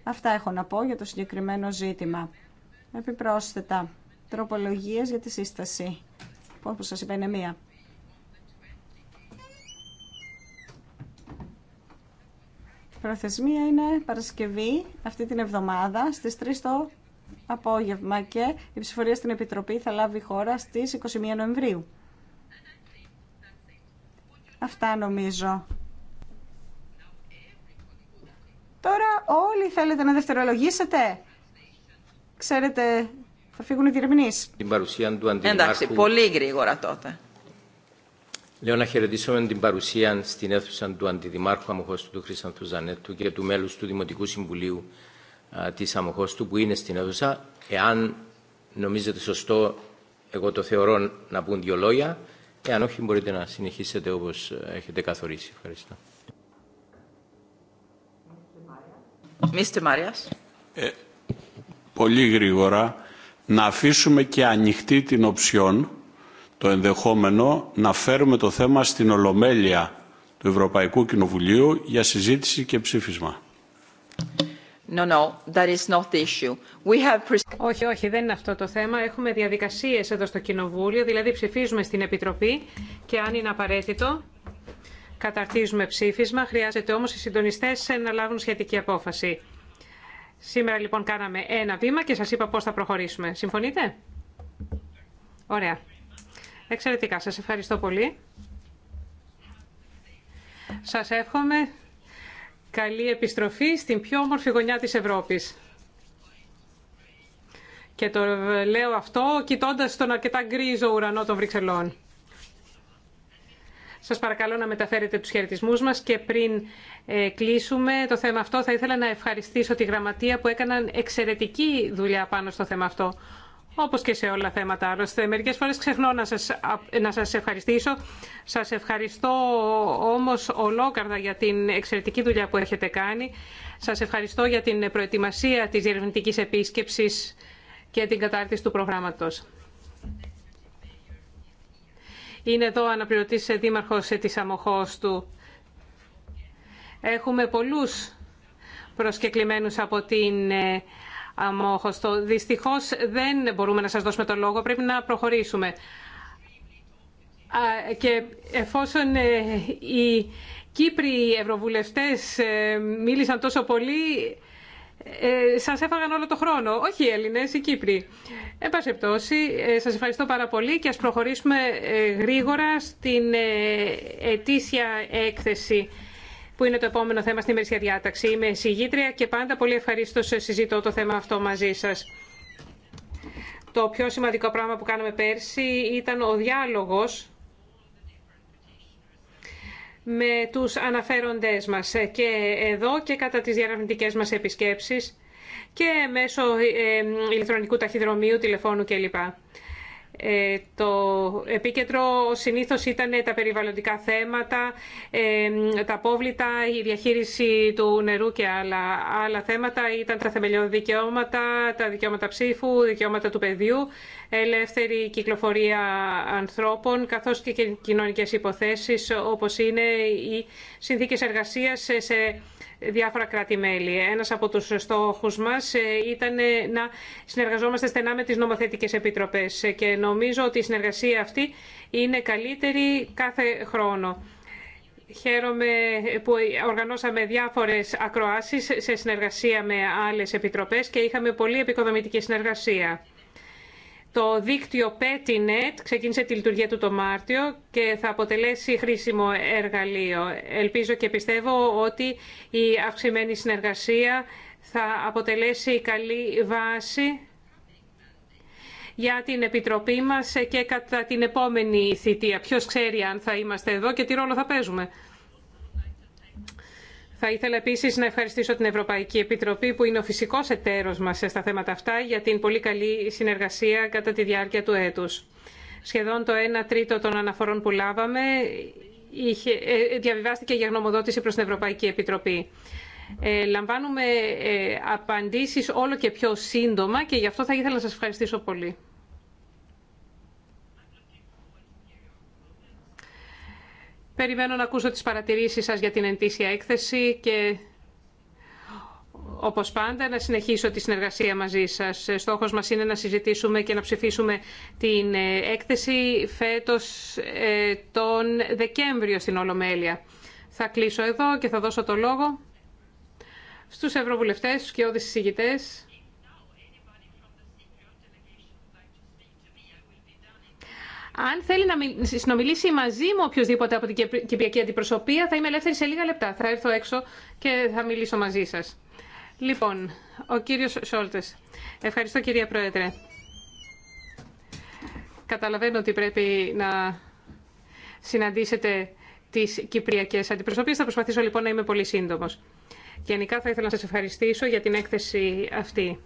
Αυτά έχω να πω για το συγκεκριμένο ζήτημα. Επιπρόσθετα, τροπολογίες για τη σύσταση, που όπως σας είπα είναι μία. Προθεσμία είναι Παρασκευή αυτή την εβδομάδα στις 3 το απόγευμα και η ψηφορία στην Επιτροπή θα λάβει χώρα στις 21 Νοεμβρίου. Αυτά νομίζω. Τώρα όλοι θέλετε να δευτερολογήσετε. Ξέρετε, θα φύγουν οι διερμηνείς. Την Εντάξει, πολύ γρήγορα τότε. Λέω να χαιρετήσουμε την παρουσία στην αίθουσα του Αντιδημάρχου Αμοχώστου του Χρυσανθού Ζανέτου και του μέλους του Δημοτικού Συμβουλίου της Αμοχώστου που είναι στην αίθουσα. Εάν νομίζετε σωστό, εγώ το θεωρώ να πούν δύο λόγια. Εάν όχι, μπορείτε να συνεχίσετε όπως έχετε καθορίσει. Ευχαριστώ. Ε, πολύ γρήγορα, να αφήσουμε και ανοιχτή την οψιόν το ενδεχόμενο να φέρουμε το θέμα στην Ολομέλεια του Ευρωπαϊκού Κοινοβουλίου για συζήτηση και ψήφισμα. Όχι, όχι, δεν είναι αυτό το θέμα. Έχουμε διαδικασίες εδώ στο Κοινοβούλιο, δηλαδή ψηφίζουμε στην Επιτροπή και αν είναι απαραίτητο καταρτίζουμε ψήφισμα. Χρειάζεται όμως οι συντονιστές να λάβουν σχετική απόφαση. Σήμερα λοιπόν κάναμε ένα βήμα και σας είπα πώς θα προχωρήσουμε. Συμφωνείτε? Ωραία. Εξαιρετικά. Σας ευχαριστώ πολύ. Σας εύχομαι Καλή επιστροφή στην πιο όμορφη γωνιά της Ευρώπης. Και το λέω αυτό κοιτώντας τον αρκετά γκρίζο ουρανό των Βρυξελών. Σας παρακαλώ να μεταφέρετε τους χαιρετισμού μας και πριν ε, κλείσουμε το θέμα αυτό θα ήθελα να ευχαριστήσω τη Γραμματεία που έκαναν εξαιρετική δουλειά πάνω στο θέμα αυτό. Όπως και σε όλα θέματα άλλωστε. Μερικές φορές ξεχνώ να σα να σας ευχαριστήσω. Σας ευχαριστώ όμως ολόκαρδα για την εξαιρετική δουλειά που έχετε κάνει. Σας ευχαριστώ για την προετοιμασία της διερευνητική επίσκεψης και την κατάρτιση του προγράμματος. Είναι εδώ αναπληρωτή Δήμαρχο τη Αμοχώ του. Έχουμε πολλού προσκεκλημένου από την ε, αμόχωστο. Δυστυχώς δεν μπορούμε να σας δώσουμε το λόγο, πρέπει να προχωρήσουμε. Και εφόσον ε, οι Κύπροι ευρωβουλευτές ε, μίλησαν τόσο πολύ, ε, σας έφαγαν όλο το χρόνο. Όχι οι Έλληνες, οι Κύπροι. Εν πάση σας ευχαριστώ πάρα πολύ και ας προχωρήσουμε γρήγορα στην ετήσια έκθεση που είναι το επόμενο θέμα στην ημερήσια διάταξη. Είμαι συγγήτρια και πάντα πολύ ευχαρίστω συζητώ το θέμα αυτό μαζί σα. Το πιο σημαντικό πράγμα που κάναμε πέρσι ήταν ο διάλογος με τους αναφέροντές μας και εδώ και κατά τις διαρευνητικές μας επισκέψεις και μέσω ε, ε, ηλεκτρονικού ταχυδρομείου, τηλεφώνου κλπ. Ε, το επίκεντρο συνήθως ήταν τα περιβαλλοντικά θέματα, ε, τα απόβλητα, η διαχείριση του νερού και άλλα. Άλλα θέματα ήταν τα θεμελιώδη δικαιώματα, τα δικαιώματα ψήφου, δικαιώματα του παιδιού, ελεύθερη κυκλοφορία ανθρώπων, καθώς και κοινωνικές υποθέσεις όπως είναι οι συνθήκες εργασίας σε διάφορα κράτη-μέλη. Ένας από τους στόχους μας ε, ήταν ε, να συνεργαζόμαστε στενά με τις νομοθετικές επιτροπές ε, και νομίζω ότι η συνεργασία αυτή είναι καλύτερη κάθε χρόνο. Χαίρομαι που οργανώσαμε διάφορες ακροάσεις σε συνεργασία με άλλες επιτροπές και είχαμε πολύ επικοδομητική συνεργασία. Το δίκτυο PETINET ξεκίνησε τη λειτουργία του το Μάρτιο και θα αποτελέσει χρήσιμο εργαλείο. Ελπίζω και πιστεύω ότι η αυξημένη συνεργασία θα αποτελέσει καλή βάση για την Επιτροπή μας και κατά την επόμενη θητεία. Ποιος ξέρει αν θα είμαστε εδώ και τι ρόλο θα παίζουμε. Θα ήθελα επίση να ευχαριστήσω την Ευρωπαϊκή Επιτροπή, που είναι ο φυσικό εταίρο μα στα θέματα αυτά, για την πολύ καλή συνεργασία κατά τη διάρκεια του έτου. Σχεδόν το 1 τρίτο των αναφορών που λάβαμε είχε, ε, διαβιβάστηκε για γνωμοδότηση προς την Ευρωπαϊκή Επιτροπή. Ε, λαμβάνουμε ε, απαντήσεις όλο και πιο σύντομα και γι' αυτό θα ήθελα να σας ευχαριστήσω πολύ. Περιμένω να ακούσω τις παρατηρήσεις σας για την εντήσια έκθεση και όπως πάντα να συνεχίσω τη συνεργασία μαζί σας. Στόχος μας είναι να συζητήσουμε και να ψηφίσουμε την ε, έκθεση φέτος ε, τον Δεκέμβριο στην Ολομέλεια. Θα κλείσω εδώ και θα δώσω το λόγο στους ευρωβουλευτές, στους κοιόδης συζητητές. Αν θέλει να συνομιλήσει μαζί μου οποιοδήποτε από την Κυπριακή Αντιπροσωπεία, θα είμαι ελεύθερη σε λίγα λεπτά. Θα έρθω έξω και θα μιλήσω μαζί σα. Λοιπόν, ο κύριο Σόλτε. Ευχαριστώ, κυρία Πρόεδρε. Καταλαβαίνω ότι πρέπει να συναντήσετε τι Κυπριακέ Αντιπροσωπείε. Θα προσπαθήσω λοιπόν να είμαι πολύ σύντομο. Γενικά θα ήθελα να σας ευχαριστήσω για την έκθεση αυτή.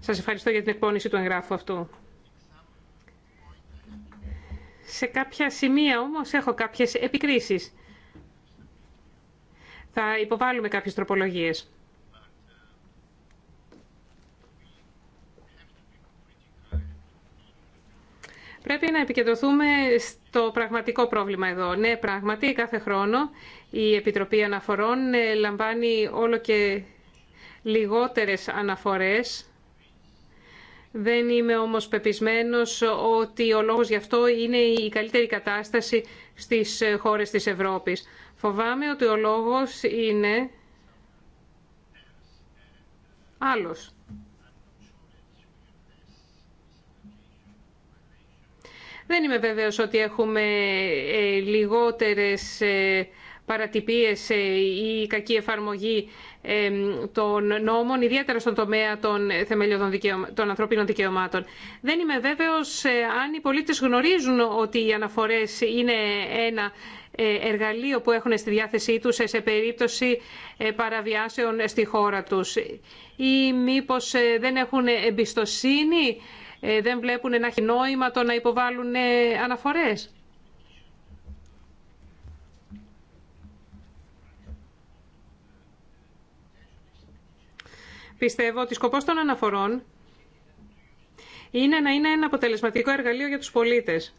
Σας ευχαριστώ για την εκπόνηση του εγγράφου αυτού. Σε κάποια σημεία όμως έχω κάποιες επικρίσεις. Θα υποβάλουμε κάποιες τροπολογίες. Πρέπει να επικεντρωθούμε στο πραγματικό πρόβλημα εδώ. Ναι, πράγματι, κάθε χρόνο η Επιτροπή Αναφορών ε, λαμβάνει όλο και λιγότερες αναφορές δεν είμαι όμως πεπισμένος ότι ο λόγος γι' αυτό είναι η καλύτερη κατάσταση στις χώρες της Ευρώπης. Φοβάμαι ότι ο λόγος είναι άλλος. Δεν είμαι βέβαιος ότι έχουμε ε, λιγότερες ε, παρατυπίες ε, ή κακή εφαρμογή των νόμων, ιδιαίτερα στον τομέα των θεμελιωδών των ανθρωπίνων δικαιωμάτων. Δεν είμαι βέβαιος ε, αν οι πολίτες γνωρίζουν ότι οι αναφορές είναι ένα ε, εργαλείο που έχουν στη διάθεσή τους σε περίπτωση ε, παραβιάσεων στη χώρα τους ή μήπως δεν έχουν εμπιστοσύνη, δεν βλέπουν να έχει νόημα το να υποβάλουν αναφορές. Πιστεύω ότι σκοπός των αναφορών είναι να είναι ένα αποτελεσματικό εργαλείο για τους πολίτες.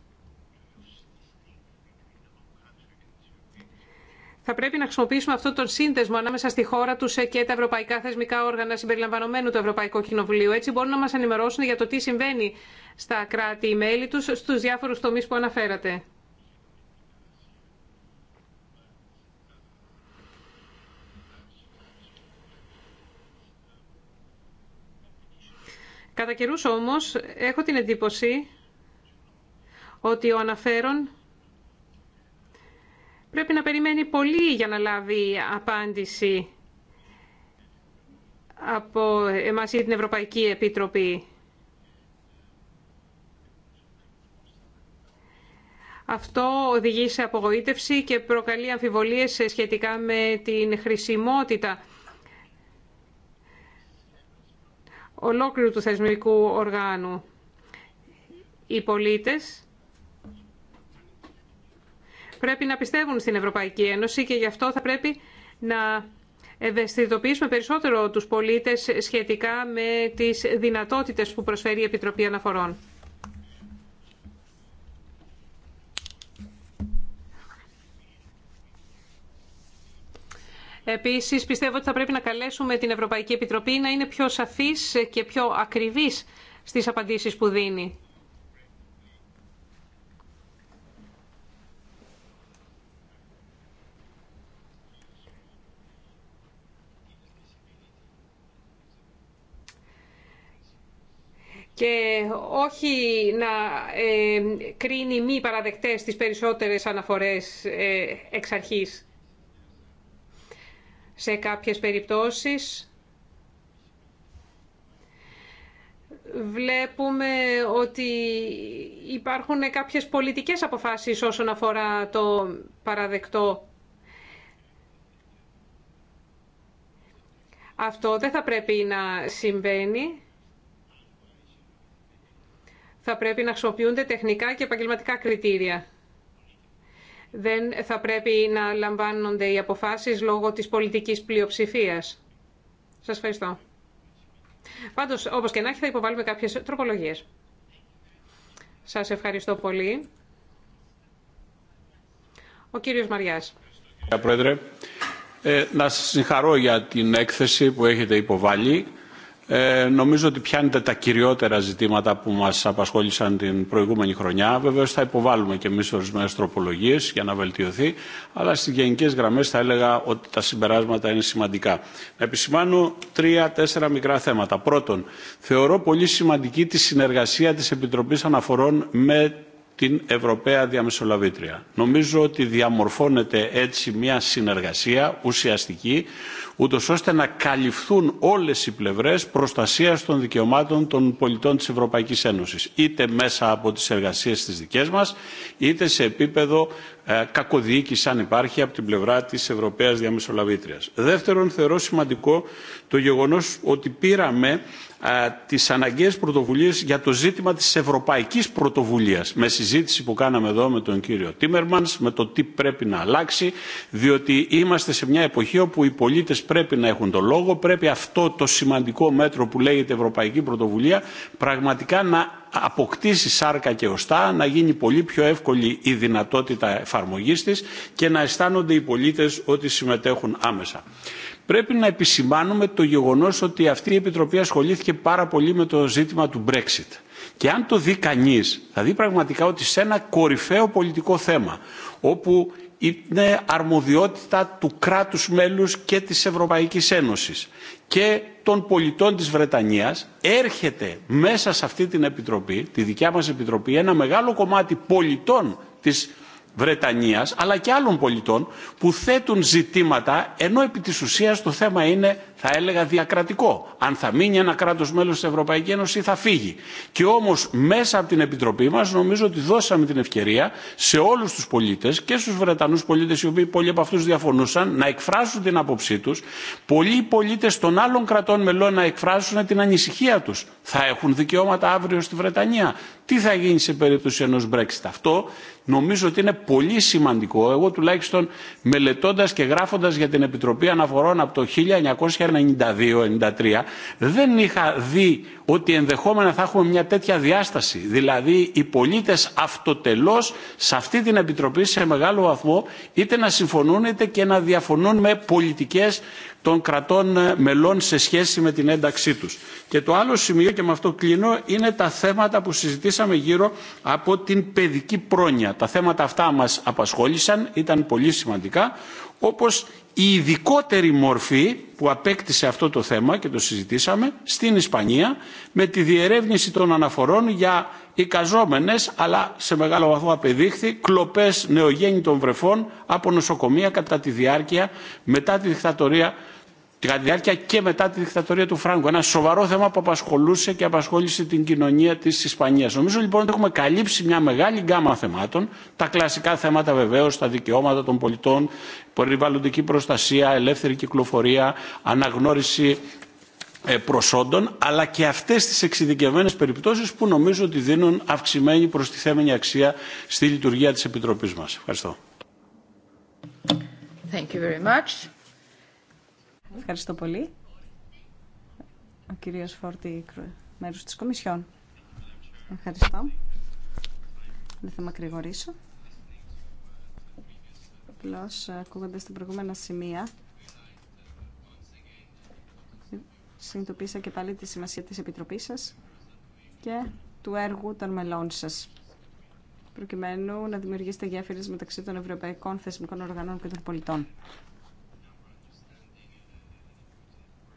Θα πρέπει να χρησιμοποιήσουμε αυτόν τον σύνδεσμο ανάμεσα στη χώρα του και τα ευρωπαϊκά θεσμικά όργανα συμπεριλαμβανομένου του Ευρωπαϊκού Κοινοβουλίου. Έτσι μπορούν να μα ενημερώσουν για το τι συμβαίνει στα κράτη-μέλη του στου διάφορου τομεί που αναφέρατε. Κατά καιρούς όμως έχω την εντύπωση ότι ο αναφέρον πρέπει να περιμένει πολύ για να λάβει απάντηση από εμάς ή την Ευρωπαϊκή Επιτροπή. Αυτό οδηγεί σε απογοήτευση και προκαλεί αμφιβολίες σχετικά με την χρησιμότητα ολόκληρου του θεσμικού οργάνου. Οι πολίτες πρέπει να πιστεύουν στην Ευρωπαϊκή Ένωση και γι' αυτό θα πρέπει να ευαισθητοποιήσουμε περισσότερο τους πολίτες σχετικά με τις δυνατότητες που προσφέρει η Επιτροπή Αναφορών. Επίσης, πιστεύω ότι θα πρέπει να καλέσουμε την Ευρωπαϊκή Επιτροπή να είναι πιο σαφής και πιο ακριβής στις απαντήσεις που δίνει. και όχι να ε, κρίνει μη παραδεκτές τις περισσότερες αναφορές ε, εξ αρχής. Σε κάποιες περιπτώσεις βλέπουμε ότι υπάρχουν κάποιες πολιτικές αποφάσεις όσον αφορά το παραδεκτό. Αυτό δεν θα πρέπει να συμβαίνει. Θα πρέπει να χρησιμοποιούνται τεχνικά και επαγγελματικά κριτήρια δεν θα πρέπει να λαμβάνονται οι αποφάσεις λόγω της πολιτικής πλειοψηφίας. Σας ευχαριστώ. Πάντως, όπως και να έχει, θα υποβάλουμε κάποιες τροπολογίες. Σας ευχαριστώ πολύ. Ο κύριος Μαριάς. Κύριε Πρόεδρε, ε, να σας συγχαρώ για την έκθεση που έχετε υποβάλει ε, νομίζω ότι πιάνετε τα κυριότερα ζητήματα που μας απασχόλησαν την προηγούμενη χρονιά. Βεβαίως θα υποβάλουμε και εμείς ορισμένες τροπολογίες για να βελτιωθεί, αλλά στις γενικές γραμμές θα έλεγα ότι τα συμπεράσματα είναι σημαντικά. Να επισημάνω τρία-τέσσερα μικρά θέματα. Πρώτον, θεωρώ πολύ σημαντική τη συνεργασία της Επιτροπής Αναφορών με την Ευρωπαία Διαμεσολαβήτρια. Νομίζω ότι διαμορφώνεται έτσι μια συνεργασία ουσιαστική, ούτω ώστε να καλυφθούν όλες οι πλευρές προστασίας των δικαιωμάτων των πολιτών της Ευρωπαϊκής Ένωσης, είτε μέσα από τις εργασίες της δικές μας, είτε σε επίπεδο ε, κακοδιοίκηση αν υπάρχει από την πλευρά της Ευρωπαίας Διαμεσολαβήτριας. Δεύτερον, θεωρώ σημαντικό το γεγονός ότι πήραμε ε, τις αναγκαίες πρωτοβουλίες για το ζήτημα της ευρωπαϊκής πρωτοβουλίας με συζήτηση που κάναμε εδώ με τον κύριο Τίμερμανς με το τι πρέπει να αλλάξει διότι είμαστε σε μια εποχή όπου οι πολίτες πρέπει να έχουν το λόγο πρέπει αυτό το σημαντικό μέτρο που λέγεται Ευρωπαϊκή Πρωτοβουλία πραγματικά να αποκτήσει σάρκα και οστά, να γίνει πολύ πιο εύκολη η δυνατότητα εφαρμογής της και να αισθάνονται οι πολίτες ότι συμμετέχουν άμεσα πρέπει να επισημάνουμε το γεγονός ότι αυτή η Επιτροπή ασχολήθηκε πάρα πολύ με το ζήτημα του Brexit. Και αν το δει κανεί, θα δει πραγματικά ότι σε ένα κορυφαίο πολιτικό θέμα, όπου είναι αρμοδιότητα του κράτους μέλους και της Ευρωπαϊκής Ένωσης και των πολιτών της Βρετανίας έρχεται μέσα σε αυτή την Επιτροπή, τη δικιά μας Επιτροπή, ένα μεγάλο κομμάτι πολιτών της Βρετανίας αλλά και άλλων πολιτών που θέτουν ζητήματα ενώ επί της ουσίας το θέμα είναι θα έλεγα διακρατικό. Αν θα μείνει ένα κράτος μέλος της Ευρωπαϊκή Ένωση θα φύγει. Και όμως μέσα από την Επιτροπή μας νομίζω ότι δώσαμε την ευκαιρία σε όλους τους πολίτες και στους Βρετανούς πολίτες οι οποίοι πολλοί από αυτούς διαφωνούσαν να εκφράσουν την άποψή τους. Πολλοί πολίτες των άλλων κρατών μελών να εκφράσουν την ανησυχία τους. Θα έχουν δικαιώματα αύριο στη Βρετανία. Τι θα γίνει σε περίπτωση ενός Brexit αυτό νομίζω ότι είναι πολύ σημαντικό, εγώ τουλάχιστον μελετώντας και γράφοντας για την Επιτροπή Αναφορών από το 1992-93, δεν είχα δει ότι ενδεχόμενα θα έχουμε μια τέτοια διάσταση. Δηλαδή οι πολίτες αυτοτελώς σε αυτή την Επιτροπή σε μεγάλο βαθμό είτε να συμφωνούν είτε και να διαφωνούν με πολιτικές των κρατών ε, μελών σε σχέση με την ένταξή τους. Και το άλλο σημείο, και με αυτό κλείνω, είναι τα θέματα που συζητήσαμε γύρω από την παιδική πρόνοια. Τα θέματα αυτά μας απασχόλησαν, ήταν πολύ σημαντικά, όπως η ειδικότερη μορφή που απέκτησε αυτό το θέμα και το συζητήσαμε στην Ισπανία με τη διερεύνηση των αναφορών για εικαζόμενες αλλά σε μεγάλο βαθμό απεδείχθη κλοπές νεογέννητων βρεφών από νοσοκομεία κατά τη διάρκεια μετά τη δικτατορία κατά τη διάρκεια και μετά τη δικτατορία του Φράγκο. Ένα σοβαρό θέμα που απασχολούσε και απασχόλησε την κοινωνία τη Ισπανία. Νομίζω λοιπόν ότι έχουμε καλύψει μια μεγάλη γκάμα θεμάτων. Τα κλασικά θέματα βεβαίω, τα δικαιώματα των πολιτών, περιβαλλοντική προστασία, ελεύθερη κυκλοφορία, αναγνώριση ε, προσόντων, αλλά και αυτές τις εξειδικευμένες περιπτώσεις που νομίζω ότι δίνουν αυξημένη προστιθέμενη αξία στη λειτουργία της Επιτροπής μας. Ευχαριστώ. Thank you very much. Ευχαριστώ πολύ. Ο κύριος Φόρτη μέρους της Κομισιόν. Ευχαριστώ. Δεν θα μακρηγορήσω. Απλώς ε, ακούγοντας την προηγούμενα σημεία συνειδητοποίησα και πάλι τη σημασία της Επιτροπής σας και του έργου των μελών σας προκειμένου να δημιουργήσετε γέφυρες μεταξύ των ευρωπαϊκών θεσμικών οργανών και των πολιτών.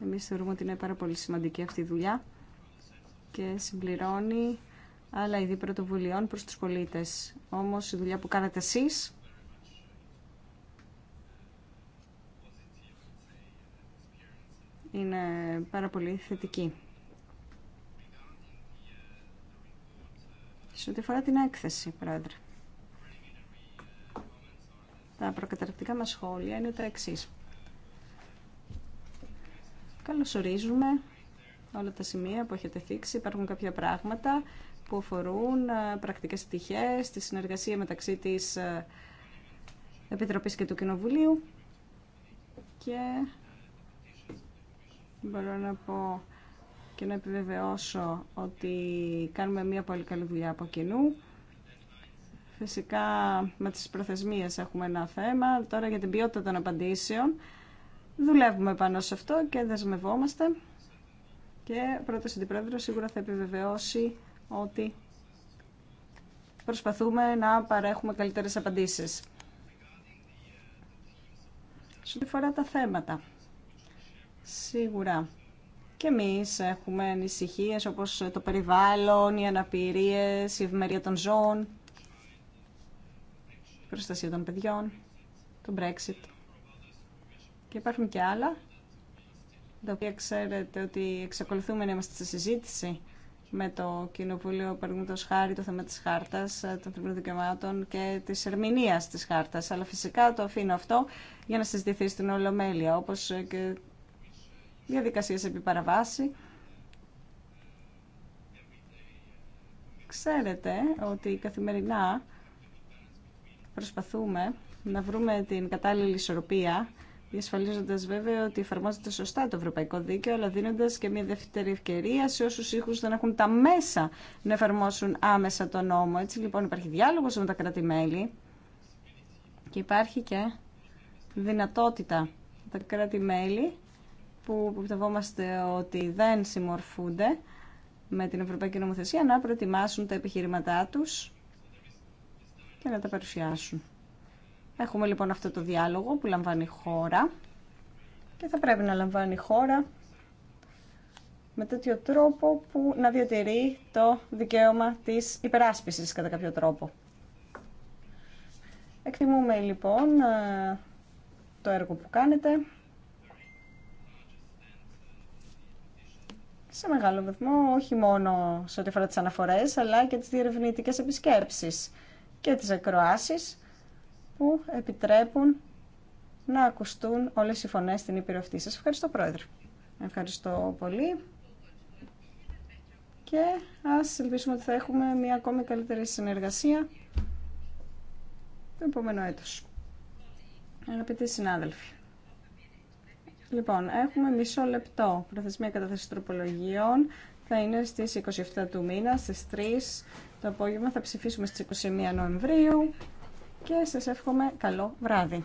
Εμείς θεωρούμε ότι είναι πάρα πολύ σημαντική αυτή η δουλειά και συμπληρώνει άλλα είδη πρωτοβουλειών προς τους πολίτες. Όμως η δουλειά που κάνατε εσείς είναι πάρα πολύ θετική. Σε ό,τι αφορά την έκθεση, Πρόεδρε. Τα προκαταρκτικά μας σχόλια είναι τα εξής. Καλωσορίζουμε όλα τα σημεία που έχετε θίξει. Υπάρχουν κάποια πράγματα που αφορούν ε, πρακτικές στοιχές, τη συνεργασία μεταξύ της ε, Επιτροπής και του Κοινοβουλίου και μπορώ να πω και να επιβεβαιώσω ότι κάνουμε μια πολύ καλή δουλειά από κοινού. Φυσικά με τις προθεσμίες έχουμε ένα θέμα. Τώρα για την ποιότητα των απαντήσεων Δουλεύουμε πάνω σε αυτό και δεσμευόμαστε και ο πρώτος σίγουρα θα επιβεβαιώσει ότι προσπαθούμε να παρέχουμε καλύτερες απαντήσεις. Σε ό,τι φορά τα θέματα, σίγουρα και εμείς έχουμε ανησυχίε όπως το περιβάλλον, οι αναπηρίες, η ευημερία των ζώων, η προστασία των παιδιών, το Brexit. Και υπάρχουν και άλλα, τα οποία ξέρετε ότι εξακολουθούμε να είμαστε στη συζήτηση με το Κοινοβούλιο Παραδείγματο Χάρη το θέμα τη Χάρτα ε, των Ανθρωπίνων Δικαιωμάτων και τη ερμηνεία τη Χάρτα. Αλλά φυσικά το αφήνω αυτό για να συζητηθεί στην Ολομέλεια, όπω και διαδικασίε επί παραβάση. Ξέρετε ότι καθημερινά προσπαθούμε να βρούμε την κατάλληλη ισορροπία διασφαλίζοντα βέβαια ότι εφαρμόζεται σωστά το ευρωπαϊκό δίκαιο, αλλά δίνοντα και μια δεύτερη ευκαιρία σε όσου ήχου δεν έχουν τα μέσα να εφαρμόσουν άμεσα τον νόμο. Έτσι λοιπόν υπάρχει διάλογο με τα κράτη-μέλη και υπάρχει και δυνατότητα τα κράτη-μέλη που πιστεύομαστε ότι δεν συμμορφούνται με την Ευρωπαϊκή Νομοθεσία να προετοιμάσουν τα επιχειρηματά τους και να τα παρουσιάσουν. Έχουμε λοιπόν αυτό το διάλογο που λαμβάνει χώρα και θα πρέπει να λαμβάνει χώρα με τέτοιο τρόπο που να διατηρεί το δικαίωμα της υπεράσπισης κατά κάποιο τρόπο. Εκτιμούμε λοιπόν ε, το έργο που κάνετε. σε μεγάλο βαθμό, όχι μόνο σε ό,τι αφορά τις αναφορές, αλλά και τις διερευνητικές επισκέψεις και τις ακροάσεις που επιτρέπουν να ακουστούν όλες οι φωνές στην Ήπειρο αυτή. Σας ευχαριστώ Πρόεδρε. Ευχαριστώ πολύ. Και ας ελπίσουμε ότι θα έχουμε μια ακόμη καλύτερη συνεργασία το επόμενο έτος. Αγαπητοί συνάδελφοι. Λοιπόν, έχουμε μισό λεπτό. Προθεσμία καταθέση τροπολογιών θα είναι στις 27 του μήνα, στις 3 το απόγευμα θα ψηφίσουμε στις 21 Νοεμβρίου και σας εύχομαι καλό βράδυ.